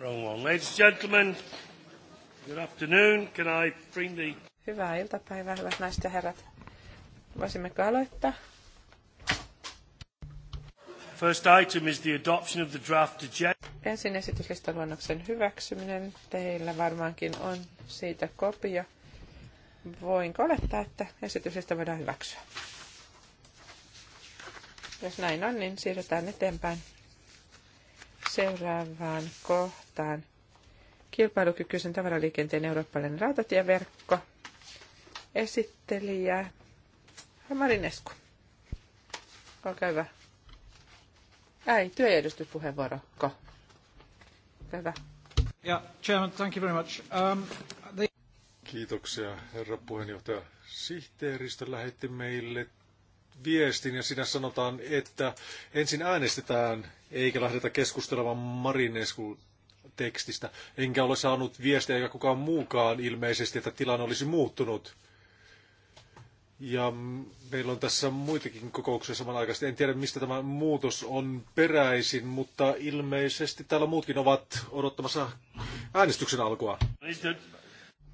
Wrong one. Ladies and gentlemen, good afternoon. Can I bring the... Hyvää iltapäivää, hyvät naiset ja herrat. Voisimmeko aloittaa? First item is the adoption of the draft agenda. Ensin esityslistaluonnoksen hyväksyminen. Teillä varmaankin on siitä kopio. Voinko olettaa, että esityslista voidaan hyväksyä? Jos näin on, niin siirrytään eteenpäin seuraavaan kohtaan vastaan. Kilpailukykyisen tavaraliikenteen eurooppalainen rautatieverkko. Esittelijä Marinesku. Olkaa hyvä. Ei, Ko. Hyvä. Yeah, Chairman, thank you very much. Um, the... Kiitoksia, herra puheenjohtaja. Sihteeristö lähetti meille viestin ja siinä sanotaan, että ensin äänestetään eikä lähdetä keskustelemaan Marinesku tekstistä. Enkä ole saanut viestiä eikä kukaan muukaan ilmeisesti, että tilanne olisi muuttunut. Ja meillä on tässä muitakin kokouksia samanaikaisesti. En tiedä, mistä tämä muutos on peräisin, mutta ilmeisesti täällä muutkin ovat odottamassa äänestyksen alkua.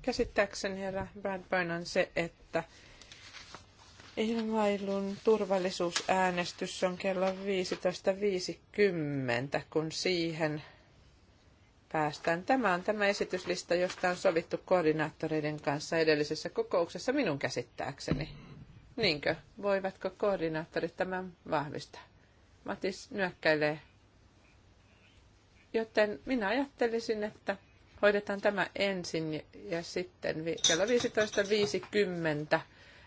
Käsittääkseni herra Bradburn on se, että ilmailun turvallisuusäänestys on kello 15.50, kun siihen päästään. Tämä on tämä esityslista, josta on sovittu koordinaattoreiden kanssa edellisessä kokouksessa minun käsittääkseni. Niinkö? Voivatko koordinaattorit tämän vahvistaa? Matis nyökkäilee. Joten minä ajattelisin, että hoidetaan tämä ensin ja sitten kello 15.50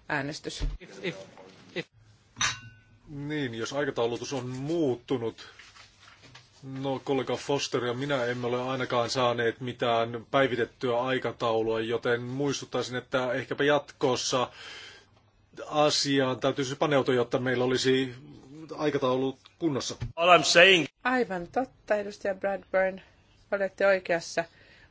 äänestys. If, if, if. Niin, jos aikataulutus on muuttunut No kollega Foster ja minä emme ole ainakaan saaneet mitään päivitettyä aikataulua, joten muistuttaisin, että ehkäpä jatkossa asiaan täytyisi siis paneutua, jotta meillä olisi aikataulu kunnossa. All I'm saying. Aivan totta, edustaja Bradburn. Olette oikeassa.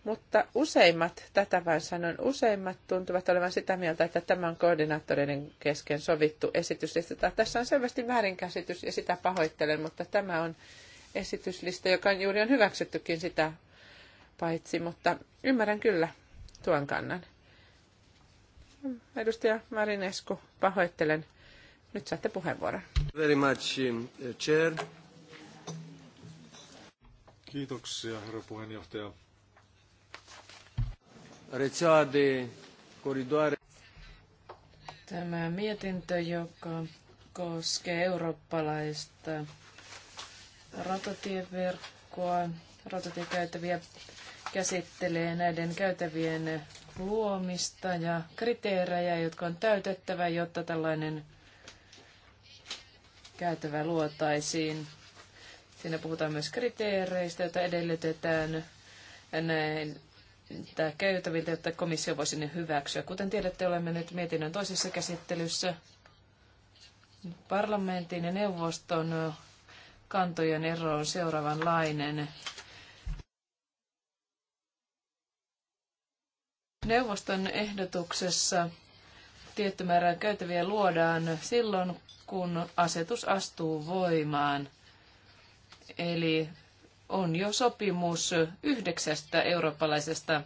Mutta useimmat, tätä vain sanon, useimmat tuntuvat olevan sitä mieltä, että tämä on koordinaattoreiden kesken sovittu esitys. Tässä on selvästi väärinkäsitys ja sitä pahoittelen, mutta tämä on esityslista, joka on juuri on hyväksyttykin sitä paitsi, mutta ymmärrän kyllä tuon kannan. Edustaja Marinesku, pahoittelen. Nyt saatte puheenvuoron. Very much, um, chair. Kiitoksia, herra puheenjohtaja. Tämä mietintö, joka koskee eurooppalaista rautatieverkkoa, rautatiekäytäviä käsittelee näiden käytävien luomista ja kriteerejä, jotka on täytettävä, jotta tällainen käytävä luotaisiin. Siinä puhutaan myös kriteereistä, joita edellytetään näin tämä käytäviltä, jotta komissio voisi ne hyväksyä. Kuten tiedätte, olemme nyt mietinnön toisessa käsittelyssä parlamentin ja neuvoston kantojen ero on seuraavanlainen. Neuvoston ehdotuksessa tietty määrä käytäviä luodaan silloin, kun asetus astuu voimaan. Eli on jo sopimus yhdeksästä eurooppalaisesta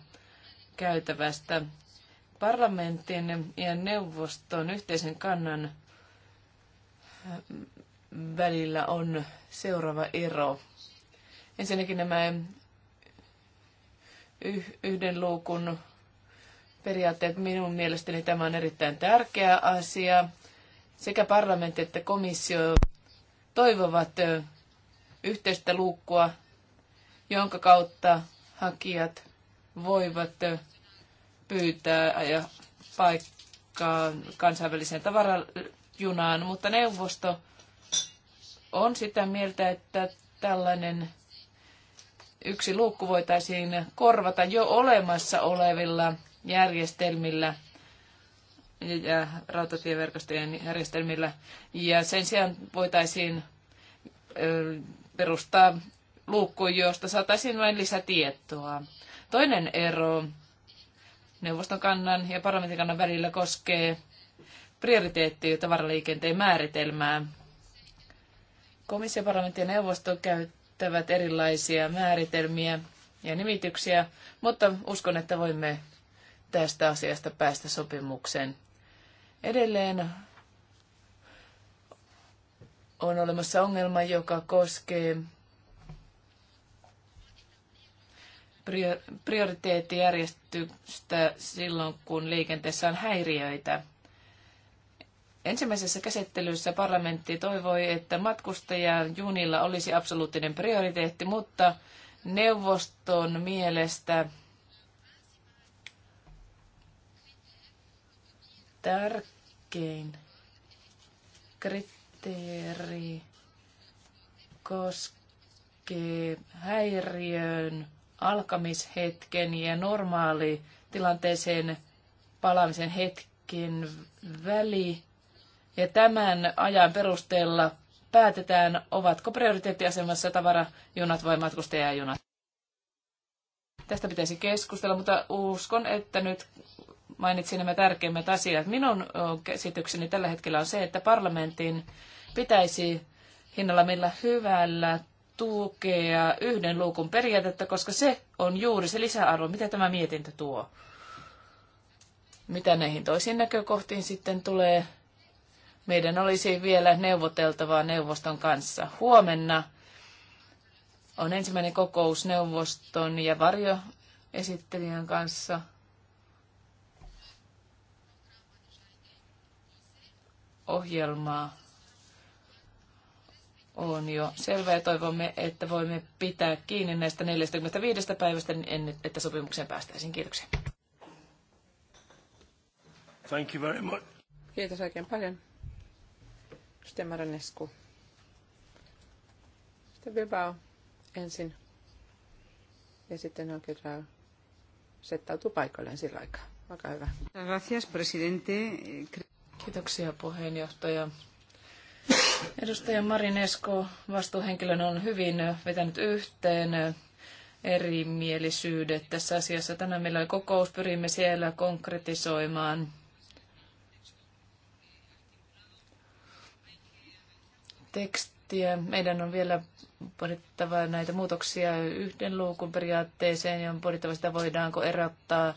käytävästä. Parlamentin ja neuvoston yhteisen kannan välillä on seuraava ero. Ensinnäkin nämä yhden luukun periaatteet. Minun mielestäni tämä on erittäin tärkeä asia. Sekä parlamentti että komissio toivovat yhteistä luukkua, jonka kautta hakijat voivat pyytää ja paikkaa kansainväliseen tavarajunaan, mutta neuvosto on sitä mieltä, että tällainen yksi luukku voitaisiin korvata jo olemassa olevilla järjestelmillä ja rautatieverkostojen järjestelmillä. Ja sen sijaan voitaisiin perustaa luukku, josta saataisiin vain lisätietoa. Toinen ero neuvoston kannan ja parlamentin kannan välillä koskee prioriteettia tavaraliikenteen määritelmää. Komissio, parlamentti ja neuvosto käyttävät erilaisia määritelmiä ja nimityksiä, mutta uskon, että voimme tästä asiasta päästä sopimukseen. Edelleen on olemassa ongelma, joka koskee prioriteettijärjestystä silloin, kun liikenteessä on häiriöitä. Ensimmäisessä käsittelyssä parlamentti toivoi, että matkustaja junilla olisi absoluuttinen prioriteetti, mutta neuvoston mielestä tärkein kriteeri koskee häiriön alkamishetken ja normaali tilanteeseen palaamisen hetken väli ja tämän ajan perusteella päätetään, ovatko prioriteettiasemassa tavarajunat vai matkustajajunat. Tästä pitäisi keskustella, mutta uskon, että nyt mainitsin nämä tärkeimmät asiat. Minun käsitykseni tällä hetkellä on se, että parlamentin pitäisi hinnalla millä hyvällä tukea yhden luukun periaatetta, koska se on juuri se lisäarvo, mitä tämä mietintö tuo. Mitä näihin toisiin näkökohtiin sitten tulee, meidän olisi vielä neuvoteltavaa neuvoston kanssa. Huomenna on ensimmäinen kokous neuvoston ja varjoesittelijän kanssa. Ohjelmaa on jo selvä ja toivomme, että voimme pitää kiinni näistä 45 päivästä, niin että sopimukseen päästäisiin. Kiitoksia. Thank you very much. Kiitos oikein paljon. Sitten Maranescu. Sitten Bilbao ensin. Ja sitten kyllä settautuu paikalleen sillä aikaa. Olkaa hyvä. Gracias, presidente. Kiitoksia puheenjohtaja. Edustaja Marinesko vastuuhenkilön on hyvin vetänyt yhteen erimielisyydet tässä asiassa. Tänään meillä oli kokous, pyrimme siellä konkretisoimaan tekstiä. Meidän on vielä pohdittava näitä muutoksia yhden luukun periaatteeseen ja on pohdittava sitä, voidaanko erottaa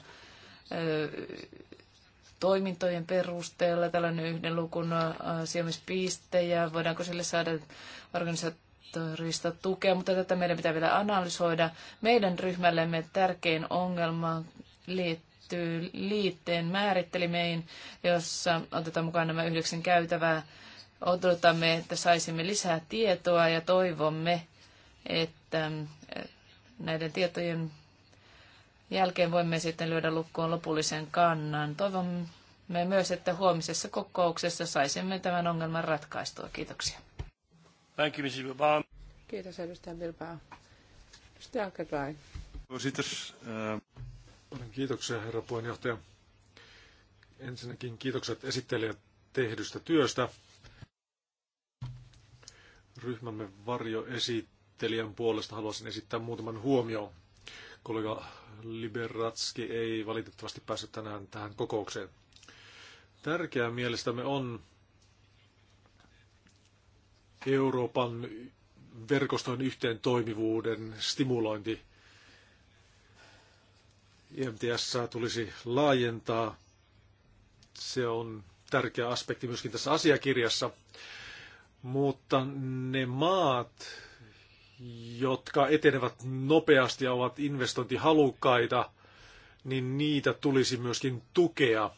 toimintojen perusteella tällainen yhden lukun sijoimispiste ja voidaanko sille saada organisatorista tukea, mutta tätä meidän pitää vielä analysoida. Meidän ryhmällemme tärkein ongelma liittyy liitteen määrittelimeen, jossa otetaan mukaan nämä yhdeksän käytävää Odotamme, että saisimme lisää tietoa ja toivomme, että mm, näiden tietojen jälkeen voimme sitten lyödä lukkoon lopullisen kannan. Toivomme myös, että huomisessa kokouksessa saisimme tämän ongelman ratkaistua. Kiitoksia. Thank you, Kiitos, edustaja Bilbao. Edustaja äh, Alkebrain. Kiitoksia, herra puheenjohtaja. Ensinnäkin kiitokset esittelijät tehdystä työstä ryhmämme varjoesittelijän puolesta haluaisin esittää muutaman huomioon. Kollega Liberatski ei valitettavasti päässyt tänään tähän kokoukseen. Tärkeää mielestämme on Euroopan verkostojen yhteen toimivuuden stimulointi. IMTS e tulisi laajentaa. Se on tärkeä aspekti myöskin tässä asiakirjassa. Mutta ne maat, jotka etenevät nopeasti ja ovat investointihalukkaita, niin niitä tulisi myöskin tukea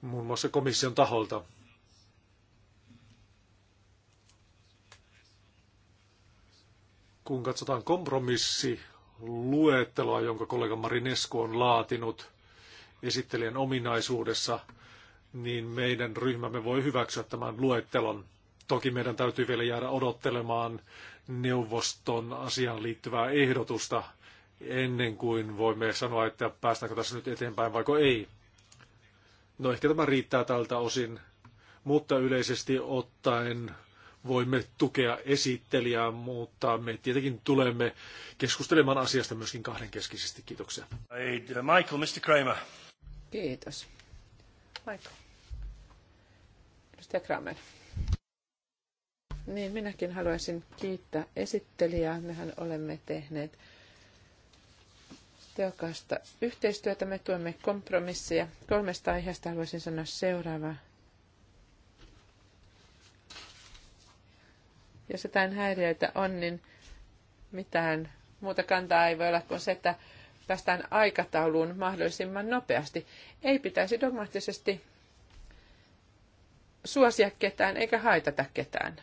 muun muassa komission taholta. Kun katsotaan kompromissi luetteloa, jonka kollega Marinesku on laatinut esittelijän ominaisuudessa – niin meidän ryhmämme voi hyväksyä tämän luettelon. Toki meidän täytyy vielä jäädä odottelemaan neuvoston asiaan liittyvää ehdotusta ennen kuin voimme sanoa, että päästäänkö tässä nyt eteenpäin vaiko ei. No ehkä tämä riittää tältä osin, mutta yleisesti ottaen voimme tukea esittelijää, mutta me tietenkin tulemme keskustelemaan asiasta myöskin kahdenkeskisesti. Kiitoksia. Uh, Michael, Mr. Kramer. Kiitos. Michael ja Kramer. Niin, minäkin haluaisin kiittää esittelijää. Mehän olemme tehneet teokasta yhteistyötä. Me tuemme kompromisseja. Kolmesta aiheesta haluaisin sanoa seuraavaa. Jos jotain häiriöitä on, niin mitään muuta kantaa ei voi olla kuin se, että päästään aikatauluun mahdollisimman nopeasti. Ei pitäisi dogmaattisesti suosia ketään eikä haitata ketään.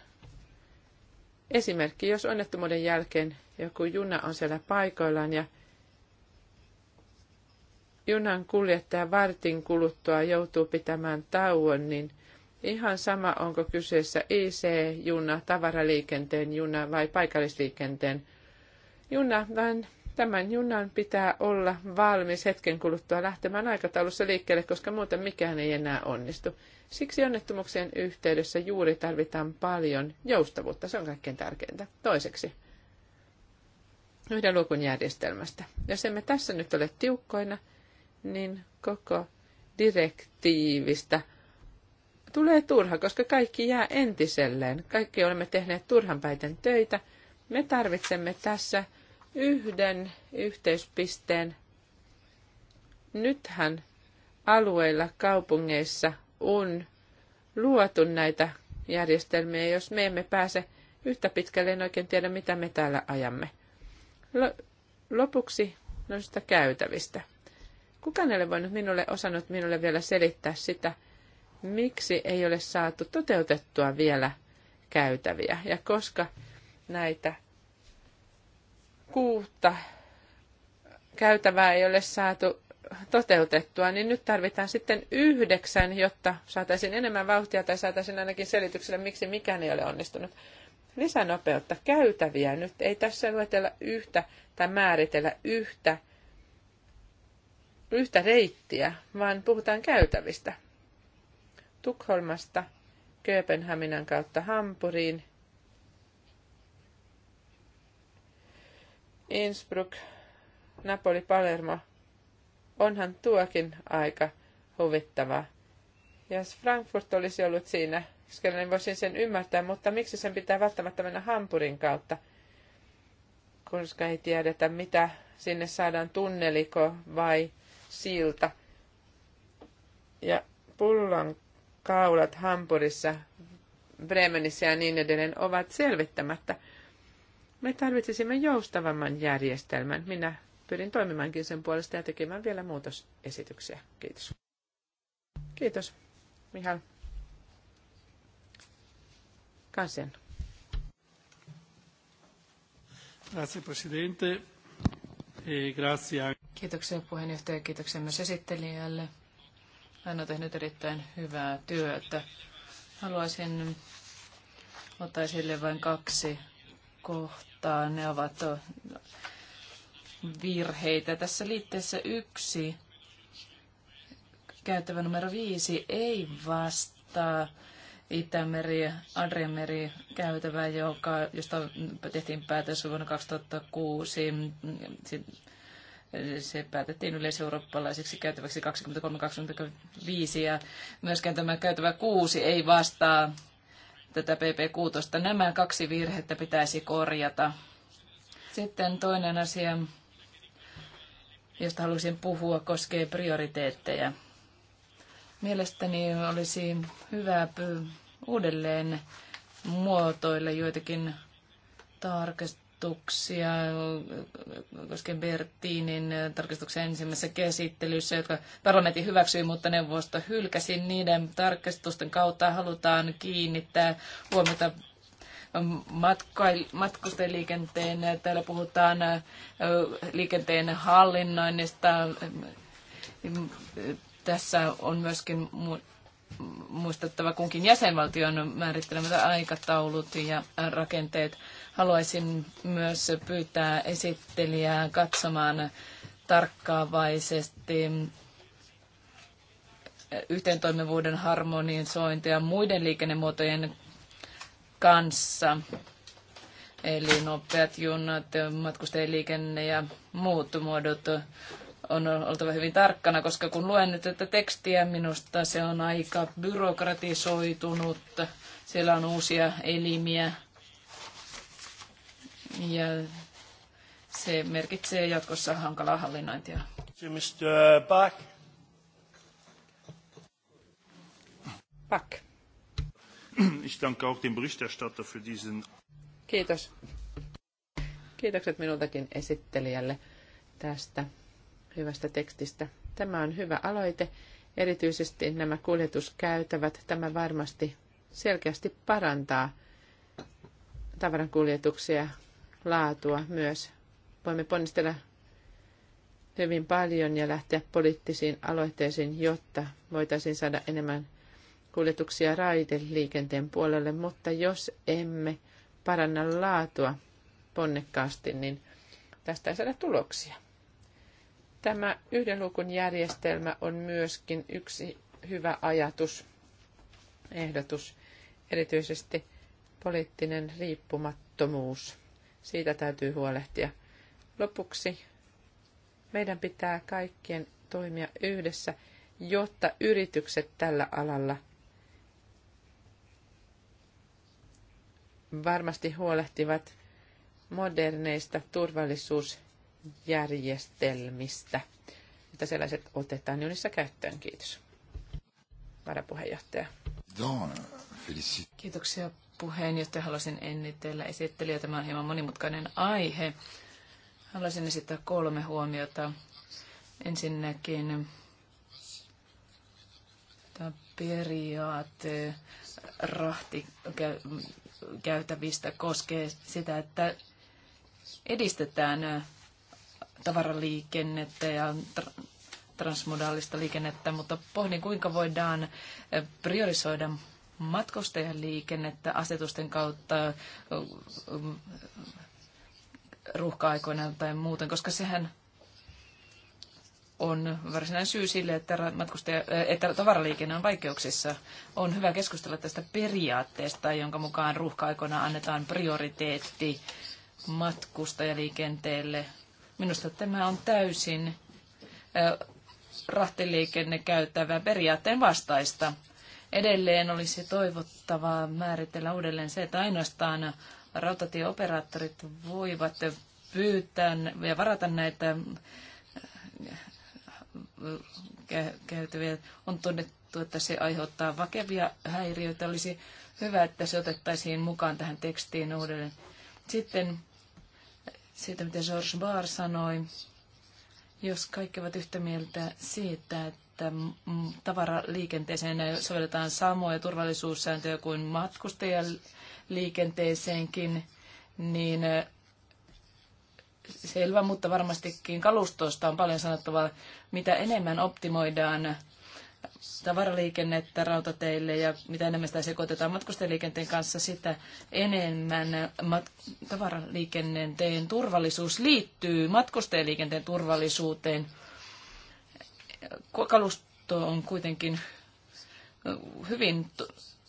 Esimerkki, jos onnettomuuden jälkeen joku juna on siellä paikoillaan ja junan kuljettaja vartin kuluttua joutuu pitämään tauon, niin ihan sama onko kyseessä IC-juna, tavaraliikenteen juna vai paikallisliikenteen juna, vaan Tämän junan pitää olla valmis hetken kuluttua lähtemään aikataulussa liikkeelle, koska muuten mikään ei enää onnistu. Siksi onnettomuuksien yhteydessä juuri tarvitaan paljon joustavuutta, se on kaikkein tärkeintä. Toiseksi, yhden luokun järjestelmästä. Jos emme tässä nyt ole tiukkoina, niin koko direktiivistä tulee turha, koska kaikki jää entiselleen. Kaikki olemme tehneet turhan päiten töitä. Me tarvitsemme tässä yhden yhteyspisteen. Nythän alueilla, kaupungeissa on luotu näitä järjestelmiä, jos me emme pääse yhtä pitkälle, en oikein tiedä, mitä me täällä ajamme. lopuksi noista käytävistä. Kukaan ei ole voinut minulle, osannut minulle vielä selittää sitä, miksi ei ole saatu toteutettua vielä käytäviä ja koska näitä kuutta käytävää ei ole saatu toteutettua, niin nyt tarvitaan sitten yhdeksän, jotta saataisiin enemmän vauhtia tai saataisiin ainakin selitykselle, miksi mikään ei ole onnistunut. Lisänopeutta, käytäviä. Nyt ei tässä luetella yhtä tai määritellä yhtä, yhtä reittiä, vaan puhutaan käytävistä. Tukholmasta Kööpenhaminan kautta Hampuriin, Innsbruck, Napoli, Palermo. Onhan tuokin aika huvittavaa. Jos Frankfurt olisi ollut siinä, niin voisin sen ymmärtää, mutta miksi sen pitää välttämättä mennä Hampurin kautta? Koska ei tiedetä, mitä sinne saadaan tunneliko vai silta. Ja pullon kaulat Hampurissa, Bremenissä ja niin edelleen ovat selvittämättä. Me tarvitsisimme joustavamman järjestelmän. Minä pyrin toimimaankin sen puolesta ja tekemään vielä muutosesityksiä. Kiitos. Kiitos, Mihal. Kansian. Grazie Presidente. E grazie. Kiitoksia puheenjohtaja, kiitoksia myös esittelijälle. Hän on tehnyt erittäin hyvää työtä. Haluaisin ottaa esille vain kaksi kohtaa Ne ovat virheitä. Tässä liitteessä yksi käytävä numero viisi ei vastaa Itämeri, Adriameri käytävä, joka, josta tehtiin päätös vuonna 2006. Se päätettiin yleiseurooppalaiseksi käytäväksi 23-25 ja myöskään tämä käytävä 6 ei vastaa tätä pp 16 Nämä kaksi virhettä pitäisi korjata. Sitten toinen asia, josta halusin puhua, koskee prioriteetteja. Mielestäni olisi hyvä uudelleen muotoilla joitakin tarkastuksia tarkistuksia koskien Bertinin tarkistuksen ensimmäisessä käsittelyssä, jotka parlamentti hyväksyi, mutta neuvosto hylkäsi. Niiden tarkistusten kautta halutaan kiinnittää huomiota matkustajaliikenteen. Täällä puhutaan liikenteen hallinnoinnista. Tässä on myöskin muistettava kunkin jäsenvaltion määrittelemät aikataulut ja rakenteet. Haluaisin myös pyytää esittelijää katsomaan tarkkaavaisesti yhteentoimivuuden harmonisointia muiden liikennemuotojen kanssa. Eli nopeat junat, matkustajaliikenne ja muut muodot on oltava hyvin tarkkana, koska kun luen nyt tätä tekstiä, minusta se on aika byrokratisoitunut. Siellä on uusia elimiä, ja se merkitsee jatkossa hankalaa hallinnointia. Mr. Back. Back. Ich danke auch dem Berichterstatter für diesen... Kiitos. Kiitokset minultakin esittelijälle tästä hyvästä tekstistä. Tämä on hyvä aloite, erityisesti nämä kuljetuskäytävät. Tämä varmasti selkeästi parantaa tavarankuljetuksia laatua myös. Voimme ponnistella hyvin paljon ja lähteä poliittisiin aloitteisiin, jotta voitaisiin saada enemmän kuljetuksia raideliikenteen puolelle, mutta jos emme paranna laatua ponnekkaasti, niin tästä ei saada tuloksia. Tämä yhden luukun järjestelmä on myöskin yksi hyvä ajatus, ehdotus, erityisesti poliittinen riippumattomuus. Siitä täytyy huolehtia. Lopuksi meidän pitää kaikkien toimia yhdessä, jotta yritykset tällä alalla varmasti huolehtivat moderneista turvallisuusjärjestelmistä, että sellaiset otetaan niissä käyttöön. Kiitos. Varapuheenjohtaja. Kiitoksia jotta Haluaisin ennitellä esittelijä. Tämä on hieman monimutkainen aihe. Haluaisin esittää kolme huomiota. Ensinnäkin tämä periaate rahti käytävistä koskee sitä, että edistetään tavaraliikennettä ja transmodaalista liikennettä, mutta pohdin kuinka voidaan priorisoida matkustajaliikennettä asetusten kautta ruuhka-aikoina tai muuten, koska sehän on varsinainen syy sille, että, matkustaja, että tavaraliikenne on vaikeuksissa. On hyvä keskustella tästä periaatteesta, jonka mukaan ruuhka-aikoina annetaan prioriteetti matkustajaliikenteelle. Minusta tämä on täysin käyttävä periaatteen vastaista. Edelleen olisi toivottavaa määritellä uudelleen se, että ainoastaan rautatieoperaattorit voivat pyytää ja varata näitä eh, käytäviä. On todettu, että se aiheuttaa vakevia häiriöitä. Olisi hyvä, että se otettaisiin mukaan tähän tekstiin uudelleen. Sitten siitä, mitä George Barr sanoi, jos kaikki ovat yhtä mieltä siitä, että että tavaraliikenteeseen sovelletaan samoja turvallisuussääntöjä kuin matkustajaliikenteeseenkin, niin selvä, mutta varmastikin kalustosta on paljon sanottavaa, mitä enemmän optimoidaan tavaraliikennettä rautateille ja mitä enemmän sitä sekoitetaan matkustajaliikenteen kanssa, sitä enemmän mat- tavaraliikenteen turvallisuus liittyy matkustajaliikenteen turvallisuuteen. Kalusto on kuitenkin hyvin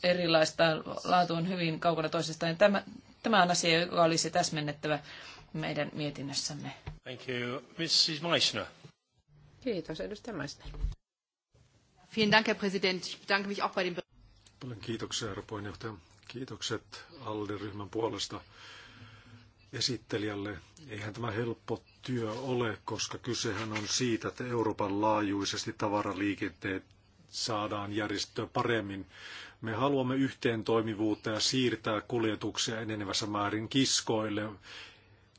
erilaista, laatu on hyvin kaukana toisestaan. Tämä, tämä on asia, joka olisi täsmennettävä meidän mietinnössämme. Thank you. Mrs. Meissner. Kiitos, edustaja Meissner. Vielen Dank, Herr Präsident. Ich bedanke mich auch bei Paljon kiitoksia, herra puheenjohtaja. Kiitokset ALDE-ryhmän puolesta esittelijälle. Eihän tämä helppo työ ole, koska kysehän on siitä, että Euroopan laajuisesti tavaraliikenteet saadaan järjestettyä paremmin. Me haluamme yhteen toimivuutta ja siirtää kuljetuksia enenevässä määrin kiskoille.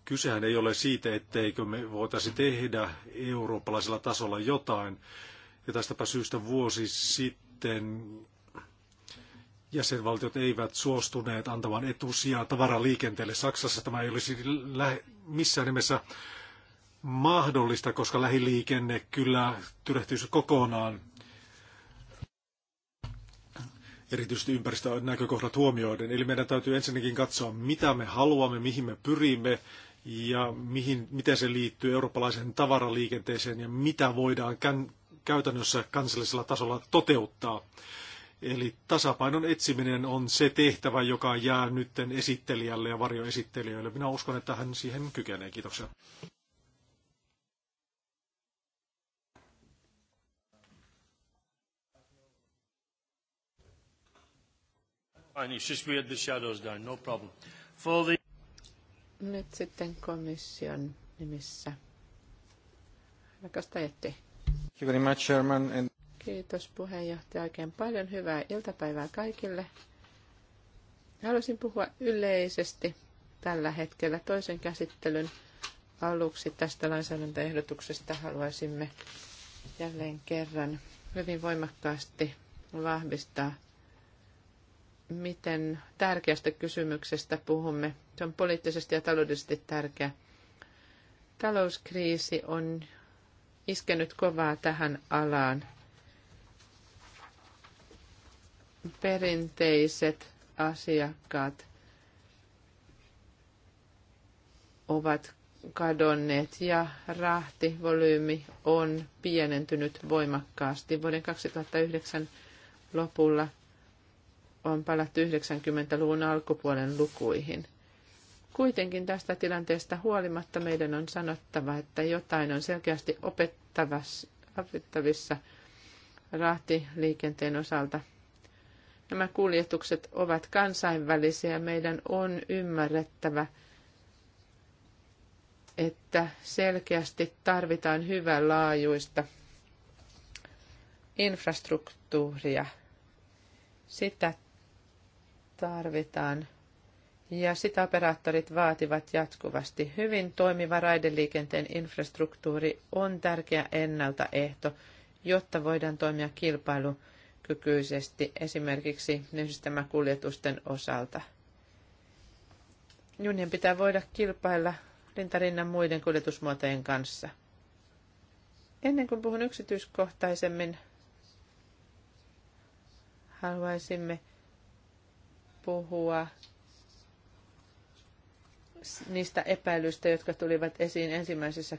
Kysehän ei ole siitä, etteikö me voitaisi tehdä eurooppalaisella tasolla jotain. Ja tästäpä syystä vuosi sitten jäsenvaltiot eivät suostuneet antamaan etusijaa tavaraliikenteelle. Saksassa tämä ei olisi missään nimessä mahdollista, koska lähiliikenne kyllä tyrehtyisi kokonaan, erityisesti ympäristönäkökohdat huomioiden. Eli meidän täytyy ensinnäkin katsoa, mitä me haluamme, mihin me pyrimme ja mihin, miten se liittyy eurooppalaiseen tavaraliikenteeseen ja mitä voidaan käytännössä kansallisella tasolla toteuttaa. Eli tasapainon etsiminen on se tehtävä, joka jää nyt esittelijälle ja varjoesittelijöille. Minä uskon, että hän siihen kykenee. Kiitoksia. Fine, it's just we had the shadows down, no problem. For the... Nyt sitten komission nimissä. Rakasta jätti. much, Chairman. And... Kiitos puheenjohtaja oikein paljon. Hyvää iltapäivää kaikille. Haluaisin puhua yleisesti tällä hetkellä toisen käsittelyn aluksi tästä lainsäädäntöehdotuksesta haluaisimme jälleen kerran hyvin voimakkaasti vahvistaa miten tärkeästä kysymyksestä puhumme. Se on poliittisesti ja taloudellisesti tärkeä. Talouskriisi on iskenyt kovaa tähän alaan. Perinteiset asiakkaat ovat kadonneet ja rahtivolyymi on pienentynyt voimakkaasti. Vuoden 2009 lopulla on palattu 90-luvun alkupuolen lukuihin. Kuitenkin tästä tilanteesta huolimatta meidän on sanottava, että jotain on selkeästi opettavissa rahtiliikenteen osalta. Nämä kuljetukset ovat kansainvälisiä. Meidän on ymmärrettävä, että selkeästi tarvitaan laajuista infrastruktuuria. Sitä tarvitaan. Ja sitä operaattorit vaativat jatkuvasti. Hyvin toimiva raideliikenteen infrastruktuuri on tärkeä ennaltaehto, jotta voidaan toimia kilpailukykyisesti esimerkiksi kuljetusten osalta. Junien pitää voida kilpailla rintarinnan muiden kuljetusmuotojen kanssa. Ennen kuin puhun yksityiskohtaisemmin, haluaisimme puhua niistä epäilyistä, jotka tulivat esiin ensimmäisessä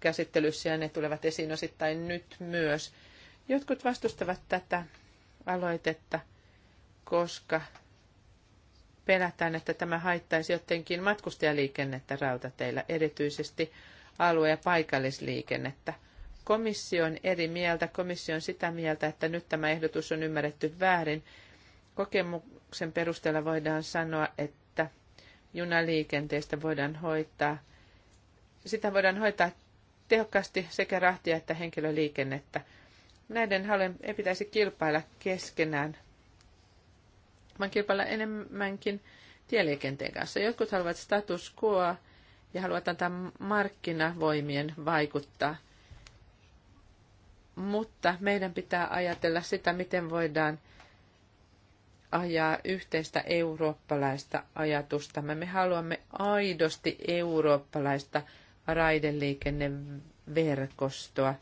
käsittelyssä ja ne tulevat esiin osittain nyt myös. Jotkut vastustavat tätä aloitetta, koska pelätään, että tämä haittaisi jotenkin matkustajaliikennettä rautateillä, erityisesti alue- ja paikallisliikennettä. Komissio on eri mieltä. Komissio on sitä mieltä, että nyt tämä ehdotus on ymmärretty väärin Kokemuksen perusteella voidaan sanoa, että junaliikenteestä voidaan hoitaa, sitä voidaan hoitaa tehokkaasti sekä rahtia että henkilöliikennettä. Näiden halojen ei pitäisi kilpailla keskenään, vaan kilpailla enemmänkin tieliikenteen kanssa. Jotkut haluavat status quoa ja haluavat antaa markkinavoimien vaikuttaa. Mutta meidän pitää ajatella sitä, miten voidaan – ajaa yhteistä eurooppalaista ajatusta. Me haluamme aidosti eurooppalaista raideliikenneverkostoa,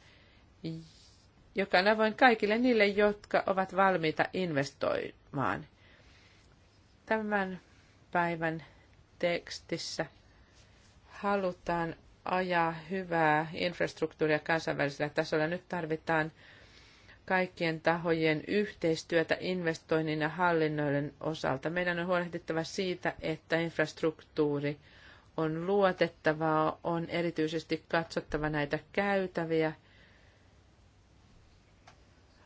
joka on avoin kaikille niille, jotka ovat valmiita investoimaan. Tämän päivän tekstissä halutaan ajaa hyvää infrastruktuuria kansainvälisellä tasolla. Nyt tarvitaan kaikkien tahojen yhteistyötä investoinnin ja hallinnoiden osalta. Meidän on huolehdittava siitä, että infrastruktuuri on luotettavaa, on erityisesti katsottava näitä käytäviä,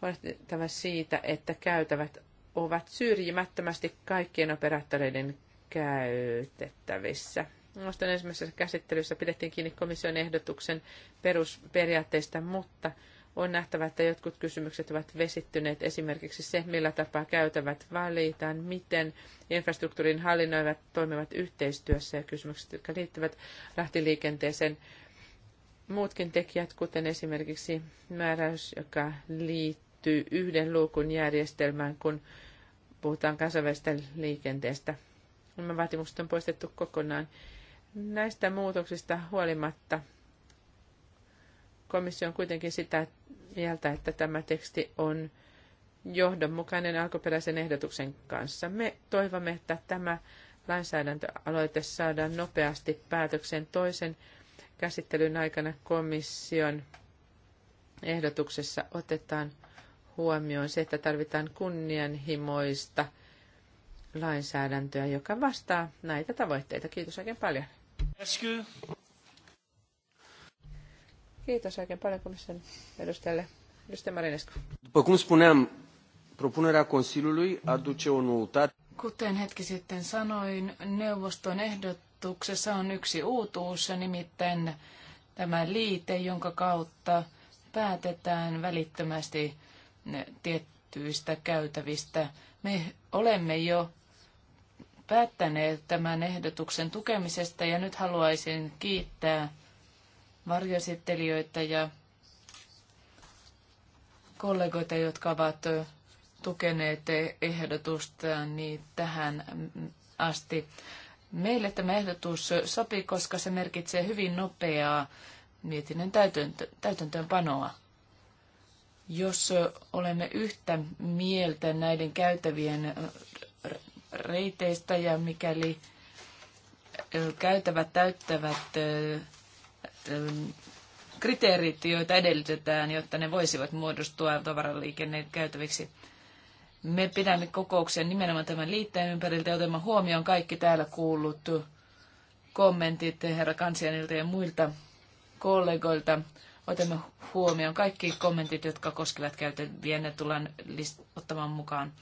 huolehdittava siitä, että käytävät ovat syrjimättömästi kaikkien operaattoreiden käytettävissä. Nostan ensimmäisessä käsittelyssä pidettiin kiinni komission ehdotuksen perusperiaatteista, mutta on nähtävä, että jotkut kysymykset ovat vesittyneet, esimerkiksi se, millä tapaa käytävät valitaan, miten infrastruktuurin hallinnoivat toimivat yhteistyössä ja kysymykset, jotka liittyvät rahtiliikenteeseen. Muutkin tekijät, kuten esimerkiksi määräys, joka liittyy yhden luukun järjestelmään, kun puhutaan kansainvälisestä liikenteestä. Nämä vaatimukset on poistettu kokonaan. Näistä muutoksista huolimatta Komissio on kuitenkin sitä mieltä, että tämä teksti on johdonmukainen alkuperäisen ehdotuksen kanssa. Me toivomme, että tämä lainsäädäntöaloite saadaan nopeasti päätöksen toisen käsittelyn aikana komission ehdotuksessa otetaan huomioon se, että tarvitaan kunnianhimoista lainsäädäntöä, joka vastaa näitä tavoitteita. Kiitos oikein paljon. Kiitos oikein paljon komission edustajalle. Edustaja Marinescu. După cum spuneam, propunerea Consiliului aduce o noutate. Kuten hetki sitten sanoin, neuvoston ehdotuksessa on yksi uutuus, nimittäin tämä liite, jonka kautta päätetään välittömästi tiettyistä käytävistä. Me olemme jo päättäneet tämän ehdotuksen tukemisesta ja nyt haluaisin kiittää varjoesittelijöitä ja kollegoita, jotka ovat tukeneet ehdotusta niin tähän asti. Meille tämä ehdotus sopii, koska se merkitsee hyvin nopeaa mietinnön täytäntöönpanoa. Jos olemme yhtä mieltä näiden käytävien reiteistä ja mikäli käytävät täyttävät Ähm, kriteerit, joita edellytetään, jotta ne voisivat muodostua tavaraliikenneen käytäviksi. Me pidämme kokouksia nimenomaan tämän liitteen ympäriltä ja huomioon kaikki täällä kuullut kommentit herra Kansianilta ja muilta kollegoilta. Otamme huomioon kaikki kommentit, jotka koskevat käytäviä, ne tullaan ottamaan mukaan.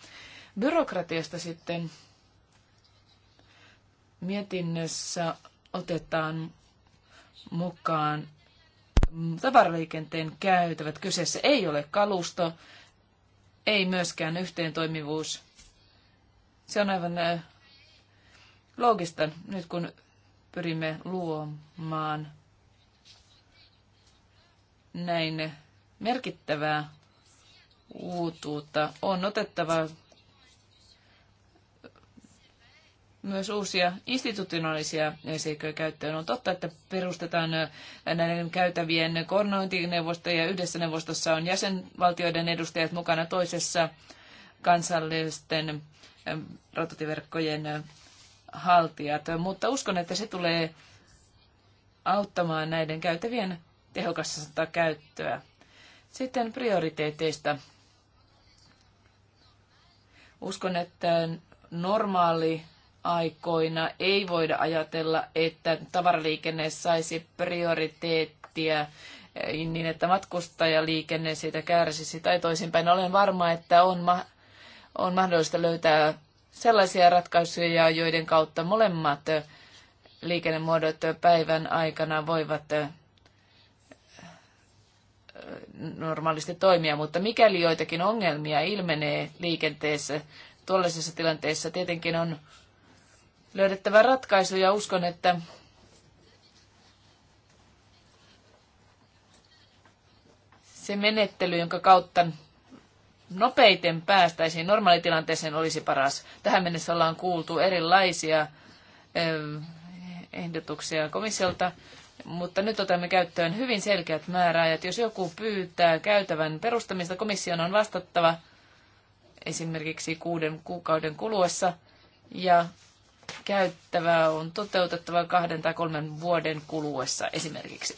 Byrokratiasta sitten mietinnössä otetaan mukaan tavaraliikenteen käytävät. Kyseessä ei ole kalusto, ei myöskään yhteentoimivuus. Se on aivan äh, loogista nyt, kun pyrimme luomaan näin merkittävää uutuutta. On otettava myös uusia institutionaalisia seikkoja käyttöön. On totta, että perustetaan näiden käytävien koordinointineuvostoja. Yhdessä neuvostossa on jäsenvaltioiden edustajat mukana toisessa kansallisten rautatieverkkojen haltijat. Mutta uskon, että se tulee auttamaan näiden käytävien tehokasta käyttöä. Sitten prioriteeteista. Uskon, että normaali aikoina ei voida ajatella, että tavaraliikenne saisi prioriteettia eh, niin, että matkustajaliikenne siitä kärsisi tai toisinpäin. Olen varma, että on, ma- on mahdollista löytää sellaisia ratkaisuja, joiden kautta molemmat eh, liikennemuodot päivän aikana voivat eh, normaalisti toimia, mutta mikäli joitakin ongelmia ilmenee liikenteessä, tuollaisessa tilanteessa tietenkin on löydettävä ratkaisu ja uskon, että se menettely, jonka kautta nopeiten päästäisiin normaalitilanteeseen, olisi paras. Tähän mennessä ollaan kuultu erilaisia ähm, ehdotuksia komissiolta, mutta nyt otamme käyttöön hyvin selkeät määräajat. Jos joku pyytää käytävän perustamista, komission on vastattava esimerkiksi kuuden kuukauden kuluessa ja Käyttävä on toteutettava kahden tai kolmen vuoden kuluessa esimerkiksi.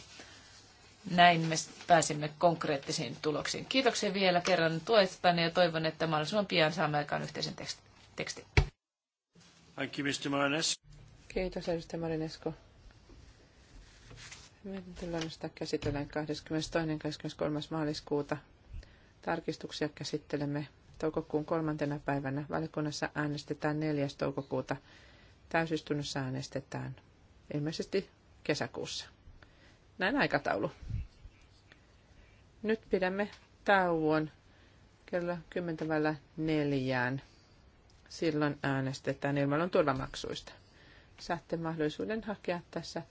Näin me pääsimme konkreettisiin tuloksiin. Kiitoksia vielä kerran tuestanne ja toivon, että mahdollisimman pian saamme aikaan yhteisen tekstin. Kiitos, edustaja Marinesko. Mietintöluonnosta käsitellään 22.–23. maaliskuuta. Tarkistuksia käsittelemme toukokuun kolmantena päivänä. Valiokunnassa äänestetään 4. toukokuuta täysistunnossa äänestetään ilmeisesti kesäkuussa. Näin aikataulu. Nyt pidämme tauon kello 10.4. Silloin äänestetään ilmailun turvamaksuista. Saatte mahdollisuuden hakea tässä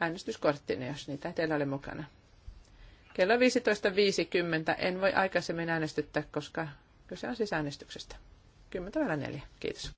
äänestyskorttina, jos niitä teillä oli mukana. Kello 15.50 en voi aikaisemmin äänestyttää, koska kyse on siis äänestyksestä. 10.4. Kiitos.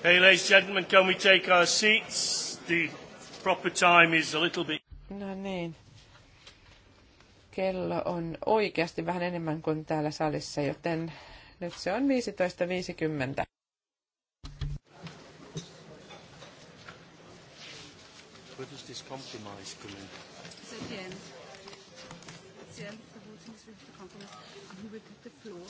Okay, ladies and gentlemen, can we take our seats? The proper time is a little bit... No niin. Kello on oikeasti vähän enemmän kuin täällä salissa, joten nyt se on 15.50. Where does this compromise come in? It's at the end. It's the end. The voting is compromise. And we will the floor.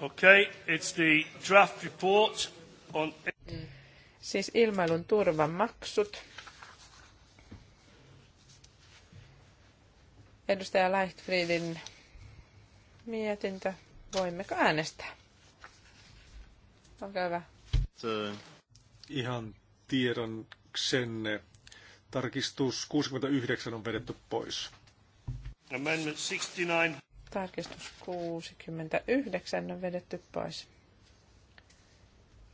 Okay. It's the draft report on... Siis ilmailun turvamaksut. Edustaja Leichtfriedin mietintö. Voimmeko äänestää? Onko hyvä. Ihan tiedoksenne. Tarkistus 69 on vedetty pois. Amendment 69. Tarkistus 69 on vedetty pois.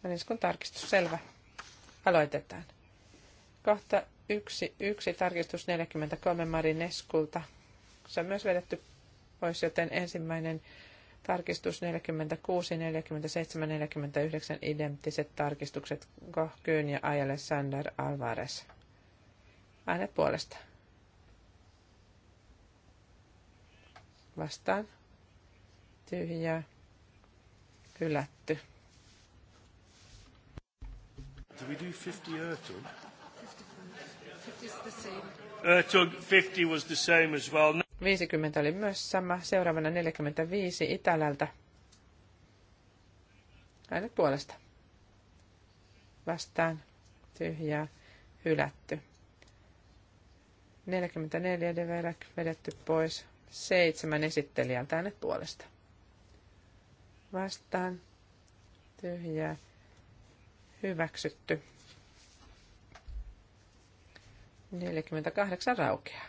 Väliskun tarkistus selvä. Aloitetaan. Kohta 1.1. Tarkistus 43 Marineskulta. Se on myös vedetty pois, joten ensimmäinen tarkistus 46, 47, 49 identtiset tarkistukset Kohkyyn ja Ajalle Sander Alvarez. Aine puolesta. vastaan tyhjää hylätty. Do we do 50 Ertug? 50 50 50 50 was the same as well. 50 no. oli myös sama. Seuraavana 45 Itälältä. Aina puolesta. Vastaan. Tyhjää. Hylätty. 44 Develek vedetty pois seitsemän esittelijää tänne puolesta. Vastaan. Tyhjää. Hyväksytty. 48 raukeaa.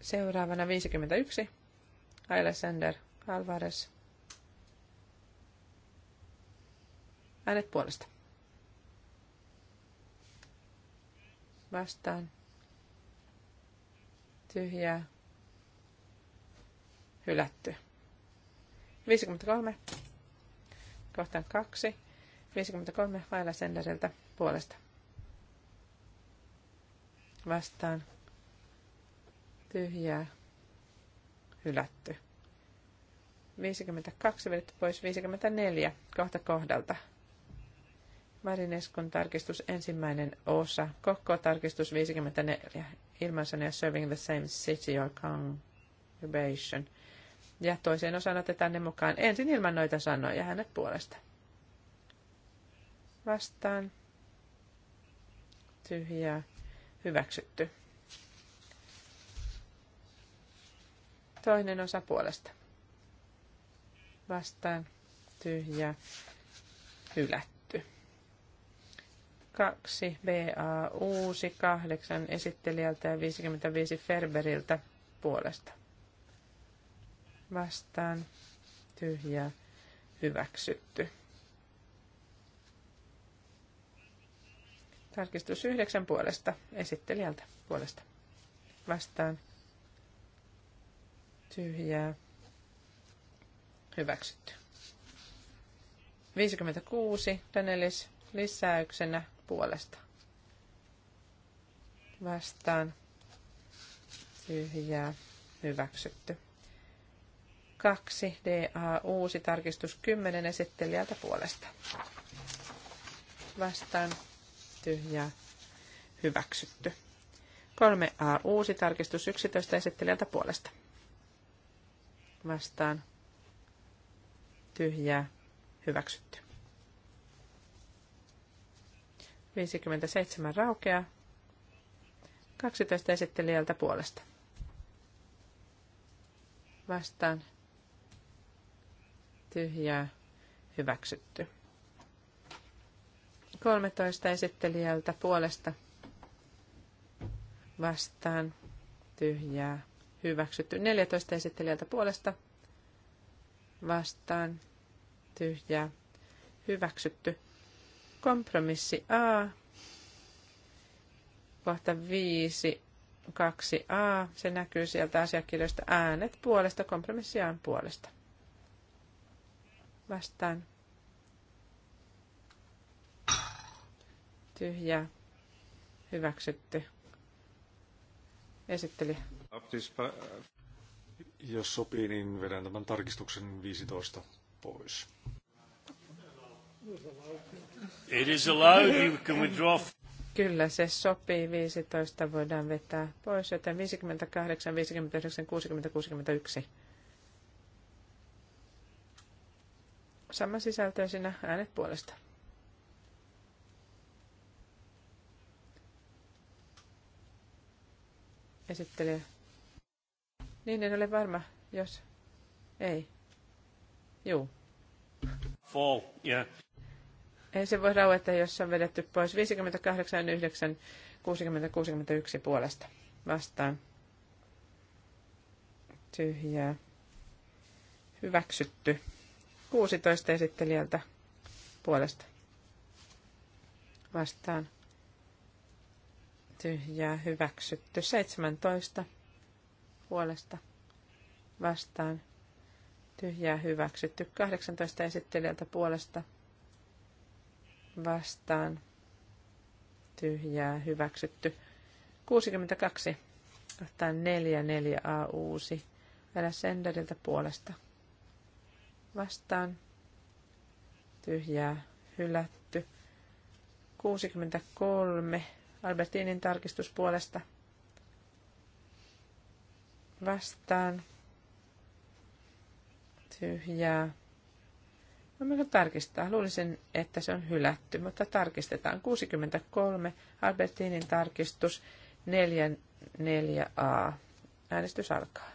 Seuraavana 51. Alexander Alvarez. Äänet puolesta. Vastaan tyhjää, hylätty. 53 kohtaan 2, 53 vailla senderiltä puolesta. Vastaan tyhjää, hylätty. 52 vedetty pois 54 kohta kohdalta. Marineskun tarkistus ensimmäinen osa, koko tarkistus 54 ilman sanoja serving the same city or congregation. Ja toiseen osaan otetaan ne mukaan ensin ilman noita sanoja hänet puolesta. Vastaan. Tyhjää. Hyväksytty. Toinen osa puolesta. Vastaan. Tyhjää. Hylätty 2 BA uusi 8 esittelijältä ja 55 Ferberiltä puolesta. Vastaan tyhjää hyväksytty. Tarkistus 9 puolesta esittelijältä puolesta. Vastaan tyhjää hyväksytty. 56 Danelis lisäyksenä puolesta. Vastaan. Tyhjää. Hyväksytty. 2 DA uusi tarkistus 10 esittelijältä puolesta. Vastaan. Tyhjää. Hyväksytty. 3A uusi tarkistus 11 esittelijältä puolesta. Vastaan. Tyhjää. Hyväksytty. 57 raukeaa. 12 esittelijältä puolesta. Vastaan. Tyhjää. Hyväksytty. 13 esittelijältä puolesta. Vastaan. Tyhjää. Hyväksytty. 14 esittelijältä puolesta. Vastaan. Tyhjää. Hyväksytty. Kompromissi A, kohta 5, 2a. Se näkyy sieltä asiakirjoista äänet puolesta, kompromissi A puolesta. Vastaan. Tyhjä. Hyväksytty. Esitteli. Jos sopii, niin vedän tämän tarkistuksen 15 pois. It is allowed, you can withdraw. Kyllä, se sopii. 15 voidaan vetää pois, joten 58, 59, 60, 61. Sama sisältöisinä äänet puolesta. Esittelijä. Niin, en ole varma, jos... Ei. Juu. Fall, yeah. Ei se voi rauhoittaa, jos se on vedetty pois 58, 9, 60, 61 puolesta. Vastaan. Tyhjää. Hyväksytty. 16 esittelijältä puolesta. Vastaan. Tyhjää. Hyväksytty. 17 puolesta. Vastaan. Tyhjää. Hyväksytty. 18 esittelijältä puolesta vastaan tyhjää hyväksytty. 62 ottaa 4 4a uusi. Älä senderiltä puolesta. Vastaan tyhjää hylätty. 63 Albertinin tarkistuspuolesta vastaan tyhjää Voimmeko tarkistaa? Luulisin, että se on hylätty, mutta tarkistetaan. 63, Albertinin tarkistus, 44 a Äänestys alkaa.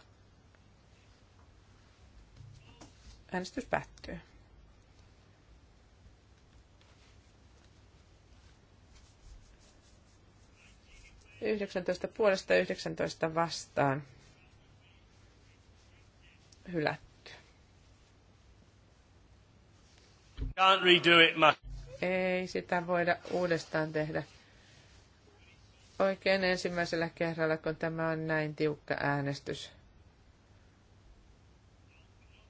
Äänestys päättyy. Yhdeksäntoista puolesta yhdeksäntoista vastaan. Hylätty. Can't redo it, Ei sitä voida uudestaan tehdä. Oikein ensimmäisellä kerralla, kun tämä on näin tiukka äänestys.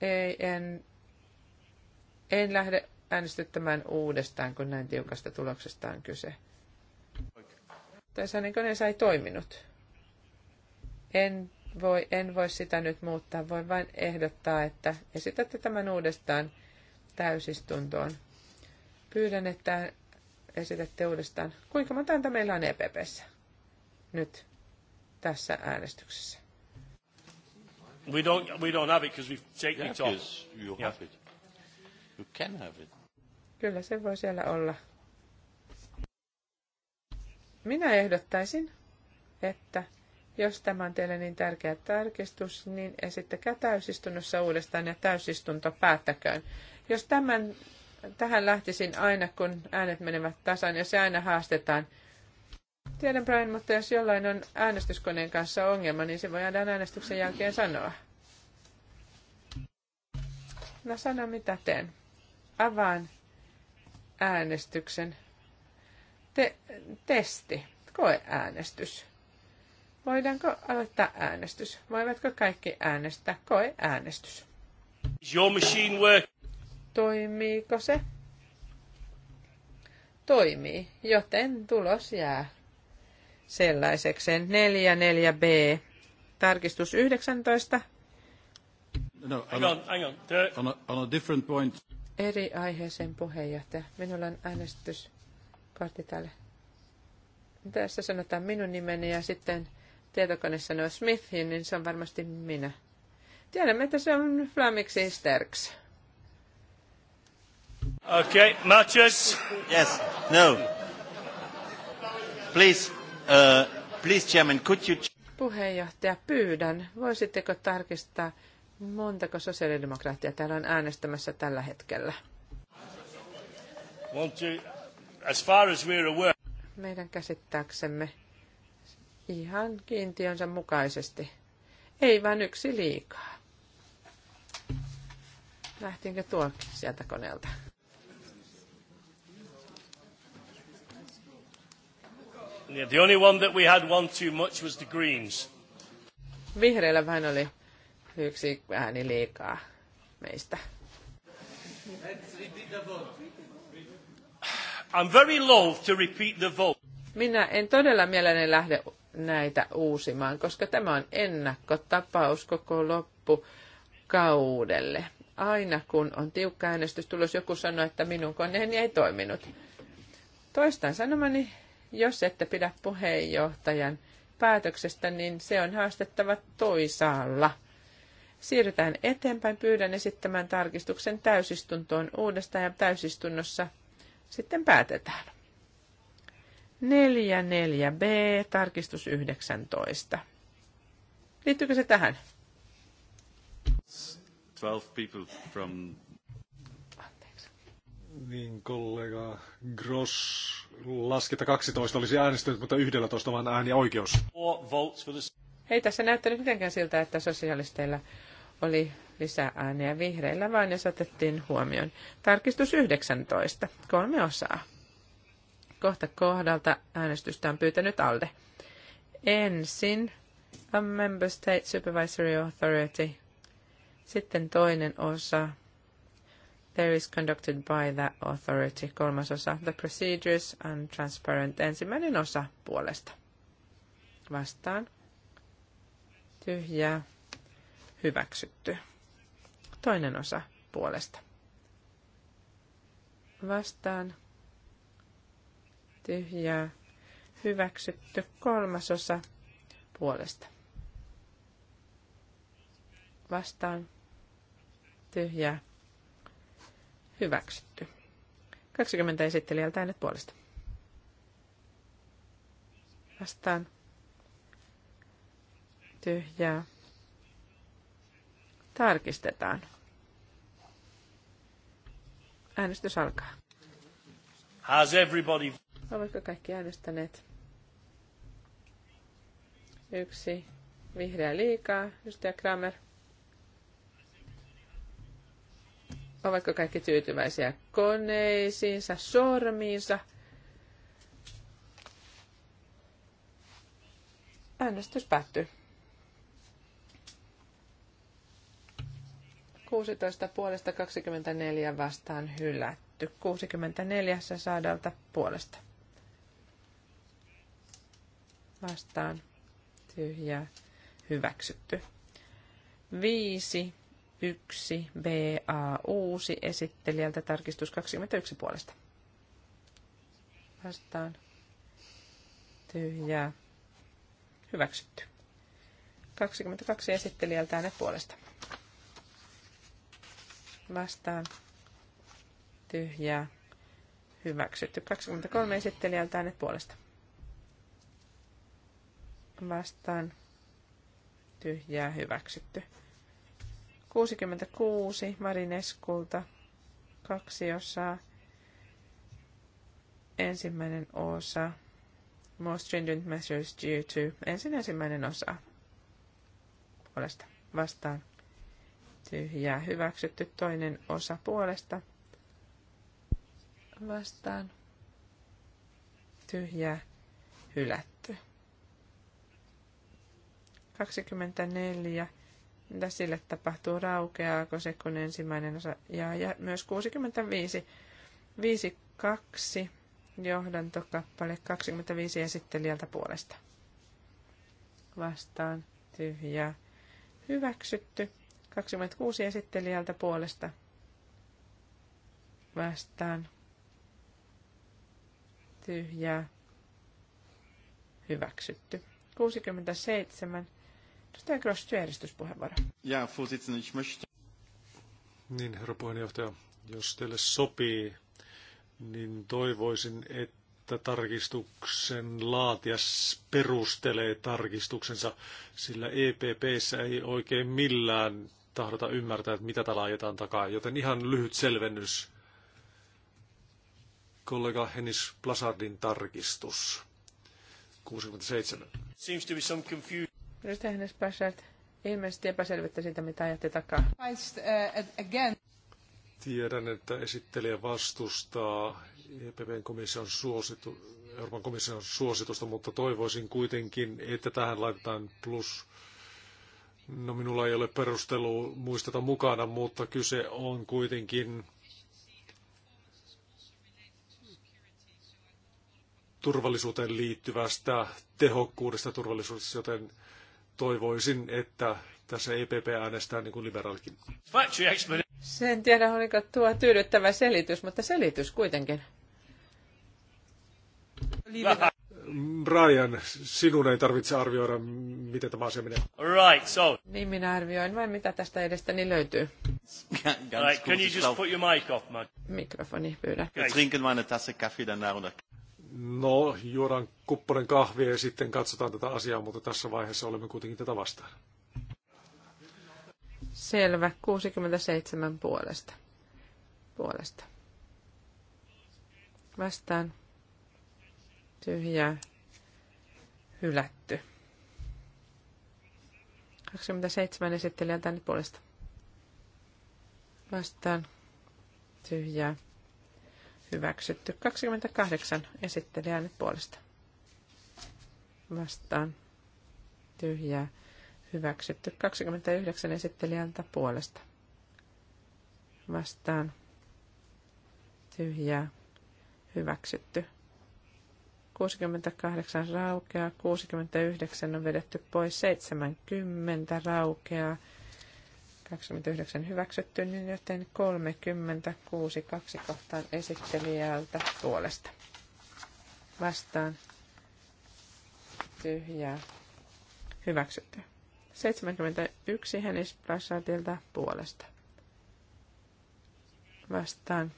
Ei, en, en lähde äänestyttämään uudestaan, kun näin tiukasta tuloksesta on kyse. Tässä niin ei toiminut. En voi, en voi sitä nyt muuttaa, voin vain ehdottaa, että esitätte tämän uudestaan täysistuntoon. Pyydän, että esitätte uudestaan, kuinka monta ääntä meillä on EPPssä nyt tässä äänestyksessä. We don't, we don't have it because we've taken it off. Yes, you have it. You can have it. Kyllä se voi siellä olla. Minä ehdottaisin, että jos tämä on teille niin tärkeä tarkistus, niin esittäkää täysistunnossa uudestaan ja täysistunto päättäköön. Jos tämän, tähän lähtisin aina, kun äänet menevät tasan, ja se aina haastetaan. Tiedän Brian, mutta jos jollain on äänestyskoneen kanssa ongelma, niin se voidaan äänestyksen jälkeen sanoa. No sano mitä teen. Avaan äänestyksen. Te- testi. Koeäänestys. Voidaanko aloittaa äänestys? Voivatko kaikki äänestää? Koeäänestys. Is your machine work? Toimiiko se? Toimii, joten tulos jää sellaisekseen. 44b. Tarkistus 19. No, on a, on a, on a different point. Eri aiheeseen puheenjohtaja. Minulla on äänestyskortti täällä. Tässä sanotaan minun nimeni ja sitten tietokone sanoo Smithin, niin se on varmasti minä. Tiedämme, että se on flamiksi Sterks. Okay, Matches. Yes. No. Please, uh, please, Chairman, could you... Puheenjohtaja, pyydän, voisitteko tarkistaa, montako sosiaalidemokraattia täällä on äänestämässä tällä hetkellä? Want as far as we're aware... Meidän käsittääksemme ihan kiintiönsä mukaisesti. Ei vain yksi liikaa. Lähtiinkö tuo sieltä koneelta? the only one that we had one too much was the Greens. Vihreillä vähän oli yksi ääni liikaa meistä. I'm very loath to repeat the vote. Minä en todella mielelläni lähde näitä uusimaan, koska tämä on ennakkotapaus koko loppukaudelle. Aina kun on tiukka äänestystulos, joku sanoa, että minun koneeni ei toiminut. Toistan sanomani jos ette pidä puheenjohtajan päätöksestä, niin se on haastettava toisaalla. Siirrytään eteenpäin. Pyydän esittämään tarkistuksen täysistuntoon uudestaan ja täysistunnossa sitten päätetään. 44b, tarkistus 19. Liittyykö se tähän? 12 people from niin kollega Gross lasketa 12 olisi äänestynyt, mutta 11 vaan ääni oikeus. Hei, tässä näyttänyt mitenkään siltä, että sosialisteilla oli lisää ääniä vihreillä, vaan ne otettiin huomioon. Tarkistus 19, kolme osaa. Kohta kohdalta äänestystä on pyytänyt ALDE. Ensin a Member State Supervisory Authority, sitten toinen osa there is conducted by the authority. Kolmas osa, the procedures and transparent. Ensimmäinen osa puolesta. Vastaan. Tyhjä. Hyväksytty. Toinen osa puolesta. Vastaan. Tyhjä. Hyväksytty. Kolmas osa puolesta. Vastaan. Tyhjä. Hyväksytty. 20 esittelijältä äänet puolesta. Vastaan. Tyhjää. Tarkistetaan. Äänestys alkaa. Has everybody... Ovatko kaikki äänestäneet? Yksi vihreä liikaa, Ystävä Kramer. Ovatko kaikki tyytyväisiä koneisiinsa, sormiinsa? Äänestys päättyy. 16 puolesta 24 vastaan hylätty. 64 sadalta puolesta. Vastaan tyhjää hyväksytty. 5 1 BA uusi esittelijältä tarkistus 21 puolesta. Vastaan. Tyhjää. Hyväksytty. 22 esittelijältä äänet puolesta. Vastaan. Tyhjää. Hyväksytty. 23 esittelijältä äänet puolesta. Vastaan. Tyhjää. Hyväksytty. 66 Marineskulta kaksi osaa. Ensimmäinen osa. More stringent measures due to. Ensin ensimmäinen osa. Puolesta vastaan. Tyhjää hyväksytty. Toinen osa puolesta. Vastaan. Tyhjää hylätty. 24 mitä sille tapahtuu, raukeaako se, kun ensimmäinen osa jää, ja myös 65, 52 johdantokappale 25 esittelijältä puolesta. Vastaan tyhjää. Hyväksytty. 26 esittelijältä puolesta. Vastaan tyhjää. Hyväksytty. 67 Edustaja Gross, työjärjestyspuheenvuoro. Ja, Vorsitzende, ich möchte... Niin, herra puheenjohtaja, jos teille sopii, niin toivoisin, että tarkistuksen laatija perustelee tarkistuksensa, sillä EPPssä ei oikein millään tahdota ymmärtää, että mitä täällä ajetaan takaa. Joten ihan lyhyt selvennys. Kollega Henis Plasardin tarkistus. 67. Seems to be some confusion. Edustaja Hennes Bashard, ilmeisesti epäselvyyttä siitä, mitä ajatte takaa. Eh, Tiedän, että esittelijä vastustaa EPPn komission suositu, Euroopan komission suositusta, mutta toivoisin kuitenkin, että tähän laitetaan plus. No minulla ei ole perustelu muisteta mukana, mutta kyse on kuitenkin turvallisuuteen liittyvästä tehokkuudesta turvallisuudessa, joten toivoisin, että tässä EPP äänestää niin kuin liberaalikin. Sen tiedä, oliko tuo tyydyttävä selitys, mutta selitys kuitenkin. Brian, sinun ei tarvitse arvioida, miten tämä asia menee. Right, so. Niin minä arvioin vain, mitä tästä edestäni löytyy. right, can you just put your mic off, man? Mikrofoni pyydä. Okay. Trinken meine Tasse Kaffee danach. No, juodaan kupponen kahvia ja sitten katsotaan tätä asiaa, mutta tässä vaiheessa olemme kuitenkin tätä vastaan. Selvä, 67 puolesta. Puolesta. Vastaan. Tyhjää. Hylätty. 27 esittelijältä tänne puolesta. Vastaan. Tyhjää hyväksytty. 28 esittelijä nyt puolesta. Vastaan tyhjää hyväksytty. 29 esittelijältä puolesta. Vastaan tyhjää hyväksytty. 68 raukeaa, 69 on vedetty pois, 70 raukeaa, 29 hyväksytty, niin joten 36 kaksi kohtaan esittelijältä puolesta. Vastaan tyhjää hyväksytty. 71 Hennis Plassatilta puolesta. Vastaan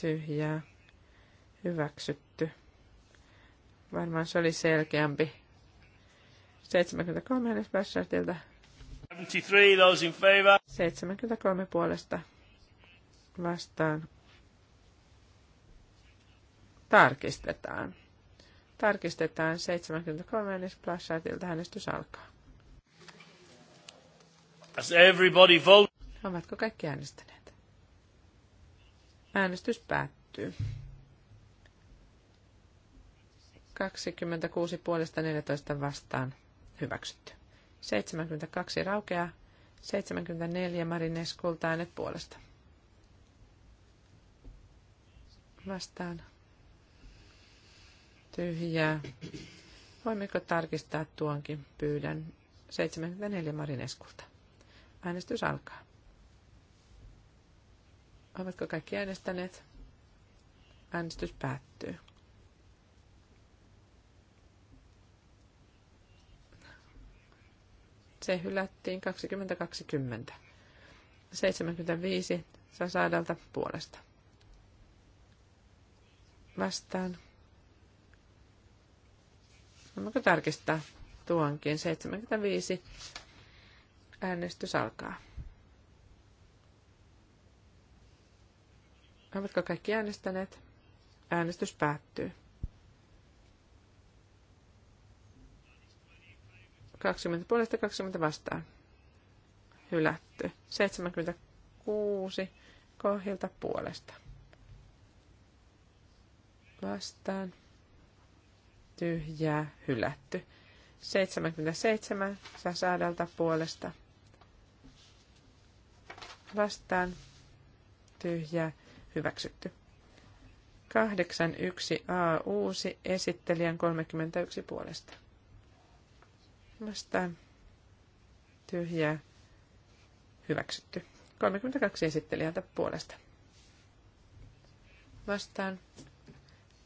tyhjää hyväksytty. Varmaan se oli selkeämpi 73 hänen Bashartilta 73, those in favor. 73 puolesta vastaan. Tarkistetaan. Tarkistetaan 73 äänestys alkaa. Has everybody vote. Ovatko kaikki äänestäneet? Äänestys päättyy. 26 puolesta 14 vastaan hyväksytty. 72 raukeaa. 74 Marines äänet puolesta. Vastaan. Tyhjää. Voimmeko tarkistaa tuonkin? Pyydän 74 Marineskulta. Äänestys alkaa. Ovatko kaikki äänestäneet? Äänestys päättyy. Se hylättiin 2020. 75 Sasadalta puolesta. Vastaan. Voimmeko tarkistaa tuonkin? 75. Äänestys alkaa. Ovatko kaikki äänestäneet? Äänestys päättyy. 20 puolesta 20 vastaan. Hylätty. 76 kohilta puolesta. Vastaan. Tyhjää. Hylätty. 77 sasadalta puolesta. Vastaan. Tyhjää. Hyväksytty. 81 A uusi esittelijän 31 puolesta vastaan tyhjää hyväksytty. 32 esittelijältä puolesta vastaan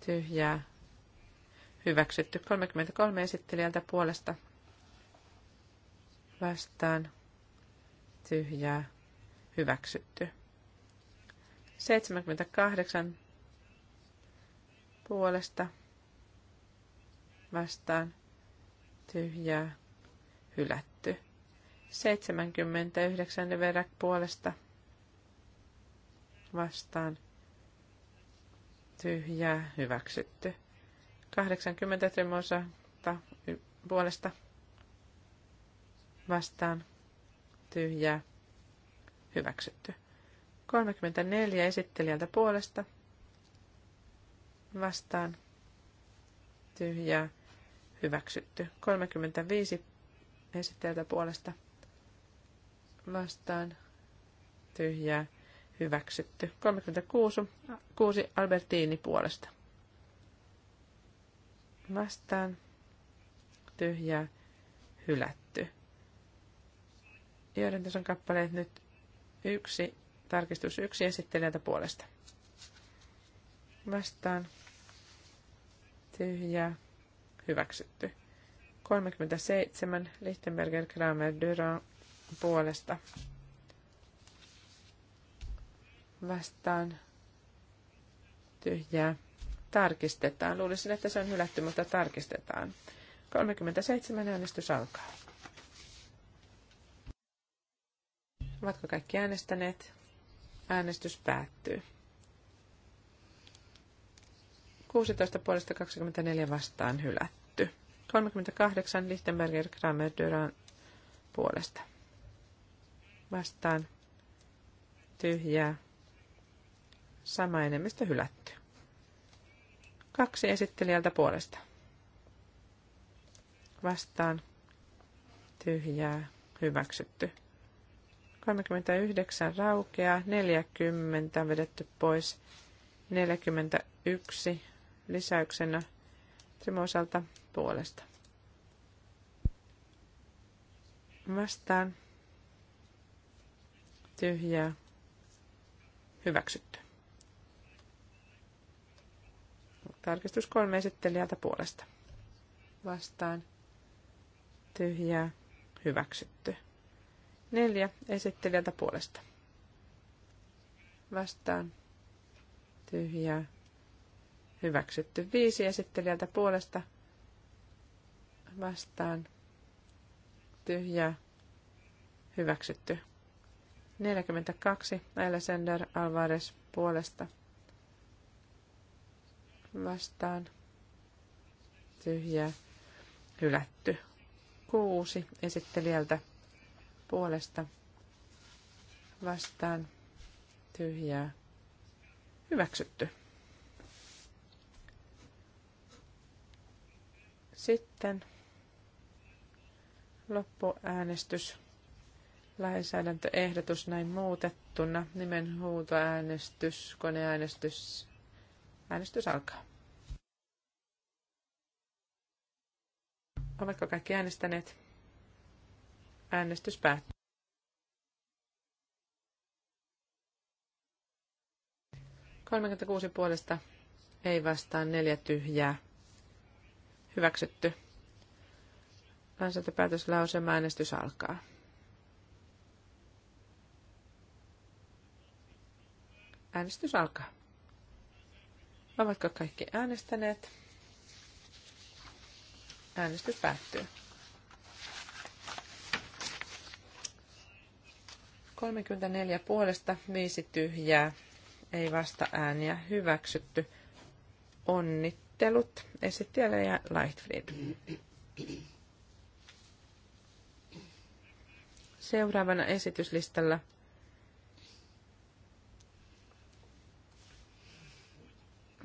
tyhjää hyväksytty. 33 esittelijältä puolesta vastaan tyhjää hyväksytty. 78 puolesta vastaan tyhjää hylätty. 79 Deverak puolesta vastaan tyhjää hyväksytty. 80 Tremosa puolesta vastaan tyhjää hyväksytty. 34 esittelijältä puolesta vastaan tyhjää hyväksytty. 35 esittäjältä puolesta vastaan tyhjää hyväksytty. 36 6 Albertini puolesta vastaan tyhjää hylätty. Joiden on kappaleet nyt yksi, tarkistus yksi esittelijältä puolesta. Vastaan tyhjää hyväksytty. 37 Lichtenberger Kramer Dyra puolesta vastaan tyhjää. Tarkistetaan. Luulisin, että se on hylätty, mutta tarkistetaan. 37 äänestys alkaa. Ovatko kaikki äänestäneet? Äänestys päättyy. 16 puolesta 24 vastaan hylätty. 38 Lichtenberger Kramer Duran puolesta. Vastaan tyhjää. Sama enemmistö hylätty. Kaksi esittelijältä puolesta. Vastaan tyhjää hyväksytty. 39 raukeaa, 40 vedetty pois, 41 lisäyksenä Timo osalta puolesta. Vastaan. Tyhjää. Hyväksytty. Tarkistus kolme esittelijältä puolesta. Vastaan. Tyhjää. Hyväksytty. Neljä esittelijältä puolesta. Vastaan. Tyhjää. Hyväksytty. Viisi esittelijältä puolesta vastaan tyhjä hyväksytty. 42 Alexander Alvarez puolesta vastaan tyhjä hylätty. 6 esittelijältä puolesta vastaan tyhjä hyväksytty. Sitten Loppuäänestys. Lainsäädäntöehdotus näin muutettuna. Nimenhuutoäänestys, koneäänestys. Äänestys alkaa. Oletko kaikki äänestäneet? Äänestys päättyy. Kolmekymmentäkuusi puolesta ei vastaan neljä tyhjää. Hyväksytty. Lainsäädäntöpäätöslauselma äänestys alkaa. Äänestys alkaa. Ovatko kaikki äänestäneet? Äänestys päättyy. 34 puolesta, 5 tyhjää, ei vasta ääniä hyväksytty. Onnittelut esittelijä Lightfried. Seuraavana esityslistalla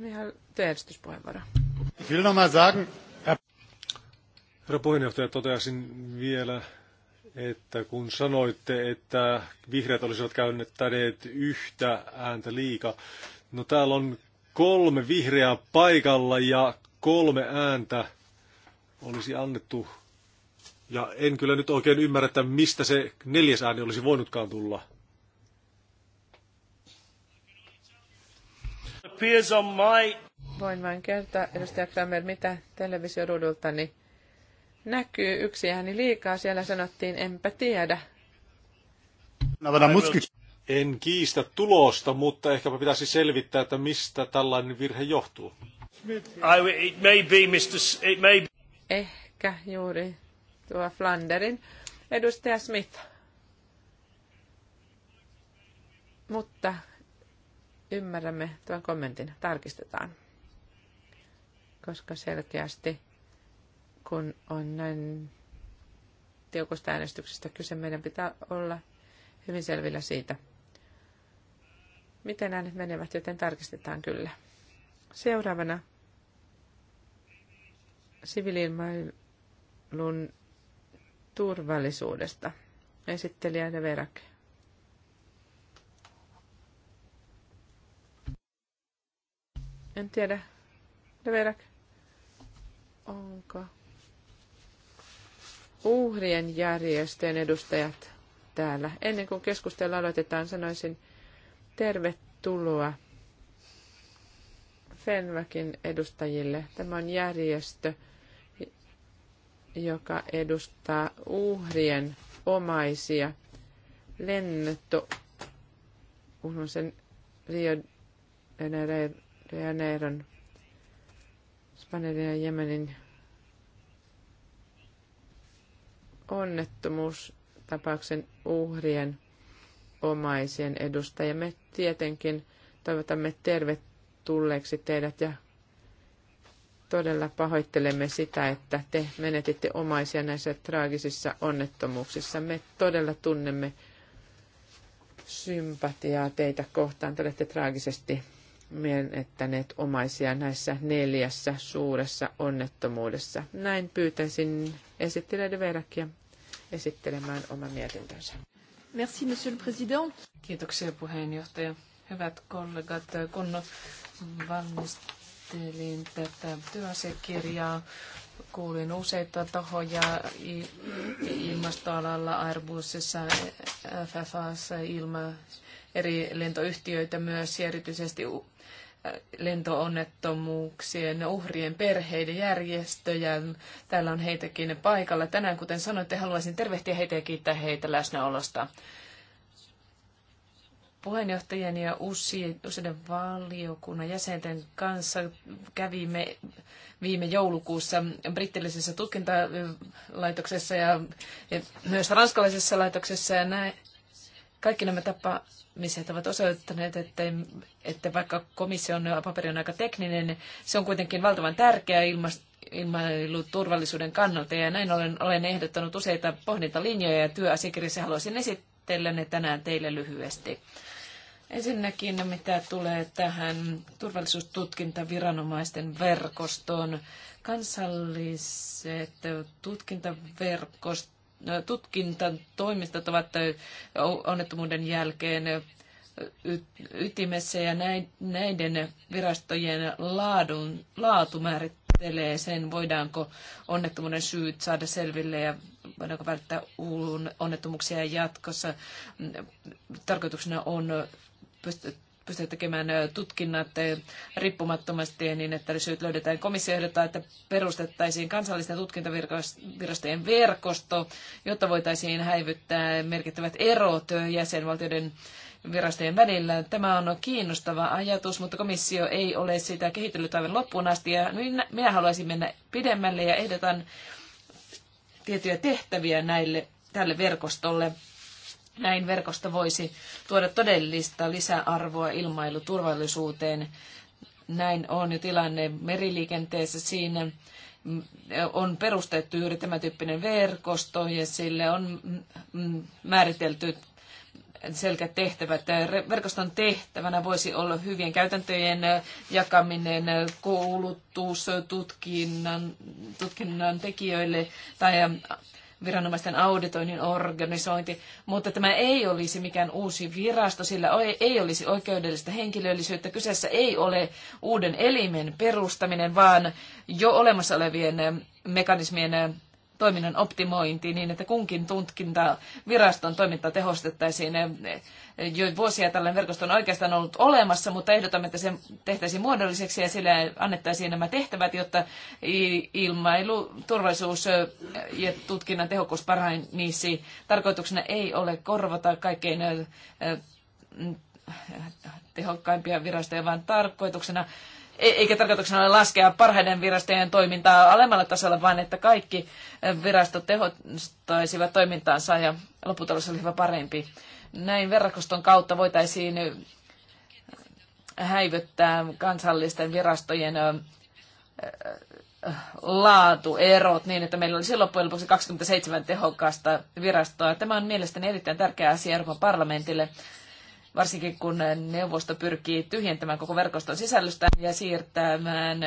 Ihan työjärjestyspuheenvuoro. Herra puheenjohtaja, toteaisin vielä, että kun sanoitte, että vihreät olisivat käyneet yhtä ääntä liikaa, no täällä on kolme vihreää paikalla ja kolme ääntä olisi annettu ja en kyllä nyt oikein ymmärrä, että mistä se neljäs ääni olisi voinutkaan tulla. Voin vain kertoa, edustaja Kramer, mitä televisioruudultani näkyy. Yksi ääni liikaa, siellä sanottiin, enpä tiedä. En kiistä tulosta, mutta ehkäpä pitäisi selvittää, että mistä tällainen virhe johtuu. I, it may be, Mr. S- it may be. Ehkä juuri tuo Flanderin edustaja Smith. Mutta ymmärrämme tuon kommentin. Tarkistetaan. Koska selkeästi, kun on näin tiukosta äänestyksestä kyse, meidän pitää olla hyvin selvillä siitä, miten äänet menevät, joten tarkistetaan kyllä. Seuraavana siviliilmailun turvallisuudesta. Esittelijä De Verake. En tiedä. De Verak. Onko uhrien järjestöjen edustajat täällä? Ennen kuin keskustelu aloitetaan, sanoisin tervetuloa Fenväkin edustajille. Tämä on järjestö, joka edustaa uhrien omaisia. Lennetto sen Rio de Janeiron, Spanjan ja Jemenin onnettomuustapauksen uhrien omaisien edustaja. Me tietenkin toivotamme tervetulleeksi teidät ja todella pahoittelemme sitä, että te menetitte omaisia näissä traagisissa onnettomuuksissa. Me todella tunnemme sympatiaa teitä kohtaan. Te olette traagisesti menettäneet omaisia näissä neljässä suuressa onnettomuudessa. Näin pyytäisin esittelijöiden Verakia esittelemään oma mietintönsä. Merci, monsieur le président. Kiitoksia puheenjohtaja. Hyvät kollegat, kun valmistuu käsittelin tätä työasiakirjaa. Kuulin useita tahoja ilmastoalalla, Airbusissa, FFAssa, ilma, eri lentoyhtiöitä myös erityisesti lentoonnettomuuksien uhrien perheiden järjestöjä. Täällä on heitäkin paikalla. Tänään, kuten sanoitte, haluaisin tervehtiä heitä ja kiittää heitä läsnäolosta puheenjohtajien ja useiden valiokunnan jäsenten kanssa kävimme viime joulukuussa brittiläisessä tutkintalaitoksessa ja, myös ranskalaisessa laitoksessa ja näin. Kaikki nämä tapaamiset ovat osoittaneet, että, että vaikka komission paperi on aika tekninen, se on kuitenkin valtavan tärkeä ilmasto ilmailuturvallisuuden kannalta ja näin olen, olen ehdottanut useita pohdintalinjoja ja työasiakirjassa haluaisin esittää esittelen ne tänään teille lyhyesti. Ensinnäkin, mitä tulee tähän turvallisuustutkintaviranomaisten verkostoon, kansalliset tutkintaverkost, tutkintatoimistot ovat onnettomuuden jälkeen ytimessä ja näiden virastojen laadun, laatu määrittelee sen, voidaanko onnettomuuden syyt saada selville ja voidaanko välttää onnettomuuksia jatkossa. Mm, tarkoituksena on pystyä tekemään tutkinnat riippumattomasti niin, että syyt löydetään. Komissio ehdottaa, että perustettaisiin kansallisten tutkintavirastojen verkosto, jotta voitaisiin häivyttää merkittävät erot jäsenvaltioiden virastojen välillä. Tämä on kiinnostava ajatus, mutta komissio ei ole sitä kehitellyt aivan loppuun asti. Ja minä haluaisin mennä pidemmälle ja ehdotan, tiettyjä tehtäviä näille, tälle verkostolle. Näin verkosto voisi tuoda todellista lisäarvoa ilmailuturvallisuuteen. Näin on jo tilanne meriliikenteessä siinä. On perustettu juuri tämä tyyppinen verkosto ja sille on määritelty selkeät tehtävät. Verkoston tehtävänä voisi olla hyvien käytäntöjen jakaminen koulutus, tutkinnan, tutkinnan tekijöille tai ähm, viranomaisten auditoinnin organisointi, mutta tämä ei olisi mikään uusi virasto, sillä ei olisi oikeudellista henkilöllisyyttä. Kyseessä ei ole uuden elimen perustaminen, vaan jo olemassa olevien ähm, mekanismien äh, toiminnan optimointi niin, että kunkin viraston toiminta tehostettaisiin. Jo vuosia tällainen verkosto on oikeastaan ollut olemassa, mutta ehdotamme, että se tehtäisiin muodolliseksi ja sille annettaisiin nämä tehtävät, jotta ilmailu, turvallisuus ja tutkinnan tehokkuus paranisi. Tarkoituksena ei ole korvata kaikkein eh, eh, tehokkaimpia virastoja, vaan tarkoituksena E- eikä tarkoituksena ole laskea parhaiden virastojen toimintaa alemmalle tasolle, vaan että kaikki virastot tehostaisivat toimintaansa ja lopputulos oli hyvä parempi. Näin verkoston kautta voitaisiin häivyttää kansallisten virastojen laatuerot niin, että meillä olisi loppujen lopuksi 27 tehokasta virastoa. Tämä on mielestäni erittäin tärkeä asia Euroopan parlamentille varsinkin kun neuvosto pyrkii tyhjentämään koko verkoston sisällöstään ja siirtämään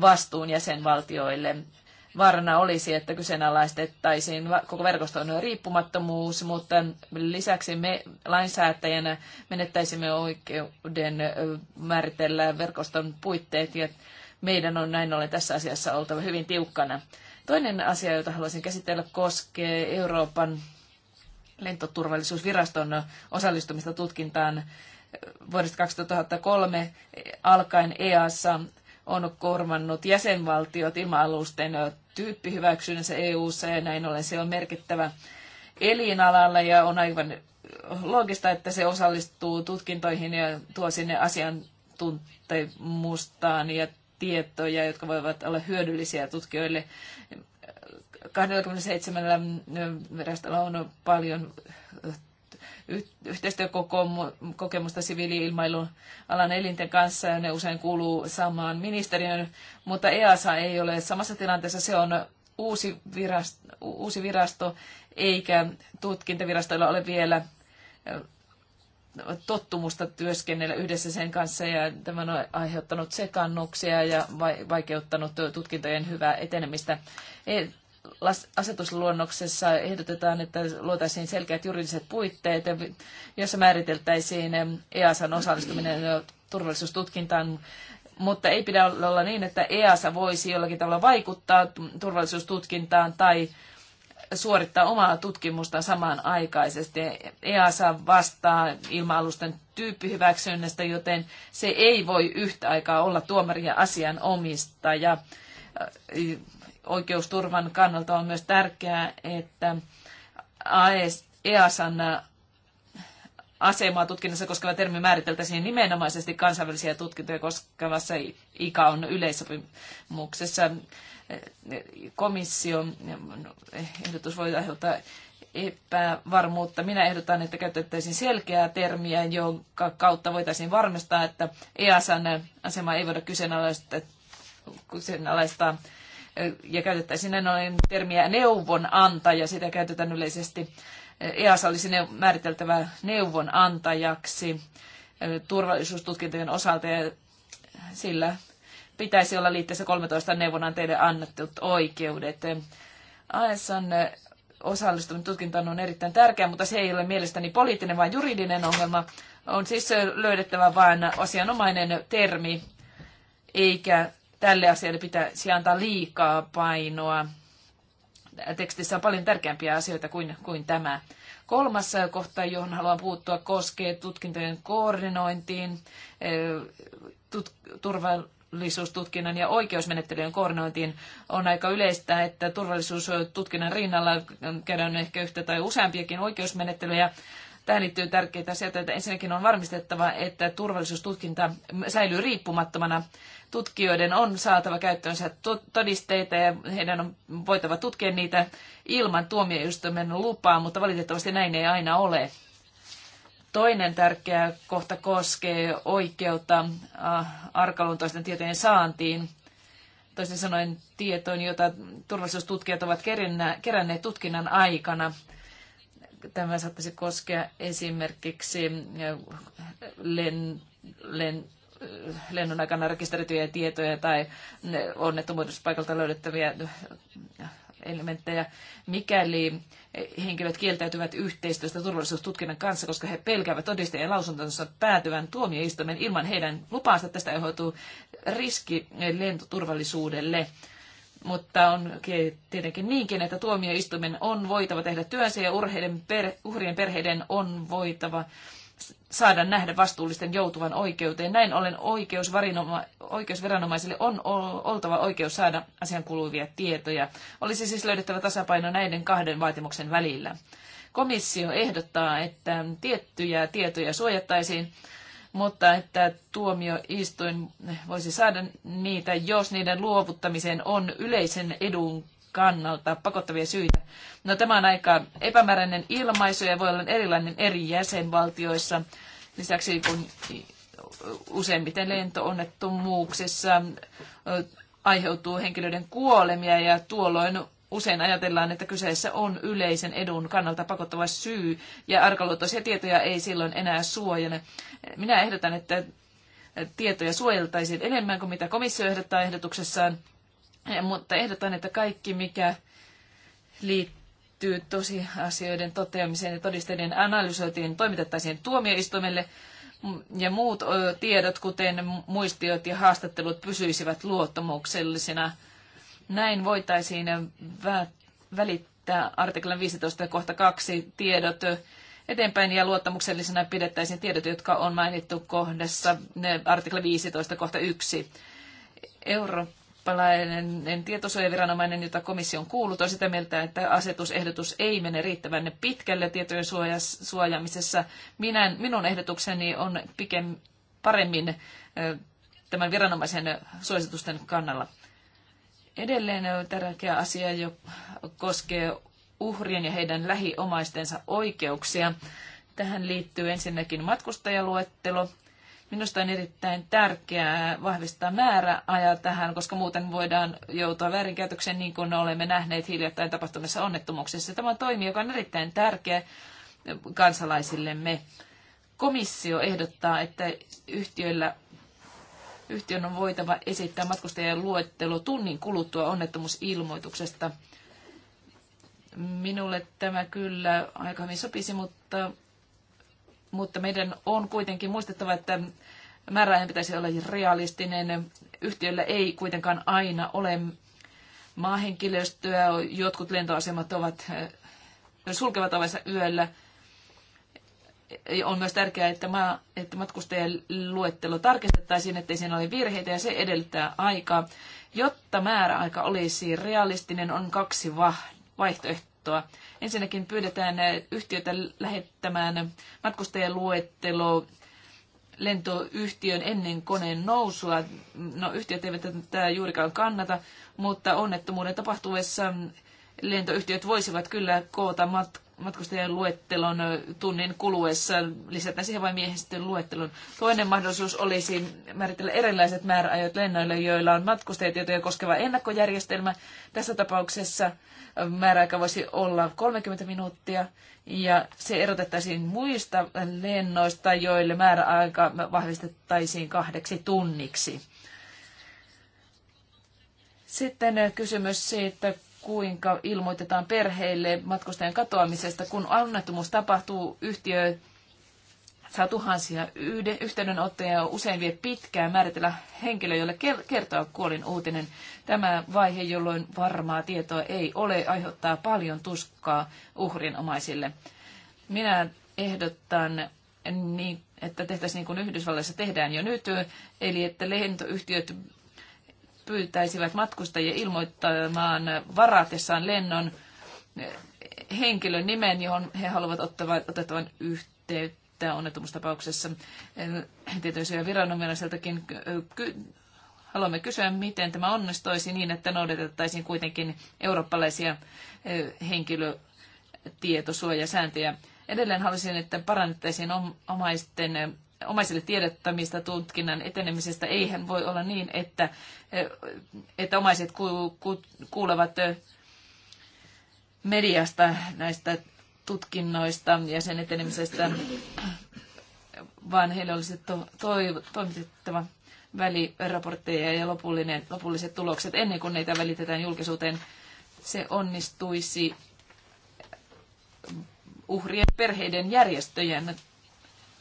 vastuun jäsenvaltioille. Vaarana olisi, että kyseenalaistettaisiin koko verkoston riippumattomuus, mutta lisäksi me lainsäätäjänä menettäisimme oikeuden määritellä verkoston puitteet ja meidän on näin ollen tässä asiassa oltava hyvin tiukkana. Toinen asia, jota haluaisin käsitellä, koskee Euroopan lentoturvallisuusviraston osallistumista tutkintaan vuodesta 2003 alkaen EASA on korvannut jäsenvaltiot ilma-alusten tyyppihyväksynnässä EU-ssa ja näin ollen se on merkittävä elinalalla ja on aivan loogista, että se osallistuu tutkintoihin ja tuo sinne asiantuntemustaan ja tietoja, jotka voivat olla hyödyllisiä tutkijoille. 27 mm, on paljon yhteistyökokemusta siviili-ilmailun alan elinten kanssa ja ne usein kuuluu samaan ministeriön, mutta EASA ei ole samassa tilanteessa. Se on uusi virasto, uusi virasto eikä tutkintavirastoilla ole vielä tottumusta työskennellä yhdessä sen kanssa ja tämä on aiheuttanut sekannuksia ja vaikeuttanut tutkintojen hyvää etenemistä. E asetusluonnoksessa ehdotetaan, että luotaisiin selkeät juridiset puitteet, jossa määriteltäisiin EASan osallistuminen turvallisuustutkintaan, mutta ei pidä olla niin, että EASA voisi jollakin tavalla vaikuttaa turvallisuustutkintaan tai suorittaa omaa tutkimusta samanaikaisesti. EASA vastaa ilma-alusten tyyppihyväksynnästä, joten se ei voi yhtä aikaa olla tuomari ja asianomistaja oikeusturvan kannalta on myös tärkeää, että EASan e asemaa tutkinnassa koskeva termi määriteltäisiin nimenomaisesti kansainvälisiä tutkintoja koskevassa on yleissopimuksessa. Komission ehdotus voi aiheuttaa epävarmuutta. Minä ehdotan, että käytettäisiin selkeää termiä, jonka kautta voitaisiin varmistaa, että EASan asema ei voida kyseenalaistaa, kyseenalaistaa ja käytettäisiin näin ollen termiä neuvonantaja, sitä käytetään yleisesti. EASA olisi määriteltävä neuvonantajaksi turvallisuustutkintojen osalta ja sillä pitäisi olla liitteessä 13 neuvonantajille annetut oikeudet. ASN osallistuminen tutkintaan on erittäin tärkeää, mutta se ei ole mielestäni poliittinen, vaan juridinen ongelma. On siis löydettävä vain asianomainen termi, eikä tälle asialle pitäisi antaa liikaa painoa. Tekstissä on paljon tärkeämpiä asioita kuin, kuin tämä. Kolmas kohta, johon haluan puuttua, koskee tutkintojen koordinointiin, eh, tut, turvallisuustutkinnan ja oikeusmenettelyjen koordinointiin. On aika yleistä, että turvallisuustutkinnan rinnalla käydään ehkä yhtä tai useampiakin oikeusmenettelyjä. Tähän liittyy tärkeitä asioita, että ensinnäkin on varmistettava, että turvallisuustutkinta säilyy riippumattomana tutkijoiden on saatava käyttöönsä todisteita ja heidän on voitava tutkia niitä ilman tuomioistuimen lupaa, mutta valitettavasti näin ei aina ole. Toinen tärkeä kohta koskee oikeutta äh, arkaluontoisten tietojen saantiin. Toisin sanoen tietoin, jota turvallisuustutkijat ovat keränneet tutkinnan aikana. Tämä saattaisi koskea esimerkiksi äh, len, len, lennon aikana rekisteröityjä tietoja tai onnettomuuspaikalta löydettäviä äh, elementtejä, mikäli henkilöt kieltäytyvät yhteistyöstä turvallisuustutkinnan kanssa, koska he pelkäävät todistajien lausuntonsa päätyvän tuomioistuimen ilman heidän lupaansa. Tästä aiheutuu riski lentoturvallisuudelle. Mutta on tietenkin niinkin, että tuomioistuimen on voitava tehdä työnsä ja urheiden per, uhrien perheiden on voitava saada nähdä vastuullisten joutuvan oikeuteen. Näin ollen oikeus varinoma, oikeusviranomaisille on oltava oikeus saada asian kuuluvia tietoja. Olisi siis löydettävä tasapaino näiden kahden vaatimuksen välillä. Komissio ehdottaa, että tiettyjä tietoja suojattaisiin, mutta että tuomioistuin voisi saada niitä, jos niiden luovuttamiseen on yleisen edun kannalta pakottavia syitä. No tämä on aika epämääräinen ilmaisu ja voi olla erilainen eri jäsenvaltioissa. Lisäksi kun useimmiten lentoonnettomuuksessa aiheutuu henkilöiden kuolemia ja tuolloin usein ajatellaan, että kyseessä on yleisen edun kannalta pakottava syy ja arkaluontoisia tietoja ei silloin enää suojele. Minä ehdotan, että tietoja suojeltaisiin enemmän kuin mitä komissio ehdottaa ehdotuksessaan. Mutta ehdotan, että kaikki, mikä liittyy tosiasioiden toteamiseen ja todisteiden analysointiin, toimitettaisiin tuomioistuimelle ja muut tiedot, kuten muistiot ja haastattelut, pysyisivät luottamuksellisina. Näin voitaisiin välittää artiklan 15 kohta 2 tiedot eteenpäin ja luottamuksellisena pidettäisiin tiedot, jotka on mainittu kohdassa artikla 15 kohta 1. Euro, eurooppalainen tietosuojaviranomainen, jota komissio on kuullut, on sitä mieltä, että asetusehdotus ei mene riittävän pitkälle tietojen suojaamisessa. Minä, minun ehdotukseni on pikem, paremmin tämän viranomaisen suositusten kannalla. Edelleen tärkeä asia jo koskee uhrien ja heidän lähiomaistensa oikeuksia. Tähän liittyy ensinnäkin matkustajaluettelo, Minusta on erittäin tärkeää vahvistaa määräaja tähän, koska muuten voidaan joutua väärinkäytökseen niin kuin olemme nähneet hiljattain tapahtumissa onnettomuuksessa. Tämä on toimi, joka on erittäin tärkeä kansalaisillemme. Komissio ehdottaa, että yhtiöillä Yhtiön on voitava esittää matkustajien luettelo tunnin kuluttua onnettomuusilmoituksesta. Minulle tämä kyllä aika hyvin sopisi, mutta mutta meidän on kuitenkin muistettava, että määräajan pitäisi olla realistinen. Yhtiöllä ei kuitenkaan aina ole maahenkilöstöä. Jotkut lentoasemat ovat, sulkevat ovensa yöllä. On myös tärkeää, että, maa, että matkustajien luettelo tarkistettaisiin, ettei siinä ole virheitä ja se edellyttää aikaa. Jotta määräaika olisi realistinen, on kaksi vaihtoehtoa käyttöönottoa. Ensinnäkin pyydetään eh, yhtiötä lähettämään matkustajien luettelo lentoyhtiön ennen koneen nousua. No, yhtiöt eivät tätä juurikaan kannata, mutta onnettomuuden tapahtuessa lentoyhtiöt voisivat kyllä koota mat- matkustajien luettelon tunnin kuluessa lisätään siihen vain miehistön luettelon. Toinen mahdollisuus olisi määritellä erilaiset määräajot lennoille, joilla on matkustajatietoja koskeva ennakkojärjestelmä. Tässä tapauksessa määräaika voisi olla 30 minuuttia ja se erotettaisiin muista lennoista, joille määräaika vahvistettaisiin kahdeksi tunniksi. Sitten kysymys siitä, kuinka ilmoitetaan perheille matkustajan katoamisesta. Kun onnettomuus tapahtuu, yhtiö saa tuhansia yhteydenottoja ja usein vie pitkään määritellä henkilö, jolle kertoa kuolin uutinen. Tämä vaihe, jolloin varmaa tietoa ei ole, aiheuttaa paljon tuskaa uhrinomaisille. omaisille. Minä ehdottan, niin, että tehtäisiin niin kuin Yhdysvalloissa tehdään jo nyt, eli että lentoyhtiöt pyytäisivät matkustajia ilmoittamaan varatessaan lennon henkilön nimen, johon he haluavat ottavan, otettavan yhteyttä onnettomuustapauksessa. Tietoisia ky- haluamme kysyä, miten tämä onnistuisi niin, että noudatettaisiin kuitenkin eurooppalaisia henkilötietosuojasääntöjä. Edelleen haluaisin, että parannettaisiin omaisten omaisille tiedottamista tutkinnan etenemisestä. Eihän voi olla niin, että, että omaiset ku, ku, kuulevat mediasta näistä tutkinnoista ja sen etenemisestä, vaan heille olisi to, toiv, toimitettava väliraportteja ja lopullinen, lopulliset tulokset ennen kuin niitä välitetään julkisuuteen. Se onnistuisi uhrien perheiden järjestöjen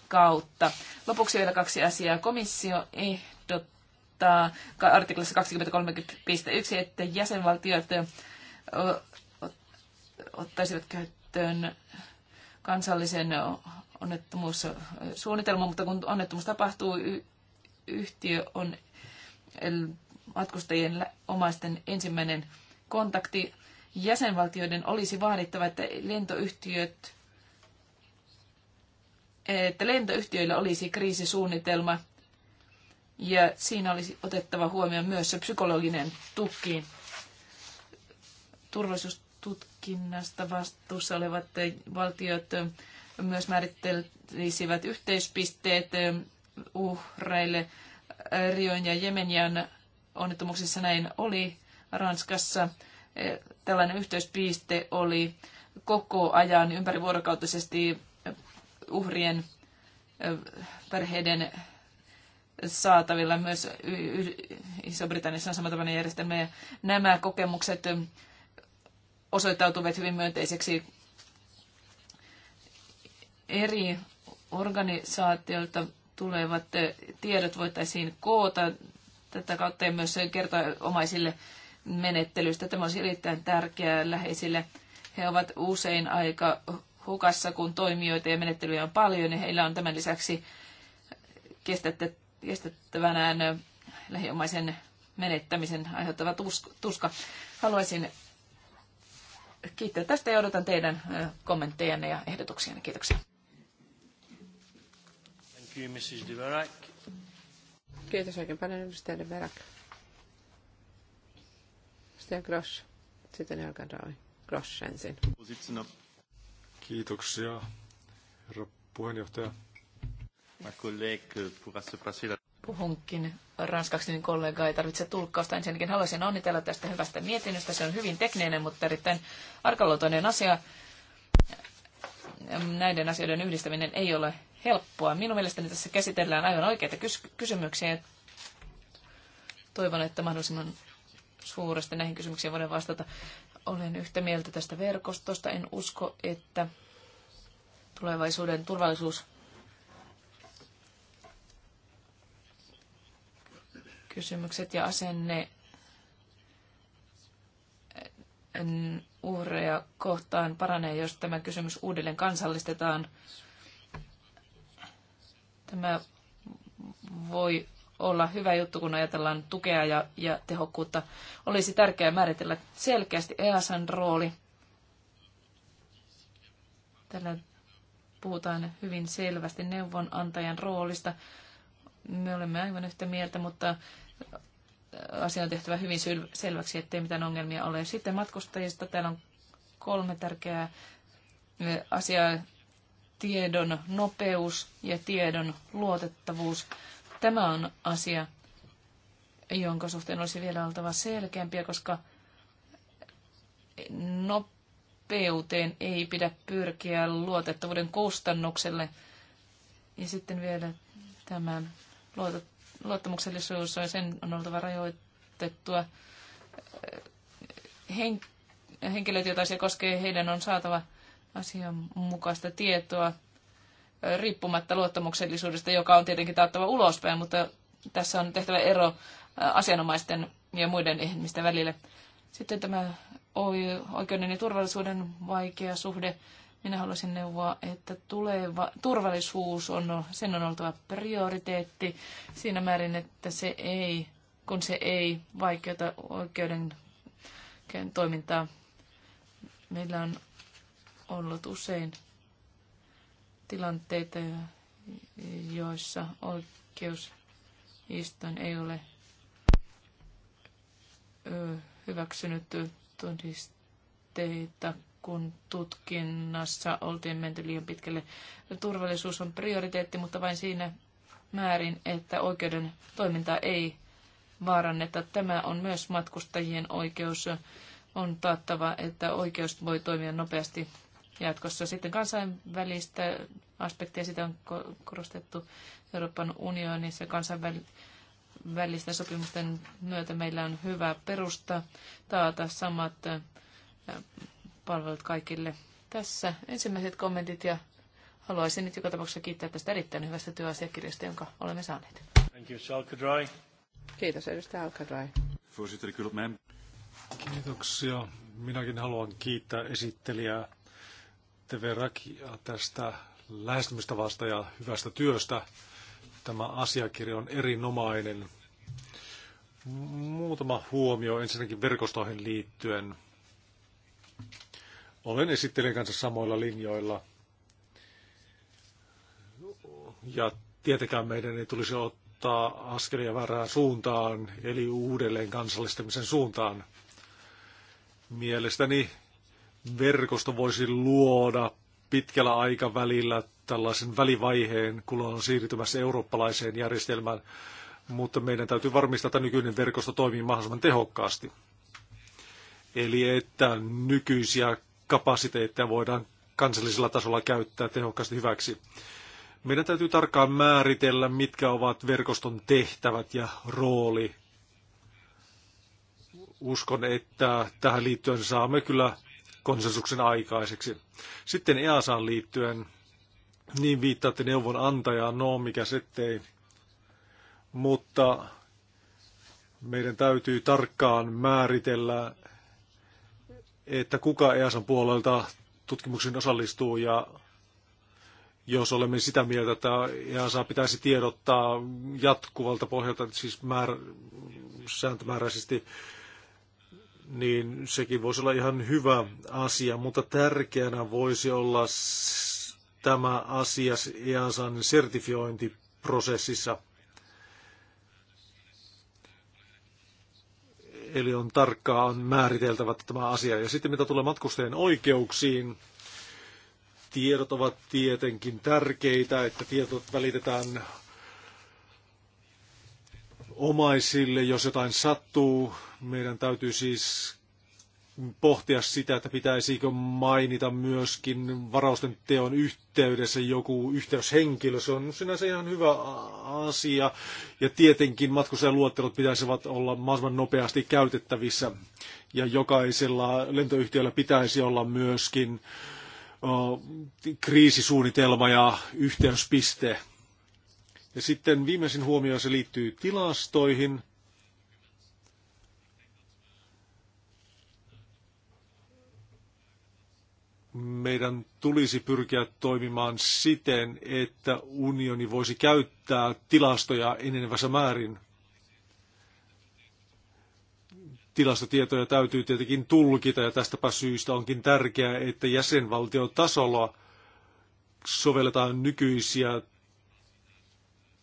kautta. Lopuksi vielä kaksi asiaa. Komissio ehdottaa artiklassa 2030.1, että jäsenvaltiot ottaisivat käyttöön kansallisen onnettomuussuunnitelman, mutta kun onnettomuus tapahtuu, yhtiö on matkustajien omaisten ensimmäinen kontakti. Jäsenvaltioiden olisi vaadittava, että lentoyhtiöt että lentoyhtiöillä olisi kriisisuunnitelma ja siinä olisi otettava huomioon myös se psykologinen tuki. Turvallisuustutkinnasta vastuussa olevat valtiot myös määrittelisivät yhteispisteet uhreille. Rion ja Jemenian onnettomuuksissa näin oli Ranskassa. Eh, tällainen yhteispiste oli koko ajan ympärivuorokautisesti uhrien perheiden saatavilla. Myös Iso-Britanniassa on samantapainen järjestelmä ja nämä kokemukset osoittautuvat hyvin myönteiseksi eri organisaatioilta tulevat tiedot voitaisiin koota tätä kautta ja myös kertoa omaisille menettelystä. Tämä on erittäin tärkeää läheisille. He ovat usein aika hukassa, kun toimijoita ja menettelyjä on paljon, ja heillä on tämän lisäksi kestettävänään lähiomaisen menettämisen aiheuttava tuska. Haluaisin kiittää tästä ja odotan teidän kommenttejanne ja ehdotuksianne. Kiitoksia. Thank you, Mrs. Kiitos oikein paljon edustaja Verac. Edustaja Grosch. Sitten Jörgen Raui. Grosch ensin. Kiitoksia, herra puheenjohtaja. Eh, Puhunkin ranskaksi, niin kollega ei tarvitse tulkkausta. Ensinnäkin haluaisin onnitella tästä hyvästä mietinnöstä. Se on hyvin tekninen, mutta erittäin arkaluontoinen asia. Näiden asioiden yhdistäminen ei ole helppoa. Minun mielestäni tässä käsitellään aivan oikeita kys- kysymyksiä. Toivon, että mahdollisimman suuresti näihin kysymyksiin voidaan vastata. Olen yhtä mieltä tästä verkostosta. En usko, että tulevaisuuden turvallisuus kysymykset ja asenne uhreja kohtaan paranee, jos tämä kysymys uudelleen kansallistetaan. Tämä voi olla hyvä juttu, kun ajatellaan tukea ja, ja tehokkuutta. Olisi tärkeää määritellä selkeästi EASan rooli. Tällä puhutaan hyvin selvästi neuvonantajan roolista. Me olemme aivan yhtä mieltä, mutta asia on tehtävä hyvin selväksi, ettei mitään ongelmia ole. Sitten matkustajista täällä on kolme tärkeää eh, asiaa. Tiedon nopeus ja tiedon luotettavuus. Tämä on asia, jonka suhteen olisi vielä oltava selkeämpiä, koska nopeuteen ei pidä pyrkiä luotettavuuden kustannukselle. Ja sitten vielä tämä luottamuksellisuus on sen on oltava rajoitettua. Hen, henkilöt, joita se koskee, heidän on saatava asianmukaista tietoa riippumatta luottamuksellisuudesta, joka on tietenkin taattava ulospäin, mutta tässä on tehtävä ero asianomaisten ja muiden ihmisten välillä. Sitten tämä oikeuden ja turvallisuuden vaikea suhde. Minä haluaisin neuvoa, että tuleva, turvallisuus on, sen on oltava prioriteetti siinä määrin, että se ei, kun se ei vaikeuta oikeuden toimintaa. Meillä on ollut usein tilanteita, joissa oikeusistuin ei ole hyväksynyt todisteita, kun tutkinnassa oltiin menty liian pitkälle. Turvallisuus on prioriteetti, mutta vain siinä määrin, että oikeuden toimintaa ei vaaranneta. Tämä on myös matkustajien oikeus. On taattava, että oikeus voi toimia nopeasti jatkossa. Sitten kansainvälistä aspektia, sitä on korostettu Euroopan unionissa kansainvälisten sopimusten myötä meillä on hyvä perusta taata samat palvelut kaikille. Tässä ensimmäiset kommentit ja haluaisin nyt joka tapauksessa kiittää tästä erittäin hyvästä työasiakirjasta, jonka olemme saaneet. Thank you, Kiitos, edustaja Alkadrai. Kiitoksia. Minäkin haluan kiittää esittelijää Teverakia tästä lähestymistavasta ja hyvästä työstä. Tämä asiakirja on erinomainen. Muutama huomio ensinnäkin verkostoihin liittyen. Olen esittelijän kanssa samoilla linjoilla. Ja tietenkään meidän ei tulisi ottaa askelia väärään suuntaan, eli uudelleen kansallistamisen suuntaan. Mielestäni verkosto voisi luoda pitkällä aikavälillä tällaisen välivaiheen, kun on siirtymässä eurooppalaiseen järjestelmään, mutta meidän täytyy varmistaa, että nykyinen verkosto toimii mahdollisimman tehokkaasti. Eli että nykyisiä kapasiteetteja voidaan kansallisella tasolla käyttää tehokkaasti hyväksi. Meidän täytyy tarkkaan määritellä, mitkä ovat verkoston tehtävät ja rooli. Uskon, että tähän liittyen saamme kyllä konsensuksen aikaiseksi. Sitten EASAan liittyen, niin viittaatte neuvonantajaan, no mikä sitten mutta meidän täytyy tarkkaan määritellä, että kuka EASAn puolelta tutkimuksen osallistuu ja jos olemme sitä mieltä, että EASA pitäisi tiedottaa jatkuvalta pohjalta, siis määr, sääntömääräisesti niin sekin voisi olla ihan hyvä asia, mutta tärkeänä voisi olla tämä asia EASAn sertifiointiprosessissa. Eli on tarkkaan määriteltävä tämä asia. Ja sitten mitä tulee matkustajien oikeuksiin, tiedot ovat tietenkin tärkeitä, että tiedot välitetään omaisille, jos jotain sattuu. Meidän täytyy siis pohtia sitä, että pitäisikö mainita myöskin varausten teon yhteydessä joku yhteyshenkilö. Se on sinänsä ihan hyvä asia. Ja tietenkin matkustajaluottelot pitäisivät olla mahdollisimman nopeasti käytettävissä. Ja jokaisella lentoyhtiöllä pitäisi olla myöskin kriisisuunnitelma ja yhteyspiste ja sitten viimeisin huomio, se liittyy tilastoihin. Meidän tulisi pyrkiä toimimaan siten, että unioni voisi käyttää tilastoja enenevässä määrin. Tilastotietoja täytyy tietenkin tulkita ja tästäpä syystä onkin tärkeää, että jäsenvaltiotasolla sovelletaan nykyisiä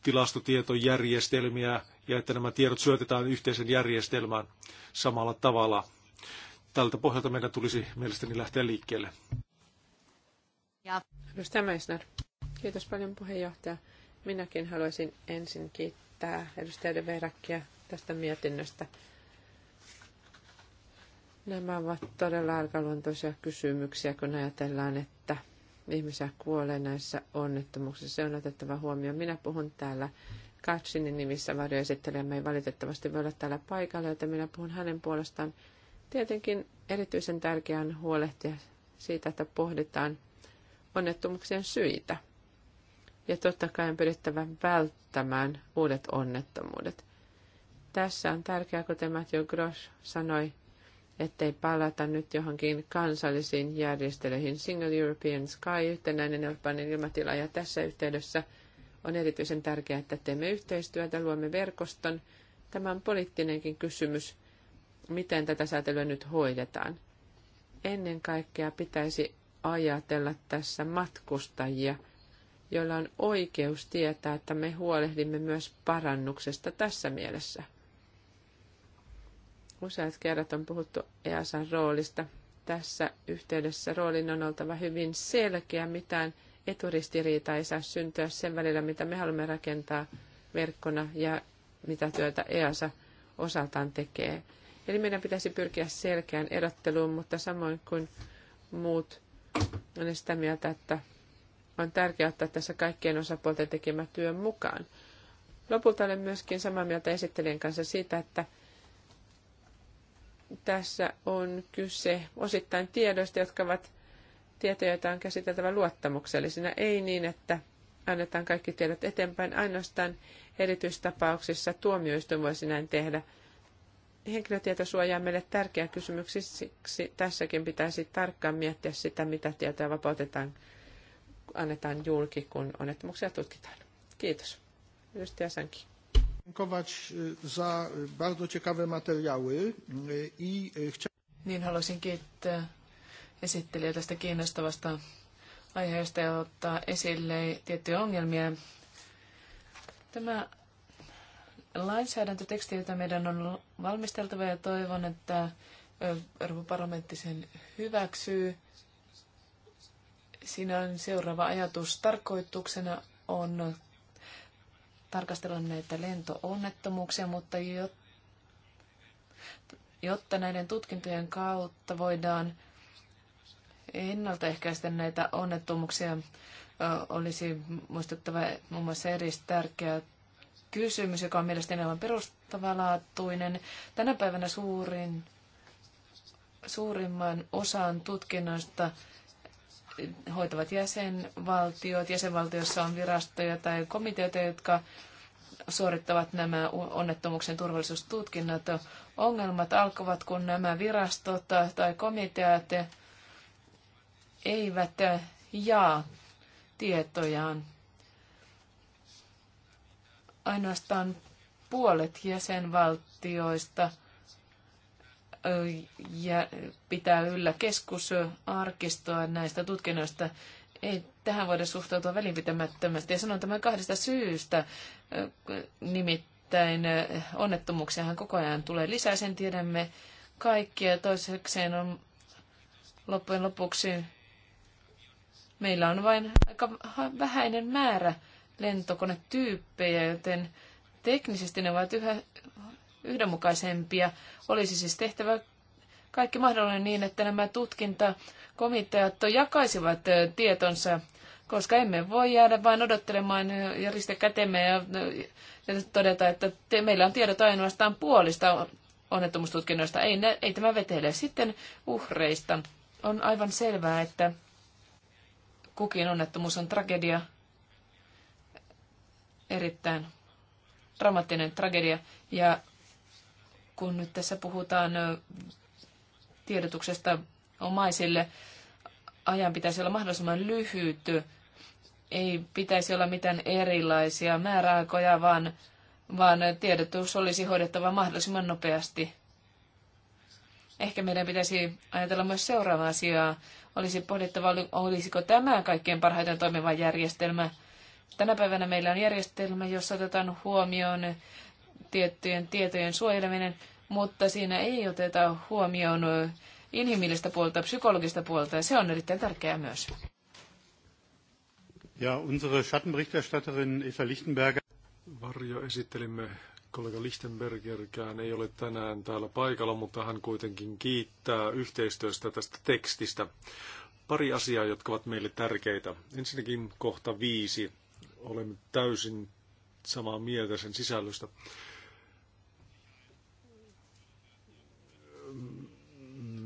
tilastotietojärjestelmiä ja että nämä tiedot syötetään yhteisen järjestelmään samalla tavalla. Tältä pohjalta meidän tulisi mielestäni lähteä liikkeelle. Ja. Edustaja Meisner. Kiitos paljon puheenjohtaja. Minäkin haluaisin ensin kiittää edustaja De Verakia tästä mietinnöstä. Nämä ovat todella arkaluontoisia kysymyksiä, kun ajatellaan, että – ihmisiä kuolee näissä onnettomuuksissa. Se on otettava huomioon. Minä puhun täällä Katsinin nimissä varjoesittelijämme ei valitettavasti voi olla täällä paikalla, joten minä puhun hänen puolestaan. Tietenkin erityisen tärkeää on huolehtia siitä, että pohditaan onnettomuuksien syitä. Ja totta kai on pyrittävä välttämään uudet onnettomuudet. Tässä on tärkeää, kuten Matthew Grosh sanoi, ettei palata nyt johonkin kansallisiin järjestelyihin. Single European Sky, yhtenäinen Euroopan ilmatila, ja tässä yhteydessä on erityisen tärkeää, että teemme yhteistyötä, luomme verkoston. Tämä on poliittinenkin kysymys, miten tätä säätelyä nyt hoidetaan. Ennen kaikkea pitäisi ajatella tässä matkustajia, joilla on oikeus tietää, että me huolehdimme myös parannuksesta tässä mielessä. Useat kerrat on puhuttu EASan roolista. Tässä yhteydessä roolin on oltava hyvin selkeä, mitään eturistiriitaa ei saa syntyä sen välillä, mitä me haluamme rakentaa verkkona ja mitä työtä EASA osaltaan tekee. Eli meidän pitäisi pyrkiä selkeään erotteluun, mutta samoin kuin muut on sitä mieltä, että on tärkeää ottaa tässä kaikkien osapuolten tekemä työ mukaan. Lopulta olen myöskin samaa mieltä esittelijän kanssa siitä, että tässä on kyse osittain tiedoista, jotka ovat tietoja, joita on käsiteltävä luottamuksellisina. Ei niin, että annetaan kaikki tiedot eteenpäin. Ainoastaan erityistapauksissa tuomioistuin voisi näin tehdä. Henkilötietosuoja on meille tärkeä kysymys, siksi tässäkin pitäisi tarkkaan miettiä sitä, mitä tietoja vapautetaan, annetaan julki, kun onnettomuuksia tutkitaan. Kiitos. Ystävänkin dziękować za bardzo ciekawe materiały i Niin haluaisin kiittää esittelijä tästä kiinnostavasta aiheesta ja ottaa esille tiettyjä ongelmia. Tämä lainsäädäntöteksti, jota meidän on valmisteltava ja toivon, että Euroopan parlamentti sen hyväksyy. Siinä on seuraava ajatus. Tarkoituksena on tarkastella näitä lentoonnettomuuksia, mutta jotta näiden tutkintojen kautta voidaan ennaltaehkäistä näitä onnettomuuksia, olisi muistettava muun muassa eri tärkeä kysymys, joka on mielestäni aivan perustavalaatuinen. Tänä päivänä suurin, suurimman osan tutkinnoista hoitavat jäsenvaltiot. Jäsenvaltiossa on virastoja tai komiteoita, jotka suorittavat nämä onnettomuuksien turvallisuustutkinnat. Ongelmat alkavat, kun nämä virastot tai komiteat eivät jaa tietojaan. Ainoastaan puolet jäsenvaltioista – ja pitää yllä keskusarkistoa näistä tutkinnoista. Ei tähän voida suhtautua välinpitämättömästi. Ja sanon tämän kahdesta syystä. Nimittäin onnettomuuksiahan koko ajan tulee lisää, sen tiedämme kaikki. Ja toisekseen on loppujen lopuksi meillä on vain aika vähäinen määrä lentokonetyyppejä, joten teknisesti ne ovat yhä yhdenmukaisempia. Olisi siis tehtävä kaikki mahdollinen niin, että nämä tutkintakomiteat jakaisivat tietonsa, koska emme voi jäädä vain odottelemaan ja riste kätemme ja, ja todeta, että te, meillä on tiedot ainoastaan puolista onnettomuustutkinnoista. Ei, ne, ei tämä vetele. Sitten uhreista. On aivan selvää, että kukin onnettomuus on tragedia, erittäin dramaattinen tragedia, ja kun nyt tässä puhutaan tiedotuksesta omaisille, ajan pitäisi olla mahdollisimman lyhyt. Ei pitäisi olla mitään erilaisia määräaikoja, vaan, vaan tiedotus olisi hoidettava mahdollisimman nopeasti. Ehkä meidän pitäisi ajatella myös seuraavaa asiaa. Olisi pohdittava, olisiko tämä kaikkein parhaiten toimiva järjestelmä. Tänä päivänä meillä on järjestelmä, jossa otetaan huomioon tiettyjen tietojen suojeleminen – mutta siinä ei oteta huomioon inhimillistä puolta, psykologista puolta, ja se on erittäin tärkeää myös. Ja unsere Schattenberichterstatterin Eva Lichtenberger. Varjo esittelimme kollega Lichtenbergerkään ei ole tänään täällä paikalla, mutta hän kuitenkin kiittää yhteistyöstä tästä tekstistä. Pari asiaa, jotka ovat meille tärkeitä. Ensinnäkin kohta viisi. Olemme täysin samaa mieltä sen sisällöstä.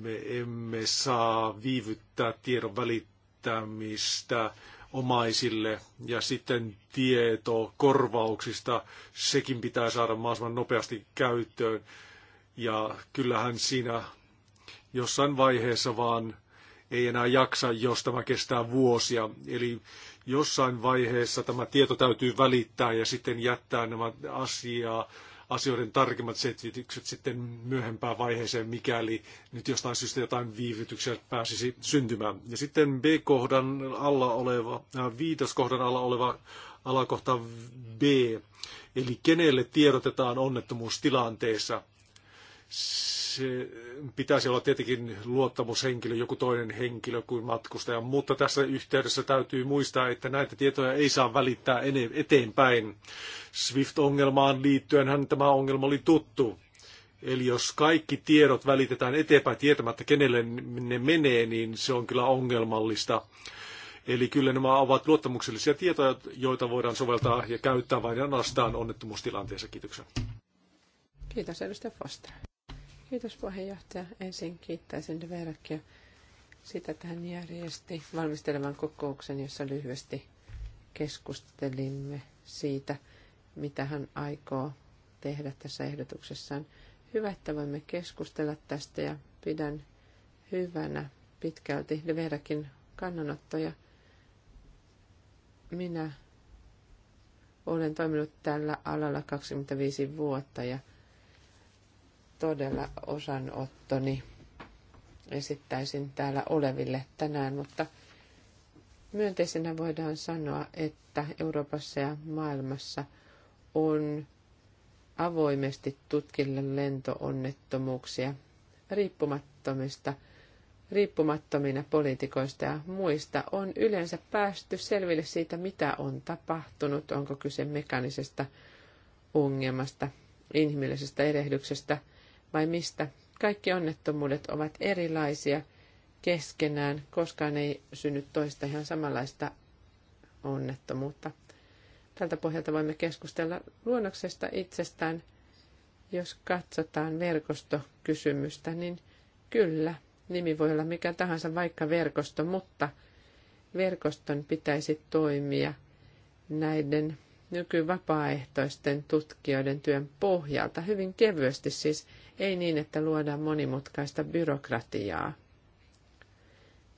me emme saa viivyttää tiedon välittämistä omaisille ja sitten tieto korvauksista, sekin pitää saada mahdollisimman nopeasti käyttöön. Ja kyllähän siinä jossain vaiheessa vaan ei enää jaksa, jos tämä kestää vuosia. Eli jossain vaiheessa tämä tieto täytyy välittää ja sitten jättää nämä asiaa asioiden tarkemmat selvitykset sitten myöhempään vaiheeseen, mikäli nyt jostain syystä jotain viivytyksiä pääsisi syntymään. Ja sitten B-kohdan alla oleva, äh, viitoskohdan alla oleva alakohta B, eli kenelle tiedotetaan onnettomuustilanteessa – se pitäisi olla tietenkin luottamushenkilö, joku toinen henkilö kuin matkustaja, mutta tässä yhteydessä täytyy muistaa, että näitä tietoja ei saa välittää eteenpäin. SWIFT-ongelmaan liittyen hän tämä ongelma oli tuttu. Eli jos kaikki tiedot välitetään eteenpäin tietämättä, kenelle ne menee, niin se on kyllä ongelmallista. Eli kyllä nämä ovat luottamuksellisia tietoja, joita voidaan soveltaa ja käyttää vain ja ainoastaan onnettomuustilanteessa. Kiitoksia. Kiitos, edustaja Foster. Kiitos puheenjohtaja. Ensin kiittäisin Verkia sitä, että hän järjesti valmistelevan kokouksen, jossa lyhyesti keskustelimme siitä, mitä hän aikoo tehdä tässä ehdotuksessaan. Hyvä, että voimme keskustella tästä ja pidän hyvänä pitkälti Leverakin kannanottoja. Minä olen toiminut tällä alalla 25 vuotta ja – todella osanottoni esittäisin täällä oleville tänään, mutta myönteisenä voidaan sanoa, että Euroopassa ja maailmassa on avoimesti tutkille lentoonnettomuuksia riippumattomista, riippumattomina poliitikoista ja muista on yleensä päästy selville siitä, mitä on tapahtunut, onko kyse mekanisesta ongelmasta, inhimillisestä erehdyksestä – vai mistä. Kaikki onnettomuudet ovat erilaisia keskenään, koskaan ei synny toista ihan samanlaista onnettomuutta. Tältä pohjalta voimme keskustella luonnoksesta itsestään. Jos katsotaan verkostokysymystä, niin kyllä, nimi voi olla mikä tahansa, vaikka verkosto, mutta verkoston pitäisi toimia näiden nykyvapaaehtoisten tutkijoiden työn pohjalta, hyvin kevyesti siis, ei niin, että luodaan monimutkaista byrokratiaa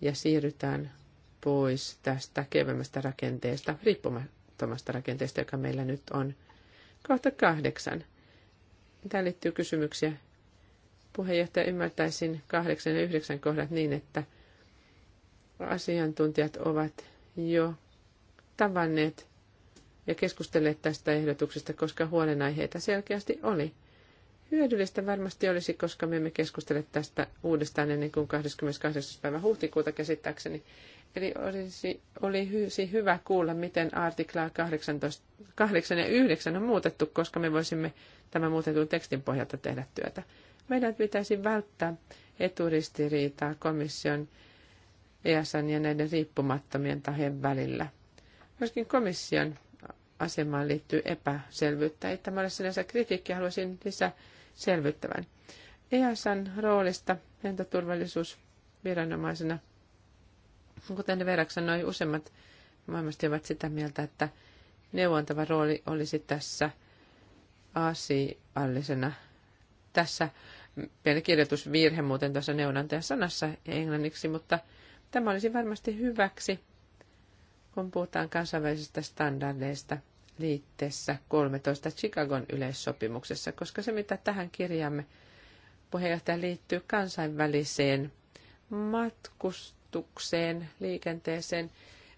ja siirrytään pois tästä kevyemmästä rakenteesta, riippumattomasta rakenteesta, joka meillä nyt on. Kohta kahdeksan. Tämä liittyy kysymyksiä. Puheenjohtaja, ymmärtäisin kahdeksan ja yhdeksän kohdat niin, että asiantuntijat ovat jo tavanneet ja keskustelleet tästä ehdotuksesta, koska huolenaiheita selkeästi oli. Hyödyllistä varmasti olisi, koska me emme keskustele tästä uudestaan ennen kuin 28. päivä huhtikuuta käsittääkseni. Eli olisi, olisi hyvä kuulla, miten artiklaa 18, 8 ja 9 on muutettu, koska me voisimme tämän muutetun tekstin pohjalta tehdä työtä. Meidän pitäisi välttää eturistiriitaa komission, ESN ja näiden riippumattomien tahojen välillä. Myöskin komission asemaan liittyy epäselvyyttä. Ei tämä ole sinänsä kritiikki, haluaisin lisää selvyttävän. EASan roolista lentoturvallisuusviranomaisena, kuten Verak sanoi, useimmat maailmasti ovat sitä mieltä, että neuvontava rooli olisi tässä asiallisena. Tässä pieni kirjoitusvirhe muuten tuossa neuvonantajan sanassa englanniksi, mutta tämä olisi varmasti hyväksi kun puhutaan kansainvälisistä standardeista liitteessä 13 Chicagon yleissopimuksessa, koska se mitä tähän kirjaamme puheenjohtaja liittyy kansainväliseen matkustukseen, liikenteeseen.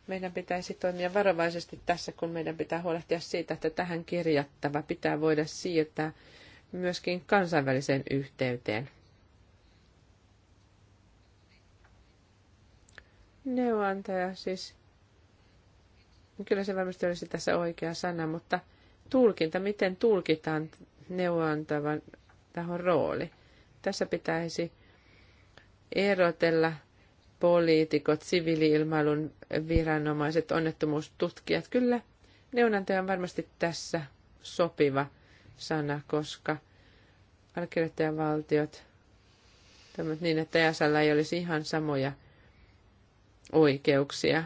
Meidän pitäisi toimia varovaisesti tässä, kun meidän pitää huolehtia siitä, että tähän kirjattava pitää voida siirtää myöskin kansainväliseen yhteyteen. Neuvontaja siis Kyllä se varmasti olisi tässä oikea sana, mutta tulkinta, miten tulkitaan neuvontavan tahon rooli. Tässä pitäisi erotella poliitikot, siviiliilmailun viranomaiset, onnettomuustutkijat. Kyllä neuvonantaja on varmasti tässä sopiva sana, koska allekirjoittajavaltiot niin, että EASalla ei olisi ihan samoja oikeuksia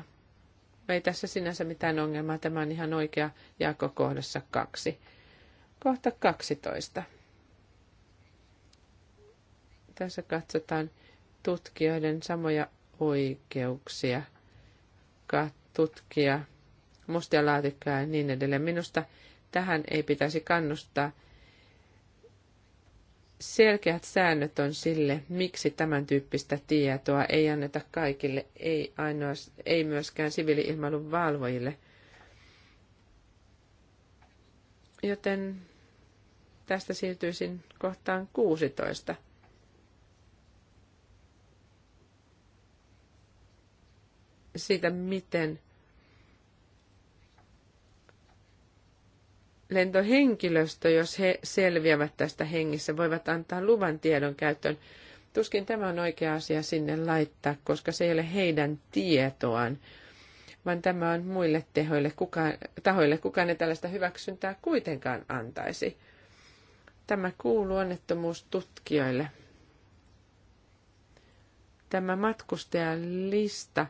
ei tässä sinänsä mitään ongelmaa, tämä on ihan oikea jako kohdassa kaksi. Kohta 12. Tässä katsotaan tutkijoiden samoja oikeuksia tutkia mustia laatikkoja ja niin edelleen. Minusta tähän ei pitäisi kannustaa – selkeät säännöt on sille, miksi tämän tyyppistä tietoa ei anneta kaikille, ei, ainoas, ei myöskään siviiliilmailun valvojille. Joten tästä siirtyisin kohtaan 16. Siitä, miten lentohenkilöstö, jos he selviävät tästä hengissä, voivat antaa luvan tiedon käyttöön. Tuskin tämä on oikea asia sinne laittaa, koska se ei ole heidän tietoaan, vaan tämä on muille tehoille, kuka, tahoille. Kukaan ei tällaista hyväksyntää kuitenkaan antaisi. Tämä kuuluu onnettomuustutkijoille. Tämä matkustajan lista,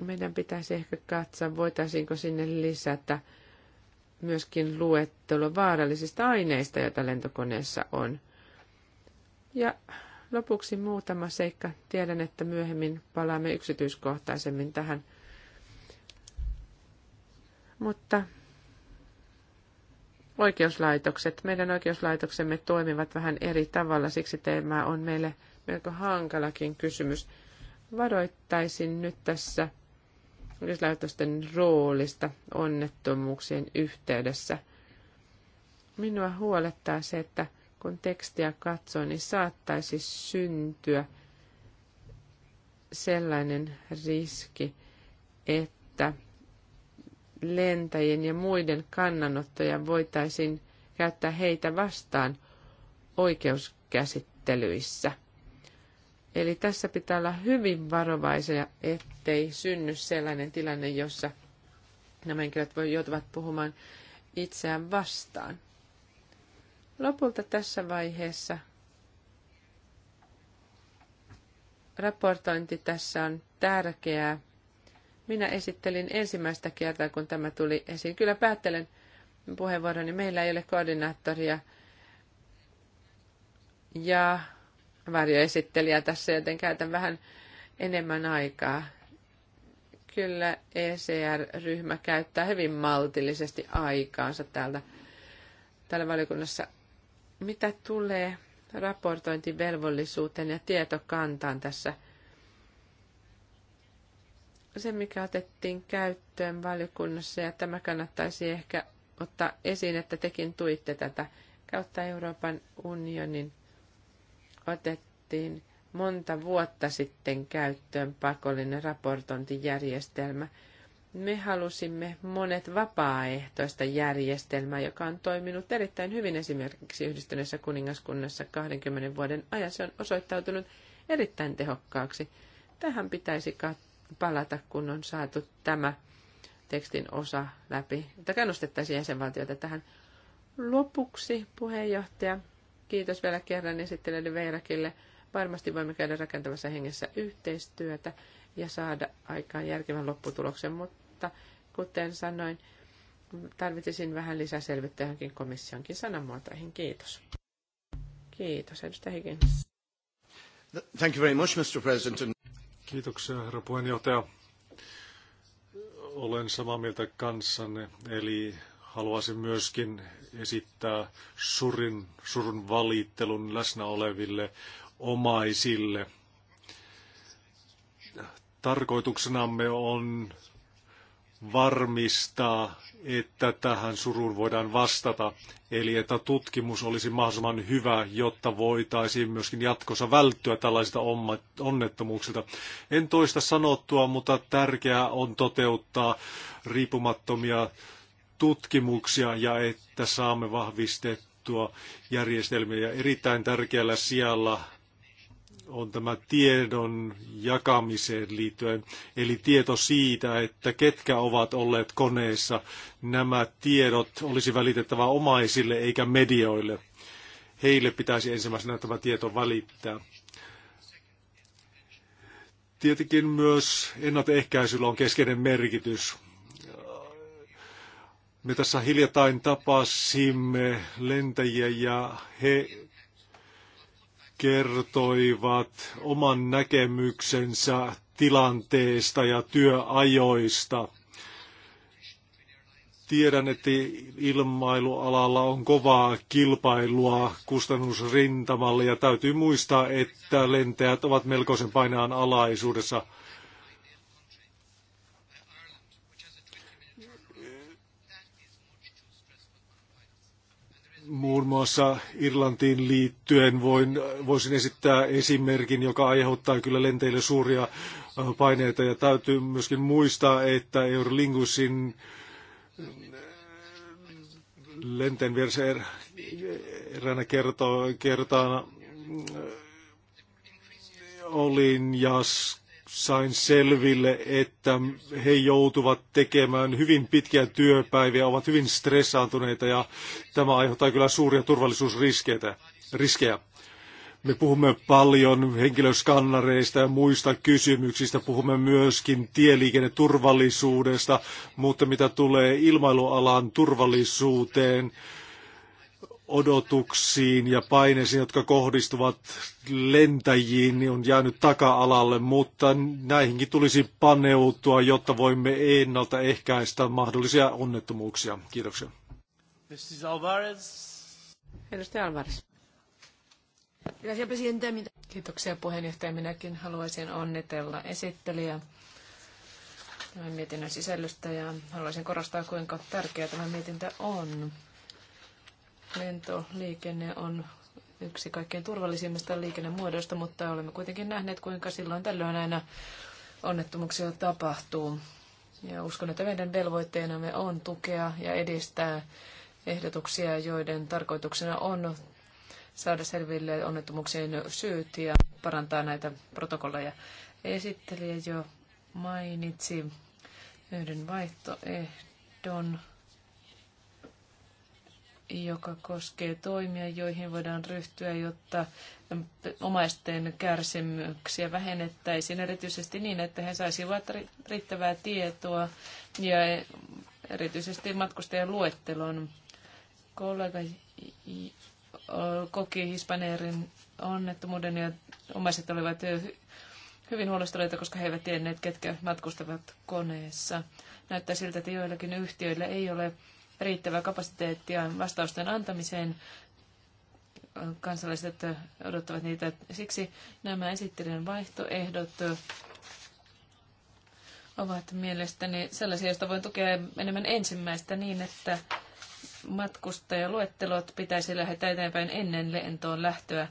meidän pitäisi ehkä katsoa, voitaisiinko sinne lisätä – myöskin luettelo vaarallisista aineista, joita lentokoneessa on. Ja lopuksi muutama seikka. Tiedän, että myöhemmin palaamme yksityiskohtaisemmin tähän. Mutta oikeuslaitokset, meidän oikeuslaitoksemme toimivat vähän eri tavalla, siksi teemä on meille melko hankalakin kysymys. Varoittaisin nyt tässä yhdislaitosten roolista onnettomuuksien yhteydessä. Minua huolettaa se, että kun tekstiä katsoo, niin saattaisi syntyä sellainen riski, että lentäjien ja muiden kannanottoja voitaisiin käyttää heitä vastaan oikeuskäsittelyissä – Eli tässä pitää olla hyvin varovaisia, ettei synny sellainen tilanne, jossa nämä henkilöt voi, joutuvat puhumaan itseään vastaan. Lopulta tässä vaiheessa raportointi tässä on tärkeää. Minä esittelin ensimmäistä kertaa, kun tämä tuli esiin. Kyllä päättelen puheenvuoroni. Meillä ei ole koordinaattoria. Ja varjoesittelijä tässä, joten käytän vähän enemmän aikaa. Kyllä ECR-ryhmä käyttää hyvin maltillisesti aikaansa täältä täällä valiokunnassa. Mitä tulee raportointivelvollisuuteen ja tietokantaan tässä – se, mikä otettiin käyttöön valiokunnassa, ja tämä kannattaisi ehkä ottaa esiin, että tekin tuitte tätä kautta Euroopan unionin otettiin monta vuotta sitten käyttöön pakollinen raportointijärjestelmä. Me halusimme monet vapaaehtoista järjestelmää, joka on toiminut erittäin hyvin esimerkiksi yhdistyneessä kuningaskunnassa 20 vuoden ajan. Se on osoittautunut erittäin tehokkaaksi. Tähän pitäisi palata, kun on saatu tämä tekstin osa läpi, että kannustettaisiin jäsenvaltioita tähän. Lopuksi puheenjohtaja Kiitos vielä kerran esittelijöiden Veirakille. Varmasti voimme käydä rakentavassa hengessä yhteistyötä ja saada aikaan järkevän lopputuloksen, mutta kuten sanoin, tarvitsisin vähän lisäselvyyttä johonkin komissionkin sanamuotoihin. Kiitos. Kiitos, edustaja Higgins. Thank you very much, Mr. President. Kiitoksia, herra puheenjohtaja. Olen samaa mieltä kanssanne, eli haluaisin myöskin esittää surin, surun valittelun läsnä oleville omaisille. Tarkoituksenamme on varmistaa, että tähän suruun voidaan vastata, eli että tutkimus olisi mahdollisimman hyvä, jotta voitaisiin myöskin jatkossa välttyä tällaisilta onnettomuuksilta. En toista sanottua, mutta tärkeää on toteuttaa riippumattomia tutkimuksia ja että saamme vahvistettua järjestelmiä. Ja erittäin tärkeällä sijalla on tämä tiedon jakamiseen liittyen, eli tieto siitä, että ketkä ovat olleet koneessa. Nämä tiedot olisi välitettävä omaisille eikä medioille. Heille pitäisi ensimmäisenä tämä tieto välittää. Tietenkin myös ennaltaehkäisyllä on keskeinen merkitys. Me tässä hiljattain tapasimme lentäjiä ja he kertoivat oman näkemyksensä tilanteesta ja työajoista. Tiedän, että ilmailualalla on kovaa kilpailua kustannusrintamalle ja täytyy muistaa, että lentäjät ovat melkoisen painaan alaisuudessa – muun muassa Irlantiin liittyen voin, voisin esittää esimerkin, joka aiheuttaa kyllä lenteille suuria paineita. Ja täytyy myöskin muistaa, että Eurolingusin lenten er, eräänä kertoo, kertaana olin jas sain selville, että he joutuvat tekemään hyvin pitkiä työpäiviä, ovat hyvin stressaantuneita ja tämä aiheuttaa kyllä suuria turvallisuusriskejä. Me puhumme paljon henkilöskannareista ja muista kysymyksistä, puhumme myöskin tieliikenneturvallisuudesta, mutta mitä tulee ilmailualan turvallisuuteen, odotuksiin ja paineisiin, jotka kohdistuvat lentäjiin, niin on jäänyt taka-alalle, mutta näihinkin tulisi paneutua, jotta voimme ennaltaehkäistä mahdollisia onnettomuuksia. Kiitoksia. Mrs. Alvarez. Edustaja Alvarez. Kiitoksia puheenjohtaja. Minäkin haluaisin onnitella esittelijä tämän mietinnön sisällöstä ja haluaisin korostaa, kuinka tärkeä tämä mietintö on. Lentoliikenne on yksi kaikkein turvallisimmista liikennemuodoista, mutta olemme kuitenkin nähneet, kuinka silloin tällöin aina onnettomuuksia tapahtuu. Ja uskon, että meidän velvoitteenamme on tukea ja edistää ehdotuksia, joiden tarkoituksena on saada selville onnettomuuksien syyt ja parantaa näitä protokolleja. Esittelijä jo mainitsi yhden vaihtoehdon joka koskee toimia, joihin voidaan ryhtyä, jotta omaisten kärsimyksiä vähennettäisiin, erityisesti niin, että he saisivat riittävää tietoa ja erityisesti matkustajan luettelon. Kollega koki Hispaneerin onnettomuuden ja omaiset olivat hyvin huolestuneita, koska he eivät tienneet, ketkä matkustavat koneessa. Näyttää siltä, että joillakin yhtiöillä ei ole riittävää kapasiteettia vastausten antamiseen. Kansalaiset odottavat niitä. Siksi nämä esittelijän vaihtoehdot ovat mielestäni sellaisia, joista voin tukea enemmän ensimmäistä niin, että matkustajaluettelot pitäisi lähettää eteenpäin ennen lentoon lähtöä.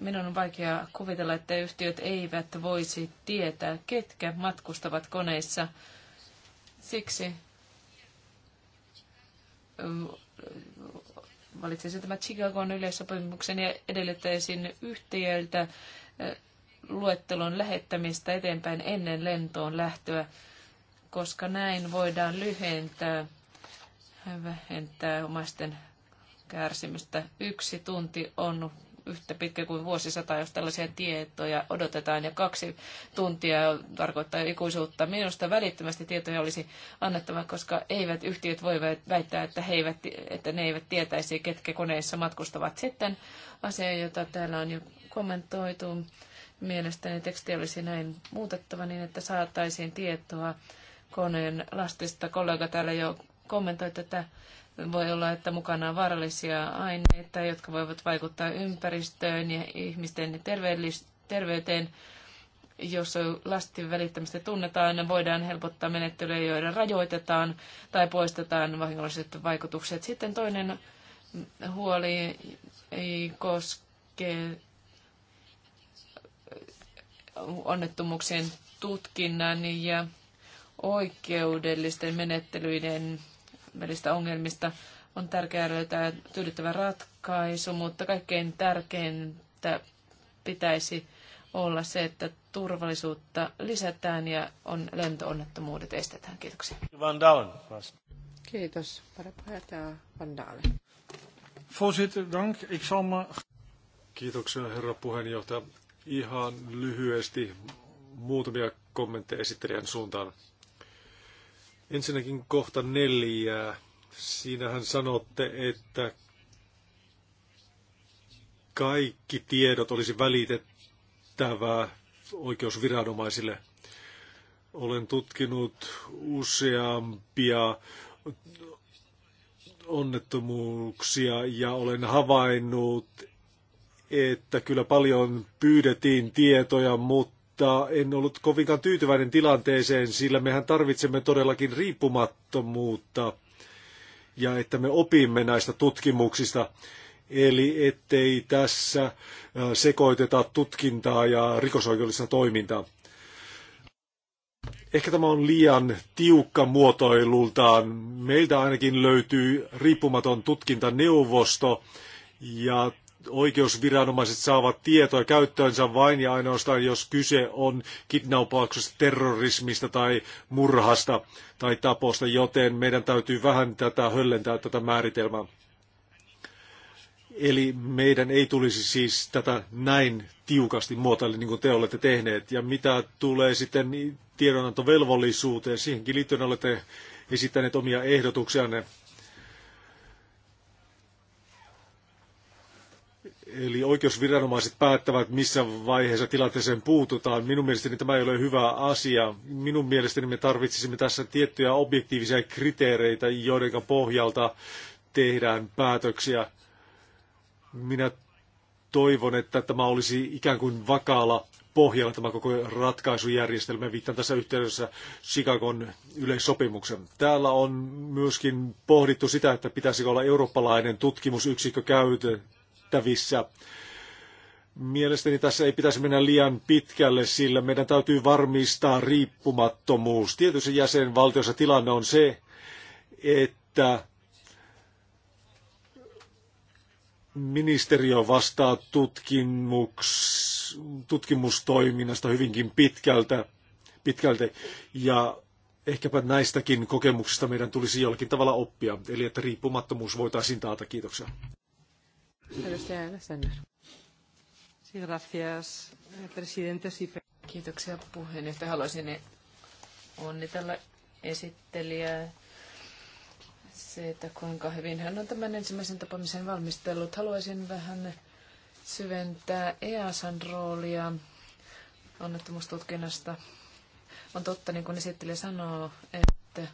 Minun on vaikea kuvitella, että yhtiöt eivät voisi tietää, ketkä matkustavat koneissa. Siksi valitsisin tämä Chicagon yleissopimuksen ja edellyttäisin yhtiöiltä luettelon lähettämistä eteenpäin ennen lentoon lähtöä, koska näin voidaan lyhentää vähentää omaisten kärsimystä. Yksi tunti on yhtä pitkä kuin vuosisata, jos tällaisia tietoja odotetaan, ja kaksi tuntia tarkoittaa ikuisuutta. Minusta välittömästi tietoja olisi annettava, koska eivät yhtiöt voi väittää, että, he eivät, että ne eivät tietäisi, ketkä koneissa matkustavat. Sitten asia, jota täällä on jo kommentoitu, mielestäni teksti olisi näin muutettava niin, että saataisiin tietoa koneen lastista. Kollega täällä jo kommentoi tätä voi olla, että mukana on vaarallisia aineita, jotka voivat vaikuttaa ympäristöön ja ihmisten terveyteen. Jos lastin välittämistä tunnetaan, voidaan helpottaa menettelyjä, joiden rajoitetaan tai poistetaan vahingolliset vaikutukset. Sitten toinen huoli ei koske onnettomuuksien tutkinnan ja oikeudellisten menettelyiden välistä ongelmista. On tärkeää löytää tyydyttävä ratkaisu, mutta kaikkein tärkeintä pitäisi olla se, että turvallisuutta lisätään ja on lentoonnettomuudet estetään. Kiitoksia. Van Dalen. Kiitos. Varapuheenjohtaja Van Dalen. Voorzitter, dank. Ik zal me... Kiitoksia, herra puheenjohtaja. Ihan lyhyesti muutamia kommentteja esittelijän suuntaan. Ensinnäkin kohta neljää. Siinähän sanotte, että kaikki tiedot olisi välitettävää oikeusviranomaisille. Olen tutkinut useampia onnettomuuksia ja olen havainnut, että kyllä paljon pyydettiin tietoja, mutta mutta en ollut kovinkaan tyytyväinen tilanteeseen, sillä mehän tarvitsemme todellakin riippumattomuutta ja että me opimme näistä tutkimuksista. Eli ettei tässä äh, sekoiteta tutkintaa ja rikosoikeudellista toimintaa. Ehkä tämä on liian tiukka muotoilultaan. Meiltä ainakin löytyy riippumaton tutkintaneuvosto ja oikeusviranomaiset saavat tietoa käyttöönsä vain ja ainoastaan, jos kyse on kidnappauksesta, terrorismista tai murhasta tai taposta, joten meidän täytyy vähän tätä höllentää tätä määritelmää. Eli meidän ei tulisi siis tätä näin tiukasti muotoilla, niin kuin te olette tehneet. Ja mitä tulee sitten tiedonantovelvollisuuteen, siihenkin liittyen olette esittäneet omia ehdotuksianne. Eli oikeusviranomaiset päättävät, missä vaiheessa tilanteeseen puututaan. Minun mielestäni tämä ei ole hyvä asia. Minun mielestäni me tarvitsisimme tässä tiettyjä objektiivisia kriteereitä, joiden pohjalta tehdään päätöksiä. Minä toivon, että tämä olisi ikään kuin vakaalla pohjalla tämä koko ratkaisujärjestelmä. Viittaan tässä yhteydessä Chicagon yleissopimuksen. Täällä on myöskin pohdittu sitä, että pitäisikö olla eurooppalainen tutkimusyksikkö käytö, käytettävissä. Mielestäni tässä ei pitäisi mennä liian pitkälle, sillä meidän täytyy varmistaa riippumattomuus. Tietysti jäsenvaltiossa tilanne on se, että ministeriö vastaa tutkimuks, tutkimustoiminnasta hyvinkin pitkältä, pitkälti, ja ehkäpä näistäkin kokemuksista meidän tulisi jollakin tavalla oppia, eli että riippumattomuus voitaisiin taata. Kiitoksia. Edustaja Alessander. Gracias, presidente. Kiitoksia puheenjohtaja. Haluaisin onnitella esittelijää siitä, kuinka hyvin hän on tämän ensimmäisen tapaamisen valmistellut. Haluaisin vähän syventää EASan roolia onnettomuustutkinnasta. On totta, niin kuin esittelijä sanoo, että,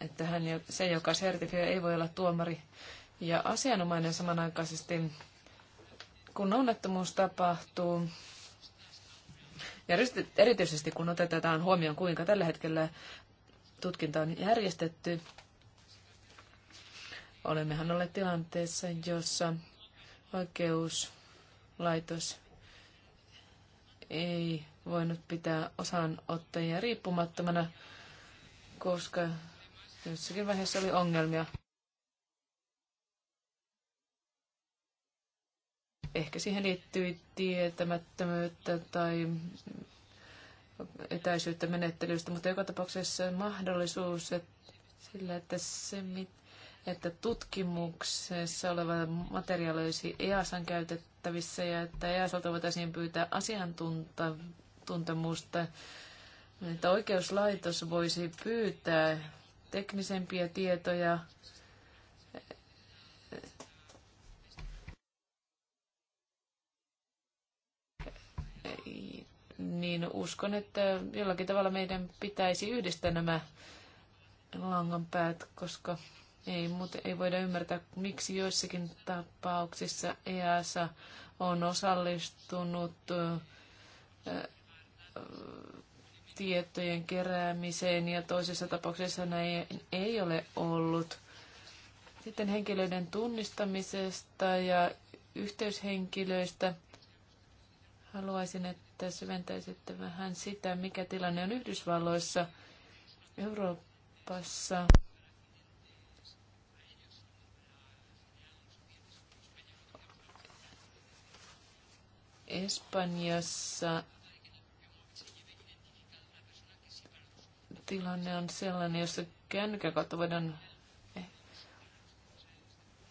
että hän, se, joka sertifioi, ei voi olla tuomari ja asianomainen samanaikaisesti, kun onnettomuus tapahtuu. Ja erityisesti kun otetaan huomioon, kuinka tällä hetkellä tutkinta on järjestetty, olemmehan olleet tilanteessa, jossa oikeuslaitos ei voinut pitää osanottajia riippumattomana, koska jossakin vaiheessa oli ongelmia. Ehkä siihen liittyy tietämättömyyttä tai etäisyyttä menettelystä, mutta joka tapauksessa mahdollisuus että sillä, että, se, että tutkimuksessa oleva materiaali olisi EASan käytettävissä ja että EASalta voitaisiin pyytää asiantuntemusta, että oikeuslaitos voisi pyytää teknisempiä tietoja niin uskon, että jollakin tavalla meidän pitäisi yhdistää nämä langanpäät, koska ei, muuten, ei voida ymmärtää, miksi joissakin tapauksissa EASA on osallistunut tietojen keräämiseen ja toisessa tapauksessa näin ei ole ollut. Sitten henkilöiden tunnistamisesta ja yhteyshenkilöistä haluaisin, että että syventäisitte vähän sitä, mikä tilanne on Yhdysvalloissa, Euroopassa. Espanjassa tilanne on sellainen, jossa kännykän voidaan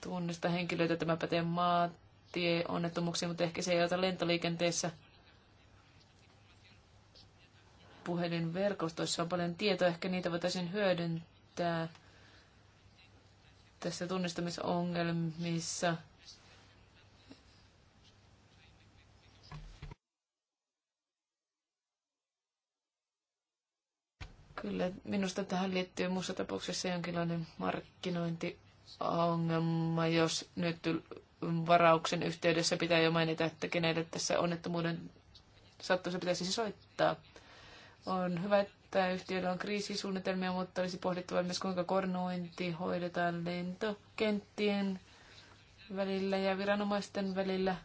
tunnistaa henkilöitä. Tämä pätee maatieonnettomuuksiin, mutta ehkä se ei ota lentoliikenteessä – puhelinverkostoissa on paljon tietoa. Ehkä niitä voitaisiin hyödyntää tässä tunnistamisongelmissa. Kyllä, minusta tähän liittyy muussa tapauksessa jonkinlainen markkinointiongelma, jos nyt varauksen yhteydessä pitää jo mainita, että kenelle tässä onnettomuuden sattuessa pitäisi siis soittaa. On hyvä, että yhtiöllä on kriisisuunnitelmia, mutta olisi pohdittava myös, kuinka koordinointi hoidetaan lentokenttien välillä ja viranomaisten välillä.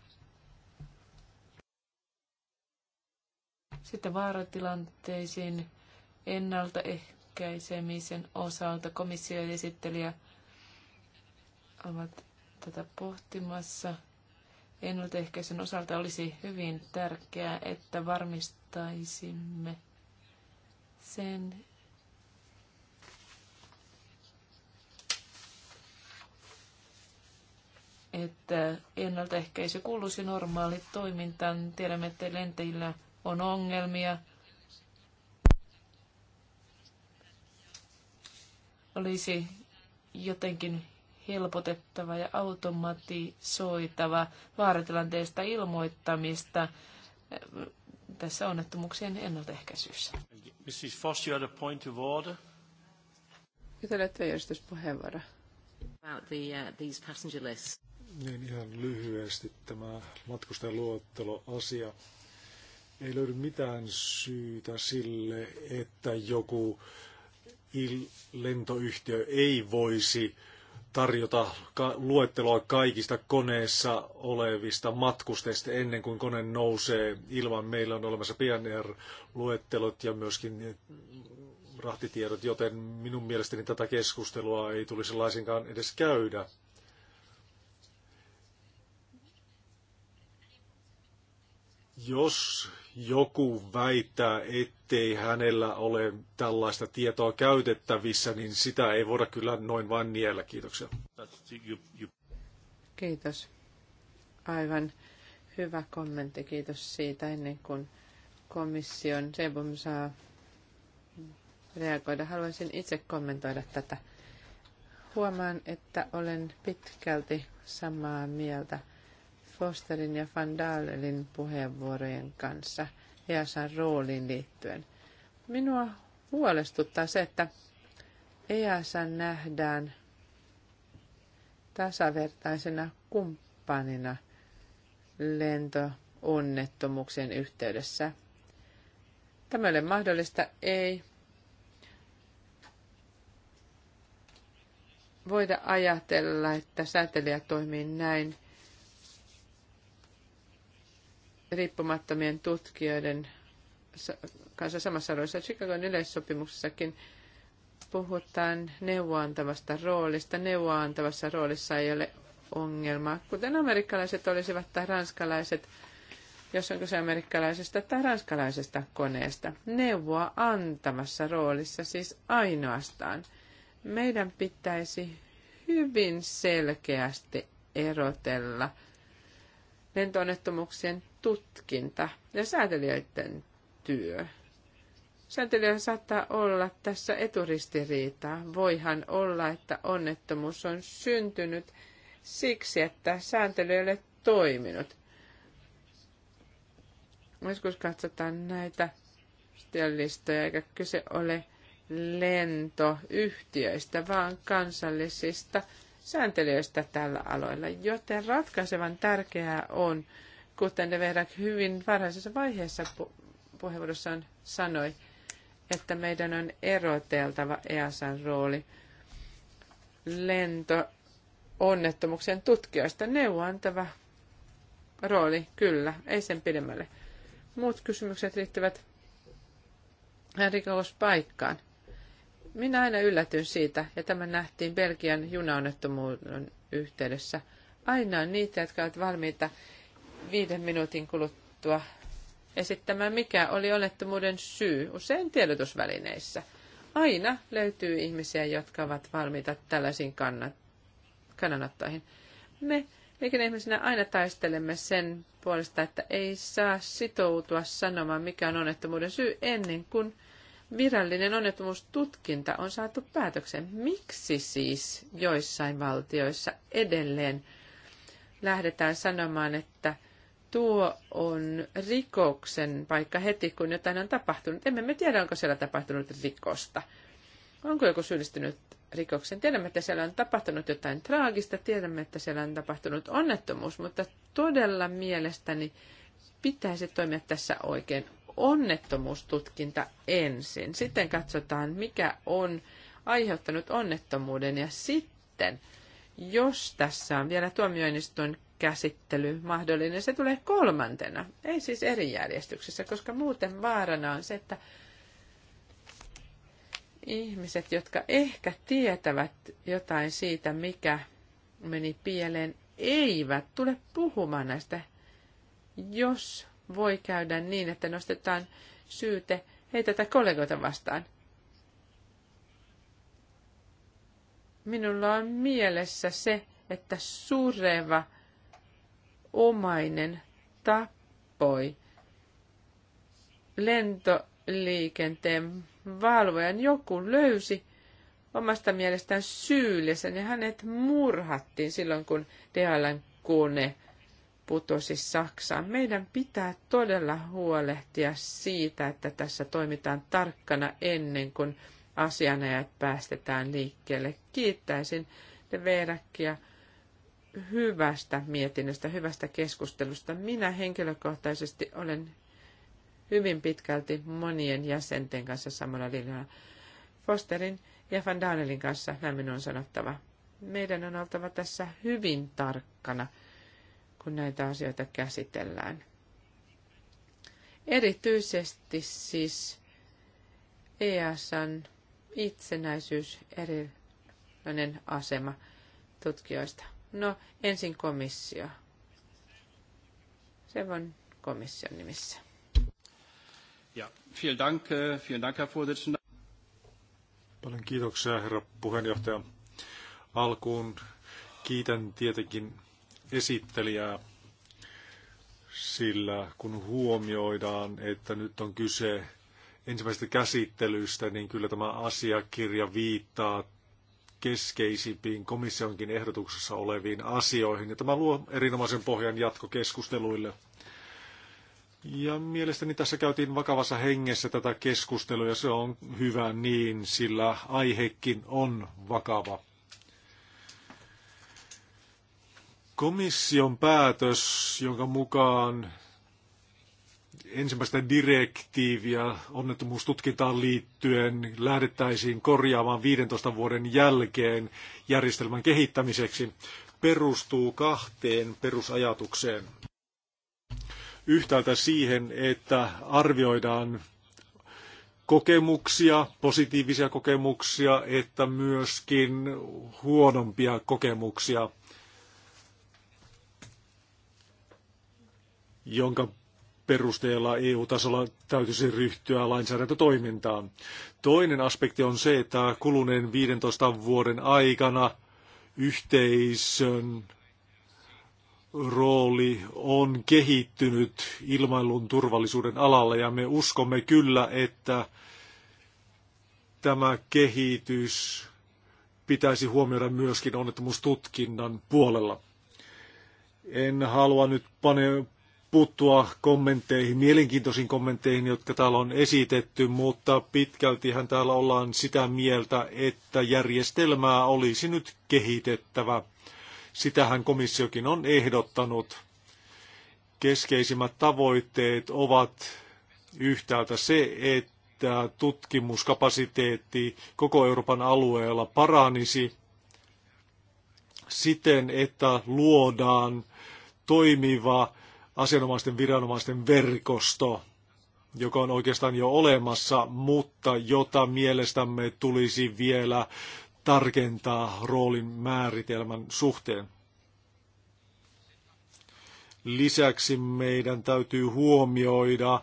Sitten vaaratilanteisiin ennaltaehkäisemisen osalta komission esittelijä ovat tätä pohtimassa. Ennaltaehkäisyn osalta olisi hyvin tärkeää, että varmistaisimme – sen että ennaltaehkäisy kuuluisi normaali toimintaan. Tiedämme, että lentäjillä on ongelmia. Olisi jotenkin helpotettava ja automatisoitava vaaratilanteesta ilmoittamista tässä onnettomuuksien ennaltaehkäisyssä. Mrs. Foss, you had a point of order. Kytelette järjestyspuheenvuoro. About the, uh, these passenger lists. Niin ihan lyhyesti tämä matkustajaluotteloasia. Ei löydy mitään syytä sille, että joku lentoyhtiö ei voisi tarjota luetteloa kaikista koneessa olevista matkustajista ennen kuin kone nousee ilman. Meillä on olemassa PNR-luettelot ja myöskin rahtitiedot, joten minun mielestäni tätä keskustelua ei tulisi laisinkaan edes käydä. Jos joku väittää, ettei hänellä ole tällaista tietoa käytettävissä, niin sitä ei voida kyllä noin vain niellä. Kiitoksia. Kiitos. Aivan hyvä kommentti. Kiitos siitä ennen kuin komission Sebum saa reagoida. Haluaisin itse kommentoida tätä. Huomaan, että olen pitkälti samaa mieltä Fosterin ja Van Dahlin puheenvuorojen kanssa EASan rooliin liittyen. Minua huolestuttaa se, että EASA nähdään tasavertaisena kumppanina lentoonnettomuuksien yhteydessä. Tämä ei ole mahdollista, ei voida ajatella, että säätelijä toimii näin riippumattomien tutkijoiden kanssa samassa roolissa. Chicagon yleissopimuksessakin puhutaan neuvoantavasta roolista. Neuvoantavassa roolissa ei ole ongelmaa, kuten amerikkalaiset olisivat tai ranskalaiset, jos on kyse amerikkalaisesta tai ranskalaisesta koneesta. Neuvoa antavassa roolissa siis ainoastaan. Meidän pitäisi hyvin selkeästi erotella lentoonnettomuuksien tutkinta ja säätelijöiden työ. Säätelijä saattaa olla tässä eturistiriitaa. Voihan olla, että onnettomuus on syntynyt siksi, että sääntely ei ole toiminut. Joskus katsotaan näitä listoja, eikä kyse ole lentoyhtiöistä, vaan kansallisista sääntelijöistä tällä aloilla. Joten ratkaisevan tärkeää on, kuten De Vehrak hyvin varhaisessa vaiheessa puheenvuorossaan sanoi, että meidän on eroteltava EASan rooli lento onnettomuuksien tutkijoista neuvontava rooli, kyllä, ei sen pidemmälle. Muut kysymykset liittyvät rikospaikkaan. Minä aina yllätyn siitä, ja tämä nähtiin Belgian junaonnettomuuden yhteydessä. Aina on niitä, jotka ovat valmiita viiden minuutin kuluttua esittämään, mikä oli onnettomuuden syy usein tiedotusvälineissä. Aina löytyy ihmisiä, jotka ovat valmiita tällaisiin kannanottoihin. Me liikenneihmisinä aina taistelemme sen puolesta, että ei saa sitoutua sanomaan, mikä on onnettomuuden syy ennen kuin virallinen onnettomuustutkinta on saatu päätökseen. Miksi siis joissain valtioissa edelleen lähdetään sanomaan, että – tuo on rikoksen paikka heti, kun jotain on tapahtunut. Emme me tiedä, onko siellä tapahtunut rikosta. Onko joku syyllistynyt rikoksen? Tiedämme, että siellä on tapahtunut jotain traagista, tiedämme, että siellä on tapahtunut onnettomuus, mutta todella mielestäni pitäisi toimia tässä oikein. Onnettomuustutkinta ensin. Sitten katsotaan, mikä on aiheuttanut onnettomuuden ja sitten, jos tässä on vielä tuomioinnistuin käsittely mahdollinen, se tulee kolmantena, ei siis eri järjestyksessä, koska muuten vaarana on se, että ihmiset, jotka ehkä tietävät jotain siitä, mikä meni pieleen, eivät tule puhumaan näistä, jos voi käydä niin, että nostetaan syyte heitä tätä kollegoita vastaan. Minulla on mielessä se, että sureva – omainen tappoi lentoliikenteen valvojan. Joku löysi omasta mielestään syyllisen ja hänet murhattiin silloin, kun DLN kone putosi Saksaan. Meidän pitää todella huolehtia siitä, että tässä toimitaan tarkkana ennen kuin asianajat päästetään liikkeelle. Kiittäisin Veerakkia hyvästä mietinnöstä, hyvästä keskustelusta. Minä henkilökohtaisesti olen hyvin pitkälti monien jäsenten kanssa samalla linjalla. Fosterin ja Van Danelin kanssa, näin minun on sanottava. Meidän on oltava tässä hyvin tarkkana, kun näitä asioita käsitellään. Erityisesti siis EASan itsenäisyys erilainen asema tutkijoista – No, ensin komissio. Se on komission nimissä. Ja, vielen dank, äh, vielen dank, Herr Vorsitzender. Paljon kiitoksia, herra puheenjohtaja. Alkuun kiitän tietenkin esittelijää, sillä kun huomioidaan, että nyt on kyse ensimmäisestä käsittelystä, niin kyllä tämä asiakirja viittaa keskeisimpiin komissionkin ehdotuksessa oleviin asioihin. Ja tämä luo erinomaisen pohjan jatkokeskusteluille. Ja mielestäni tässä käytiin vakavassa hengessä tätä keskustelua ja se on hyvä niin, sillä aihekin on vakava. Komission päätös, jonka mukaan ensimmäistä direktiiviä onnettomuustutkintaan liittyen lähdettäisiin korjaamaan 15 vuoden jälkeen järjestelmän kehittämiseksi, perustuu kahteen perusajatukseen. Yhtäältä siihen, että arvioidaan kokemuksia, positiivisia kokemuksia, että myöskin huonompia kokemuksia, jonka perusteella EU-tasolla täytyisi ryhtyä lainsäädäntötoimintaan. Toinen aspekti on se, että kuluneen 15 vuoden aikana yhteisön rooli on kehittynyt ilmailun turvallisuuden alalla ja me uskomme kyllä, että tämä kehitys pitäisi huomioida myöskin onnettomuustutkinnan puolella. En halua nyt pane, puuttua kommentteihin, mielenkiintoisiin kommentteihin, jotka täällä on esitetty, mutta pitkältihän täällä ollaan sitä mieltä, että järjestelmää olisi nyt kehitettävä. Sitähän komissiokin on ehdottanut. Keskeisimmät tavoitteet ovat yhtäältä se, että tutkimuskapasiteetti koko Euroopan alueella paranisi siten, että luodaan toimiva asianomaisten viranomaisten verkosto, joka on oikeastaan jo olemassa, mutta jota mielestämme tulisi vielä tarkentaa roolin määritelmän suhteen. Lisäksi meidän täytyy huomioida,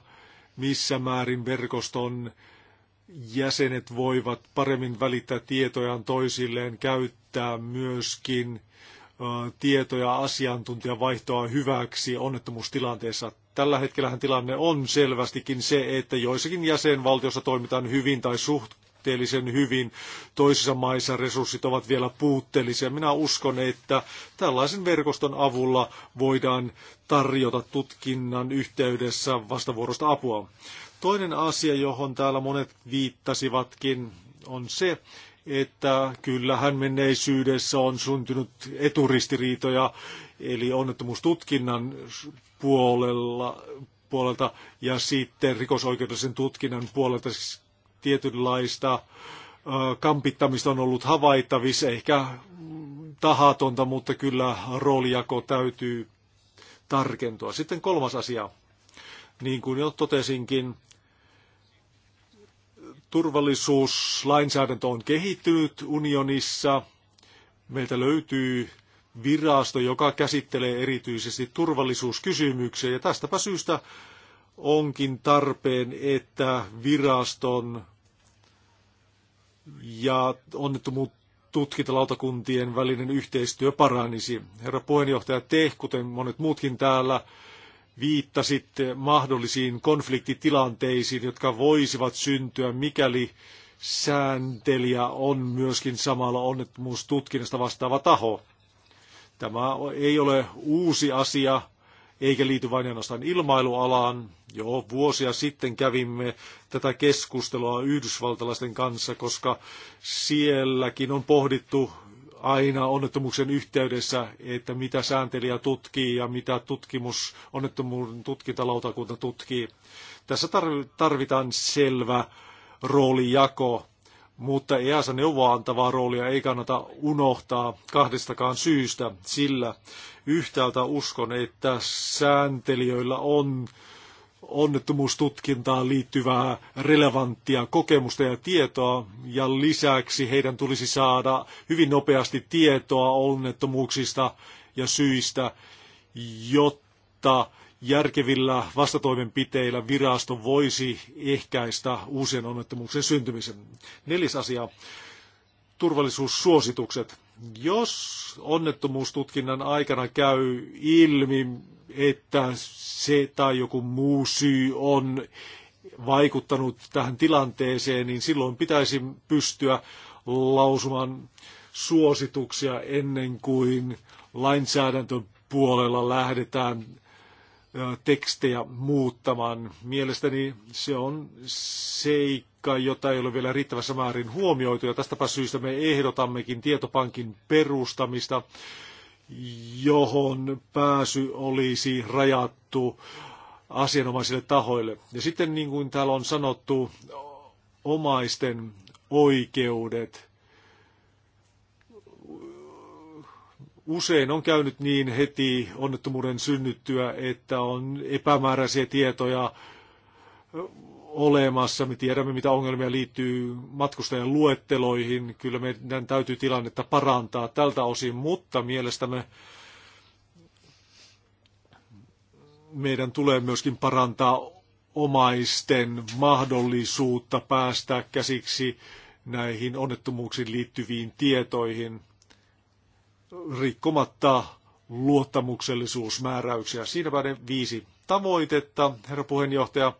missä määrin verkoston jäsenet voivat paremmin välittää tietojaan toisilleen, käyttää myöskin tietoja asiantuntijan vaihtoa hyväksi onnettomuustilanteessa. Tällä hetkellähän tilanne on selvästikin se, että joissakin jäsenvaltioissa toimitaan hyvin tai suhteellisen hyvin, toisissa maissa resurssit ovat vielä puutteellisia. Minä uskon, että tällaisen verkoston avulla voidaan tarjota tutkinnan yhteydessä vastavuorosta apua. Toinen asia, johon täällä monet viittasivatkin, on se, että kyllähän menneisyydessä on syntynyt eturistiriitoja, eli onnettomuustutkinnan puolella, puolelta ja sitten rikosoikeudellisen tutkinnan puolelta siis tietynlaista kampittamista on ollut havaittavissa, ehkä tahatonta, mutta kyllä roolijako täytyy tarkentua. Sitten kolmas asia, niin kuin jo totesinkin, Turvallisuuslainsäädäntö on kehittynyt unionissa. Meiltä löytyy virasto, joka käsittelee erityisesti turvallisuuskysymyksiä. Ja tästäpä syystä onkin tarpeen, että viraston ja onnettomuut tutkintalautakuntien välinen yhteistyö paranisi. Herra puheenjohtaja, te, kuten monet muutkin täällä, viittasit mahdollisiin konfliktitilanteisiin, jotka voisivat syntyä, mikäli sääntelijä on myöskin samalla onnettomuustutkinnasta vastaava taho. Tämä ei ole uusi asia, eikä liity vain ainoastaan ilmailualaan. Jo vuosia sitten kävimme tätä keskustelua yhdysvaltalaisten kanssa, koska sielläkin on pohdittu aina onnettomuuksen yhteydessä, että mitä sääntelijä tutkii ja mitä tutkimus, onnettomuuden tutkintalautakunta tutkii. Tässä tarvitaan selvä roolijako, mutta EASA neuvoa antavaa roolia ei kannata unohtaa kahdestakaan syystä, sillä yhtäältä uskon, että sääntelijöillä on onnettomuustutkintaan liittyvää relevanttia kokemusta ja tietoa, ja lisäksi heidän tulisi saada hyvin nopeasti tietoa onnettomuuksista ja syistä, jotta järkevillä vastatoimenpiteillä virasto voisi ehkäistä uusien onnettomuuksien syntymisen. Neljäs asia, turvallisuussuositukset. Jos onnettomuustutkinnan aikana käy ilmi että se tai joku muu syy on vaikuttanut tähän tilanteeseen, niin silloin pitäisi pystyä lausumaan suosituksia ennen kuin lainsäädäntöpuolella lähdetään tekstejä muuttamaan. Mielestäni se on seikka, jota ei ole vielä riittävässä määrin huomioitu, ja tästäpä syystä me ehdotammekin tietopankin perustamista, johon pääsy olisi rajattu asianomaisille tahoille. Ja sitten niin kuin täällä on sanottu, omaisten oikeudet. Usein on käynyt niin heti onnettomuuden synnyttyä, että on epämääräisiä tietoja olemassa. Me tiedämme, mitä ongelmia liittyy matkustajan luetteloihin. Kyllä meidän täytyy tilannetta parantaa tältä osin, mutta mielestämme meidän tulee myöskin parantaa omaisten mahdollisuutta päästä käsiksi näihin onnettomuuksiin liittyviin tietoihin rikkomatta luottamuksellisuusmääräyksiä. Siinäpä ne viisi tavoitetta, herra puheenjohtaja.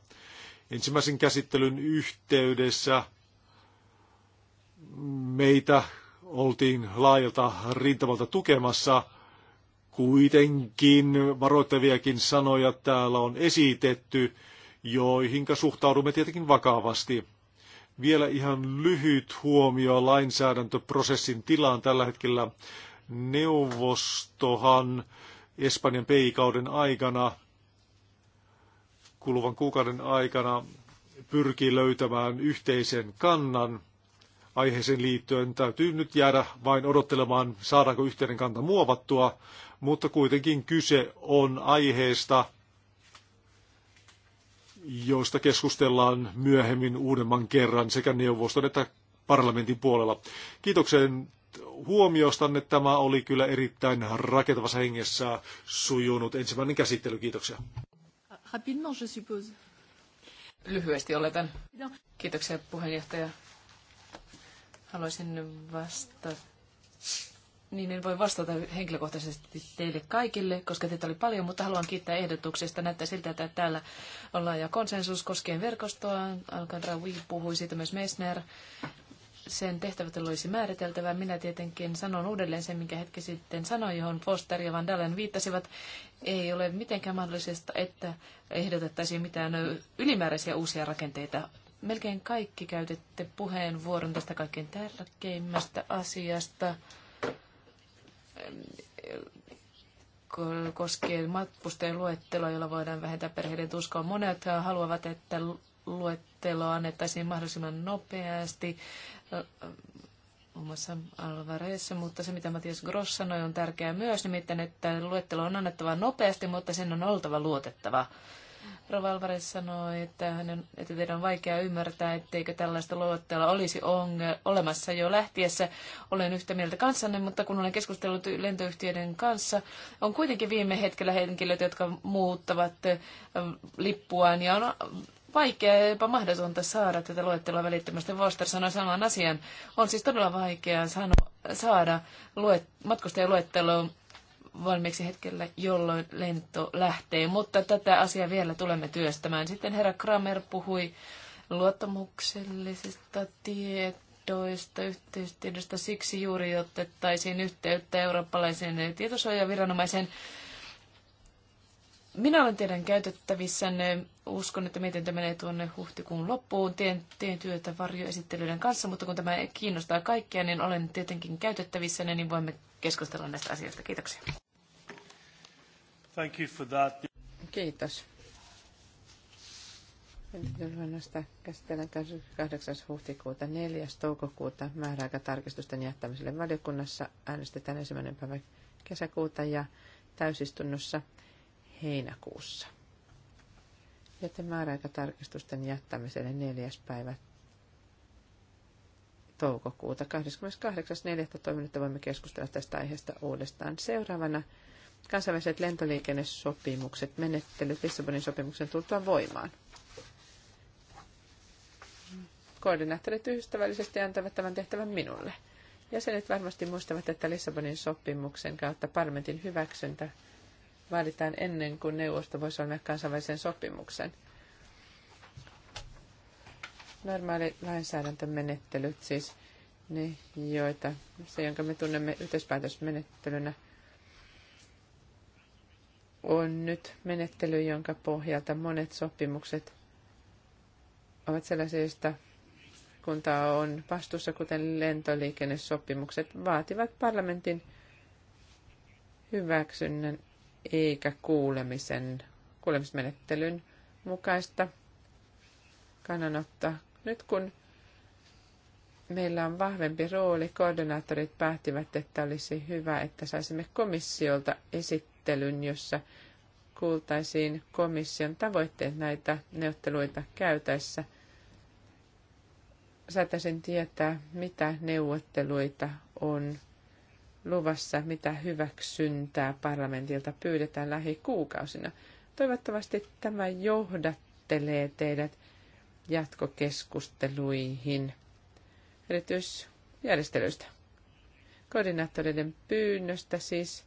Ensimmäisen käsittelyn yhteydessä meitä oltiin laajalta rintamalta tukemassa. Kuitenkin varoittaviakin sanoja täällä on esitetty, joihinka suhtaudumme tietenkin vakavasti. Vielä ihan lyhyt huomio lainsäädäntöprosessin tilaan tällä hetkellä. Neuvostohan Espanjan peikauden aikana kuluvan kuukauden aikana pyrkii löytämään yhteisen kannan aiheeseen liittyen. Täytyy nyt jäädä vain odottelemaan, saadaanko yhteinen kanta muovattua, mutta kuitenkin kyse on aiheesta, josta keskustellaan myöhemmin uudemman kerran sekä neuvoston että parlamentin puolella. Kiitoksen huomiostanne. Tämä oli kyllä erittäin rakentavassa hengessä sujunut ensimmäinen käsittely. Kiitoksia. Rapidement, je suppose. Lyhyesti oletan. Kiitoksia puheenjohtaja. Haluaisin vastata. Niin, en voi vastata henkilökohtaisesti teille kaikille, koska teitä oli paljon, mutta haluan kiittää ehdotuksesta. Näyttää siltä, että täällä ollaan ja konsensus koskien verkostoa. Alcantara Wii puhui siitä myös Messner sen tehtävät olisi määriteltävä. Minä tietenkin sanon uudelleen sen, minkä hetki sitten sanoin, johon Foster ja Van Dalen viittasivat. Ei ole mitenkään mahdollisesta, että ehdotettaisiin mitään ylimääräisiä uusia rakenteita. Melkein kaikki käytette puheenvuoron tästä kaikkein tärkeimmästä asiasta matkustajien matkustajaluetteloa, jolla voidaan vähentää perheiden tuskaa. Monet haluavat, että luetteloa annettaisiin mahdollisimman nopeasti omassa Alvarezissa, mutta se mitä Matias Gross sanoi on tärkeää myös, nimittäin että luettelo on annettava nopeasti, mutta sen on oltava luotettava. Rova Alvarez sanoi, että, hänen, että teidän on vaikea ymmärtää, etteikö tällaista luettelua olisi onge- olemassa jo lähtiessä. Olen yhtä mieltä kanssanne, mutta kun olen keskustellut lentoyhtiöiden kanssa, on kuitenkin viime hetkellä henkilöt, jotka muuttavat äh, lippuaan ja on vaikea ja jopa mahdotonta saada tätä luettelua välittömästi. Voster sanoi saman asian. On siis todella vaikea sano, saada luet, matkustajaluetteloa valmiiksi hetkellä, jolloin lento lähtee. Mutta tätä asiaa vielä tulemme työstämään. Sitten herra Kramer puhui luottamuksellisista tietoista, yhteystiedosta. Siksi juuri otettaisiin yhteyttä eurooppalaisen tietosuojaviranomaisen. Minä olen teidän käytettävissänne uskon, että mietintö menee tuonne huhtikuun loppuun. Teen, teen työtä varjoesittelyiden kanssa, mutta kun tämä kiinnostaa kaikkia, niin olen tietenkin käytettävissä, niin voimme keskustella näistä asioista. Kiitoksia. Thank you for that. Kiitos. Mietintöluonnosta käsitellään 8. huhtikuuta 4. toukokuuta määräaikatarkistusten jättämiselle valiokunnassa äänestetään ensimmäinen päivä kesäkuuta ja täysistunnossa heinäkuussa. Joten tarkistusten jättämiselle 4. päivä toukokuuta 28.4. toivon, että voimme keskustella tästä aiheesta uudestaan. Seuraavana kansainväliset lentoliikennesopimukset, menettelyt Lissabonin sopimuksen tultua voimaan. Koordinaattorit ystävällisesti antavat tämän tehtävän minulle. Jäsenet varmasti muistavat, että Lissabonin sopimuksen kautta parlamentin hyväksyntä vaaditaan ennen kuin neuvosto voi solmia kansainvälisen sopimuksen. Normaali lainsäädäntömenettelyt siis ne, joita, se jonka me tunnemme yhteispäätösmenettelynä, on nyt menettely, jonka pohjalta monet sopimukset ovat sellaisia, joista kunta on vastuussa, kuten lentoliikennesopimukset, vaativat parlamentin hyväksynnän eikä kuulemisen, kuulemismenettelyn mukaista kannanottoa. Nyt kun meillä on vahvempi rooli, koordinaattorit päättivät, että olisi hyvä, että saisimme komissiolta esittelyn, jossa kuultaisiin komission tavoitteet näitä neuvotteluita käytäessä. saataisin tietää, mitä neuvotteluita on luvassa, mitä hyväksyntää parlamentilta pyydetään lähikuukausina. Toivottavasti tämä johdattelee teidät jatkokeskusteluihin erityisjärjestelyistä. Koordinaattoreiden pyynnöstä siis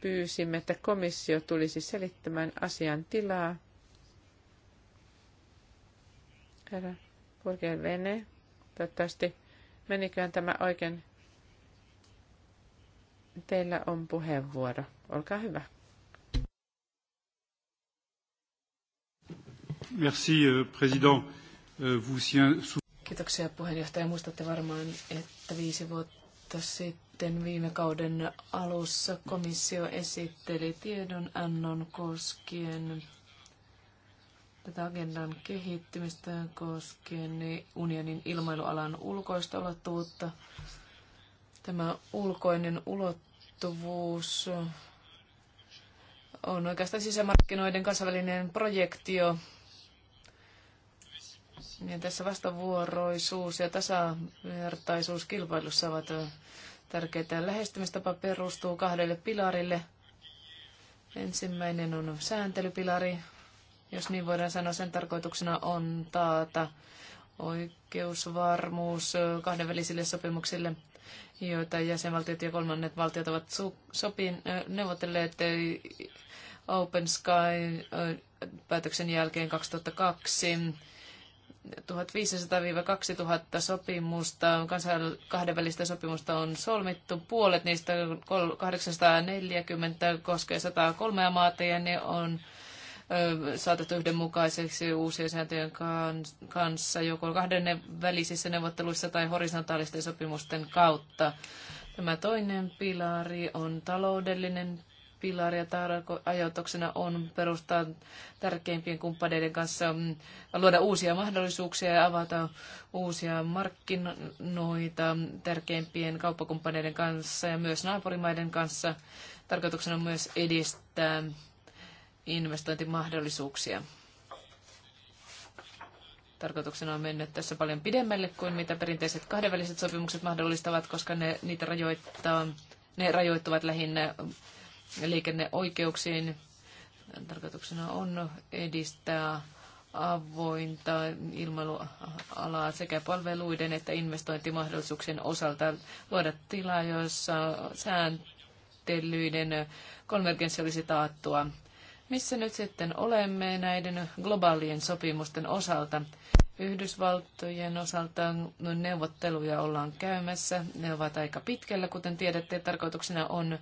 pyysimme, että komissio tulisi selittämään asian tilaa. Herra Burger Vene, toivottavasti meniköhän tämä oikein teillä on puheenvuoro. Olkaa hyvä. Merci, euh, président. Euh, vous... Kiitoksia puheenjohtaja. Muistatte varmaan, että viisi vuotta sitten viime kauden alussa komissio esitteli tiedonannon koskien tätä agendan kehittymistä koskien unionin ilmailualan ulkoista ulottuvuutta. Tämä ulkoinen ulottuvuus ulottuvuus on oikeastaan sisämarkkinoiden kansainvälinen projektio. Ja tässä vastavuoroisuus ja tasavertaisuus kilpailussa ovat tärkeitä. Lähestymistapa perustuu kahdelle pilarille. Ensimmäinen on sääntelypilari, jos niin voidaan sanoa. Sen tarkoituksena on taata oikeusvarmuus kahdenvälisille sopimuksille – joita jäsenvaltiot ja kolmannet valtiot ovat su- sopin, neuvotelleet Open Sky-päätöksen jälkeen 2002. 1500-2000 sopimusta, kansain, kahdenvälistä sopimusta on solmittu. Puolet niistä 840 koskee 103 maata ja ne on saatettu yhdenmukaiseksi uusien sääntöjen kanssa, joko kahden välisissä neuvotteluissa tai horisontaalisten sopimusten kautta. Tämä toinen pilari on taloudellinen pilari ja ajatuksena on perustaa tärkeimpien kumppaneiden kanssa, mm, luoda uusia mahdollisuuksia ja avata uusia markkinoita tärkeimpien kauppakumppaneiden kanssa ja myös naapurimaiden kanssa. Tarkoituksena on myös edistää investointimahdollisuuksia. Tarkoituksena on mennä tässä paljon pidemmälle kuin mitä perinteiset kahdenväliset sopimukset mahdollistavat, koska ne, niitä rajoittaa, ne rajoittuvat lähinnä liikenneoikeuksiin. Tarkoituksena on edistää avointa ilmailualaa sekä palveluiden että investointimahdollisuuksien osalta luoda tilaa, jossa sääntelyiden konvergenssi olisi taattua. Missä nyt sitten olemme näiden globaalien sopimusten osalta? Yhdysvaltojen osalta neuvotteluja ollaan käymässä. Ne ovat aika pitkällä, kuten tiedätte. Tarkoituksena on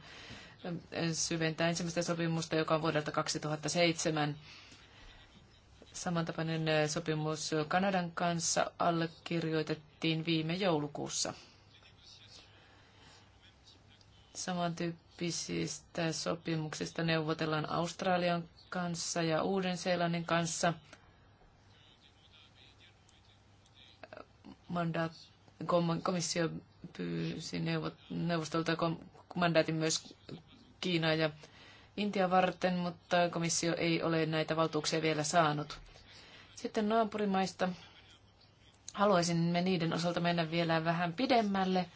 syventää ensimmäistä sopimusta, joka on vuodelta 2007. Samantapainen sopimus Kanadan kanssa allekirjoitettiin viime joulukuussa. Samantyyppisistä sopimuksista neuvotellaan Australian kanssa ja Uuden-Seelannin kanssa. Mandaat, komissio pyysi neuvostolta mandaatin myös Kiinaa ja Intia varten, mutta komissio ei ole näitä valtuuksia vielä saanut. Sitten naapurimaista me niiden osalta mennä vielä vähän pidemmälle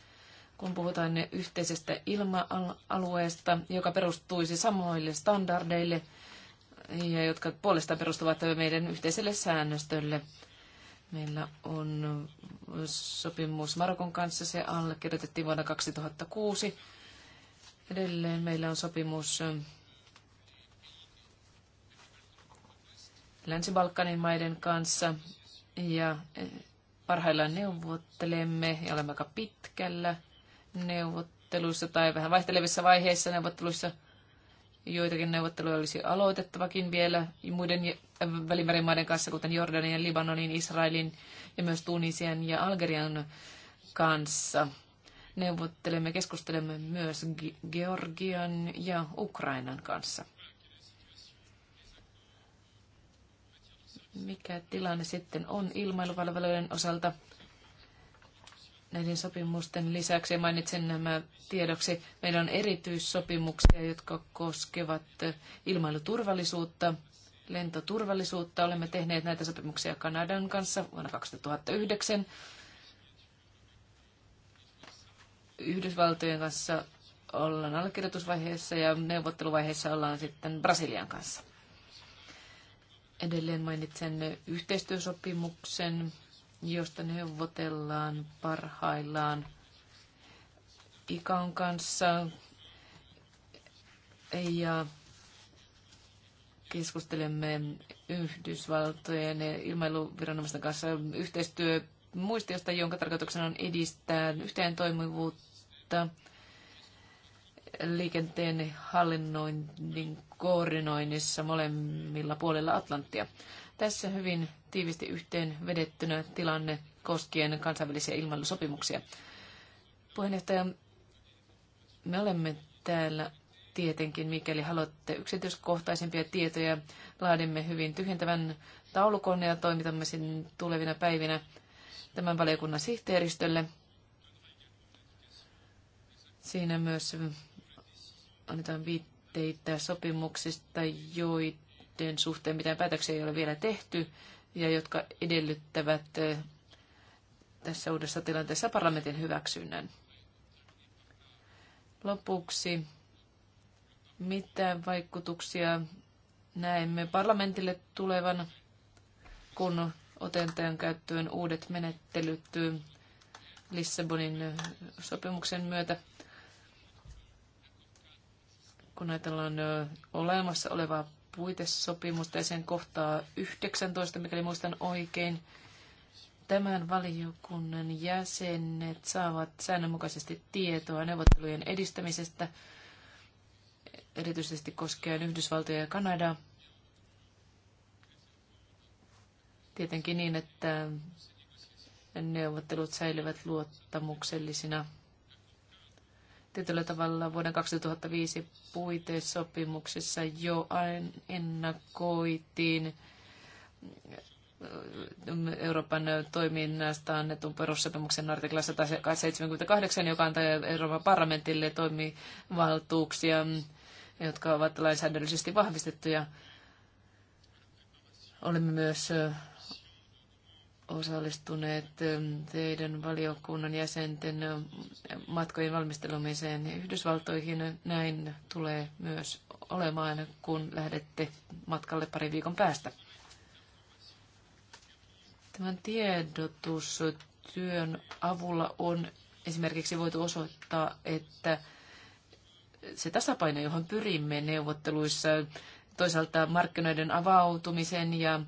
kun puhutaan ne yhteisestä ilma-alueesta, joka perustuisi samoille standardeille ja jotka puolestaan perustuvat meidän yhteiselle säännöstölle. Meillä on sopimus Marokon kanssa, se allekirjoitettiin vuonna 2006. Edelleen meillä on sopimus Länsi-Balkanin maiden kanssa ja parhaillaan neuvottelemme ja olemme aika pitkällä – neuvotteluissa tai vähän vaihtelevissa vaiheissa neuvotteluissa. Joitakin neuvotteluja olisi aloitettavakin vielä muiden äh, välimeren maiden kanssa, kuten Jordanian, Libanonin, Israelin ja myös Tunisian ja Algerian kanssa. Neuvottelemme, keskustelemme myös Georgian ja Ukrainan kanssa. Mikä tilanne sitten on ilmailupalveluiden osalta? näiden sopimusten lisäksi, mainitsen nämä tiedoksi, meillä on erityissopimuksia, jotka koskevat eh, ilmailuturvallisuutta, lentoturvallisuutta. Olemme tehneet näitä sopimuksia Kanadan kanssa vuonna 2009. Yhdysvaltojen kanssa ollaan allekirjoitusvaiheessa ja neuvotteluvaiheessa ollaan sitten Brasilian kanssa. Edelleen mainitsen yhteistyösopimuksen josta neuvotellaan parhaillaan Ikaon kanssa ja keskustelemme Yhdysvaltojen ilmailuviranomaisten kanssa yhteistyömuistiosta, jonka tarkoituksena on edistää yhteen toimivuutta liikenteen hallinnoinnin koordinoinnissa molemmilla puolilla Atlanttia. Tässä hyvin tiivisti yhteen vedettynä tilanne koskien kansainvälisiä ilmailusopimuksia. Puheenjohtaja, me olemme täällä tietenkin, mikäli haluatte yksityiskohtaisempia tietoja, laadimme hyvin tyhjentävän taulukon ja toimitamme sen tulevina päivinä tämän valiokunnan sihteeristölle. Siinä myös annetaan viitteitä sopimuksista, joita joiden suhteen mitä päätöksiä ei ole vielä tehty ja jotka edellyttävät eh, tässä uudessa tilanteessa parlamentin hyväksynnän. Lopuksi, mitä vaikutuksia näemme parlamentille tulevan, kun otenteen käyttöön uudet menettelyt Lissabonin sopimuksen myötä? kun ajatellaan eh, olemassa olevaa puitesopimusta ja sen kohtaa 19, mikäli muistan oikein. Tämän valiokunnan jäsenet saavat säännönmukaisesti tietoa neuvottelujen edistämisestä, erityisesti koskien Yhdysvaltoja ja Kanadaa. Tietenkin niin, että neuvottelut säilyvät luottamuksellisina tietyllä tavalla vuoden 2005 puitesopimuksessa jo ennakoitiin mm, Euroopan toiminnasta annetun perussopimuksen artikla 178, joka antaa Euroopan parlamentille toimivaltuuksia, jotka ovat lainsäädännöllisesti vahvistettuja. Olemme myös osallistuneet ähm, teidän valiokunnan jäsenten ähm, matkojen valmistelumiseen Yhdysvaltoihin. Näin tulee myös olemaan, kun lähdette matkalle pari viikon päästä. Tämän tiedotustyön avulla on esimerkiksi voitu osoittaa, että se tasapaino, johon pyrimme neuvotteluissa, toisaalta markkinoiden avautumisen ja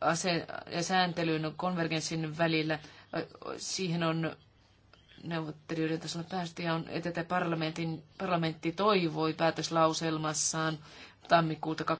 aseen ja sääntelyn konvergenssin välillä. Siihen on neuvottelijoiden tasolla päästy ja on, että parlamentti toivoi päätöslauselmassaan tammikuuta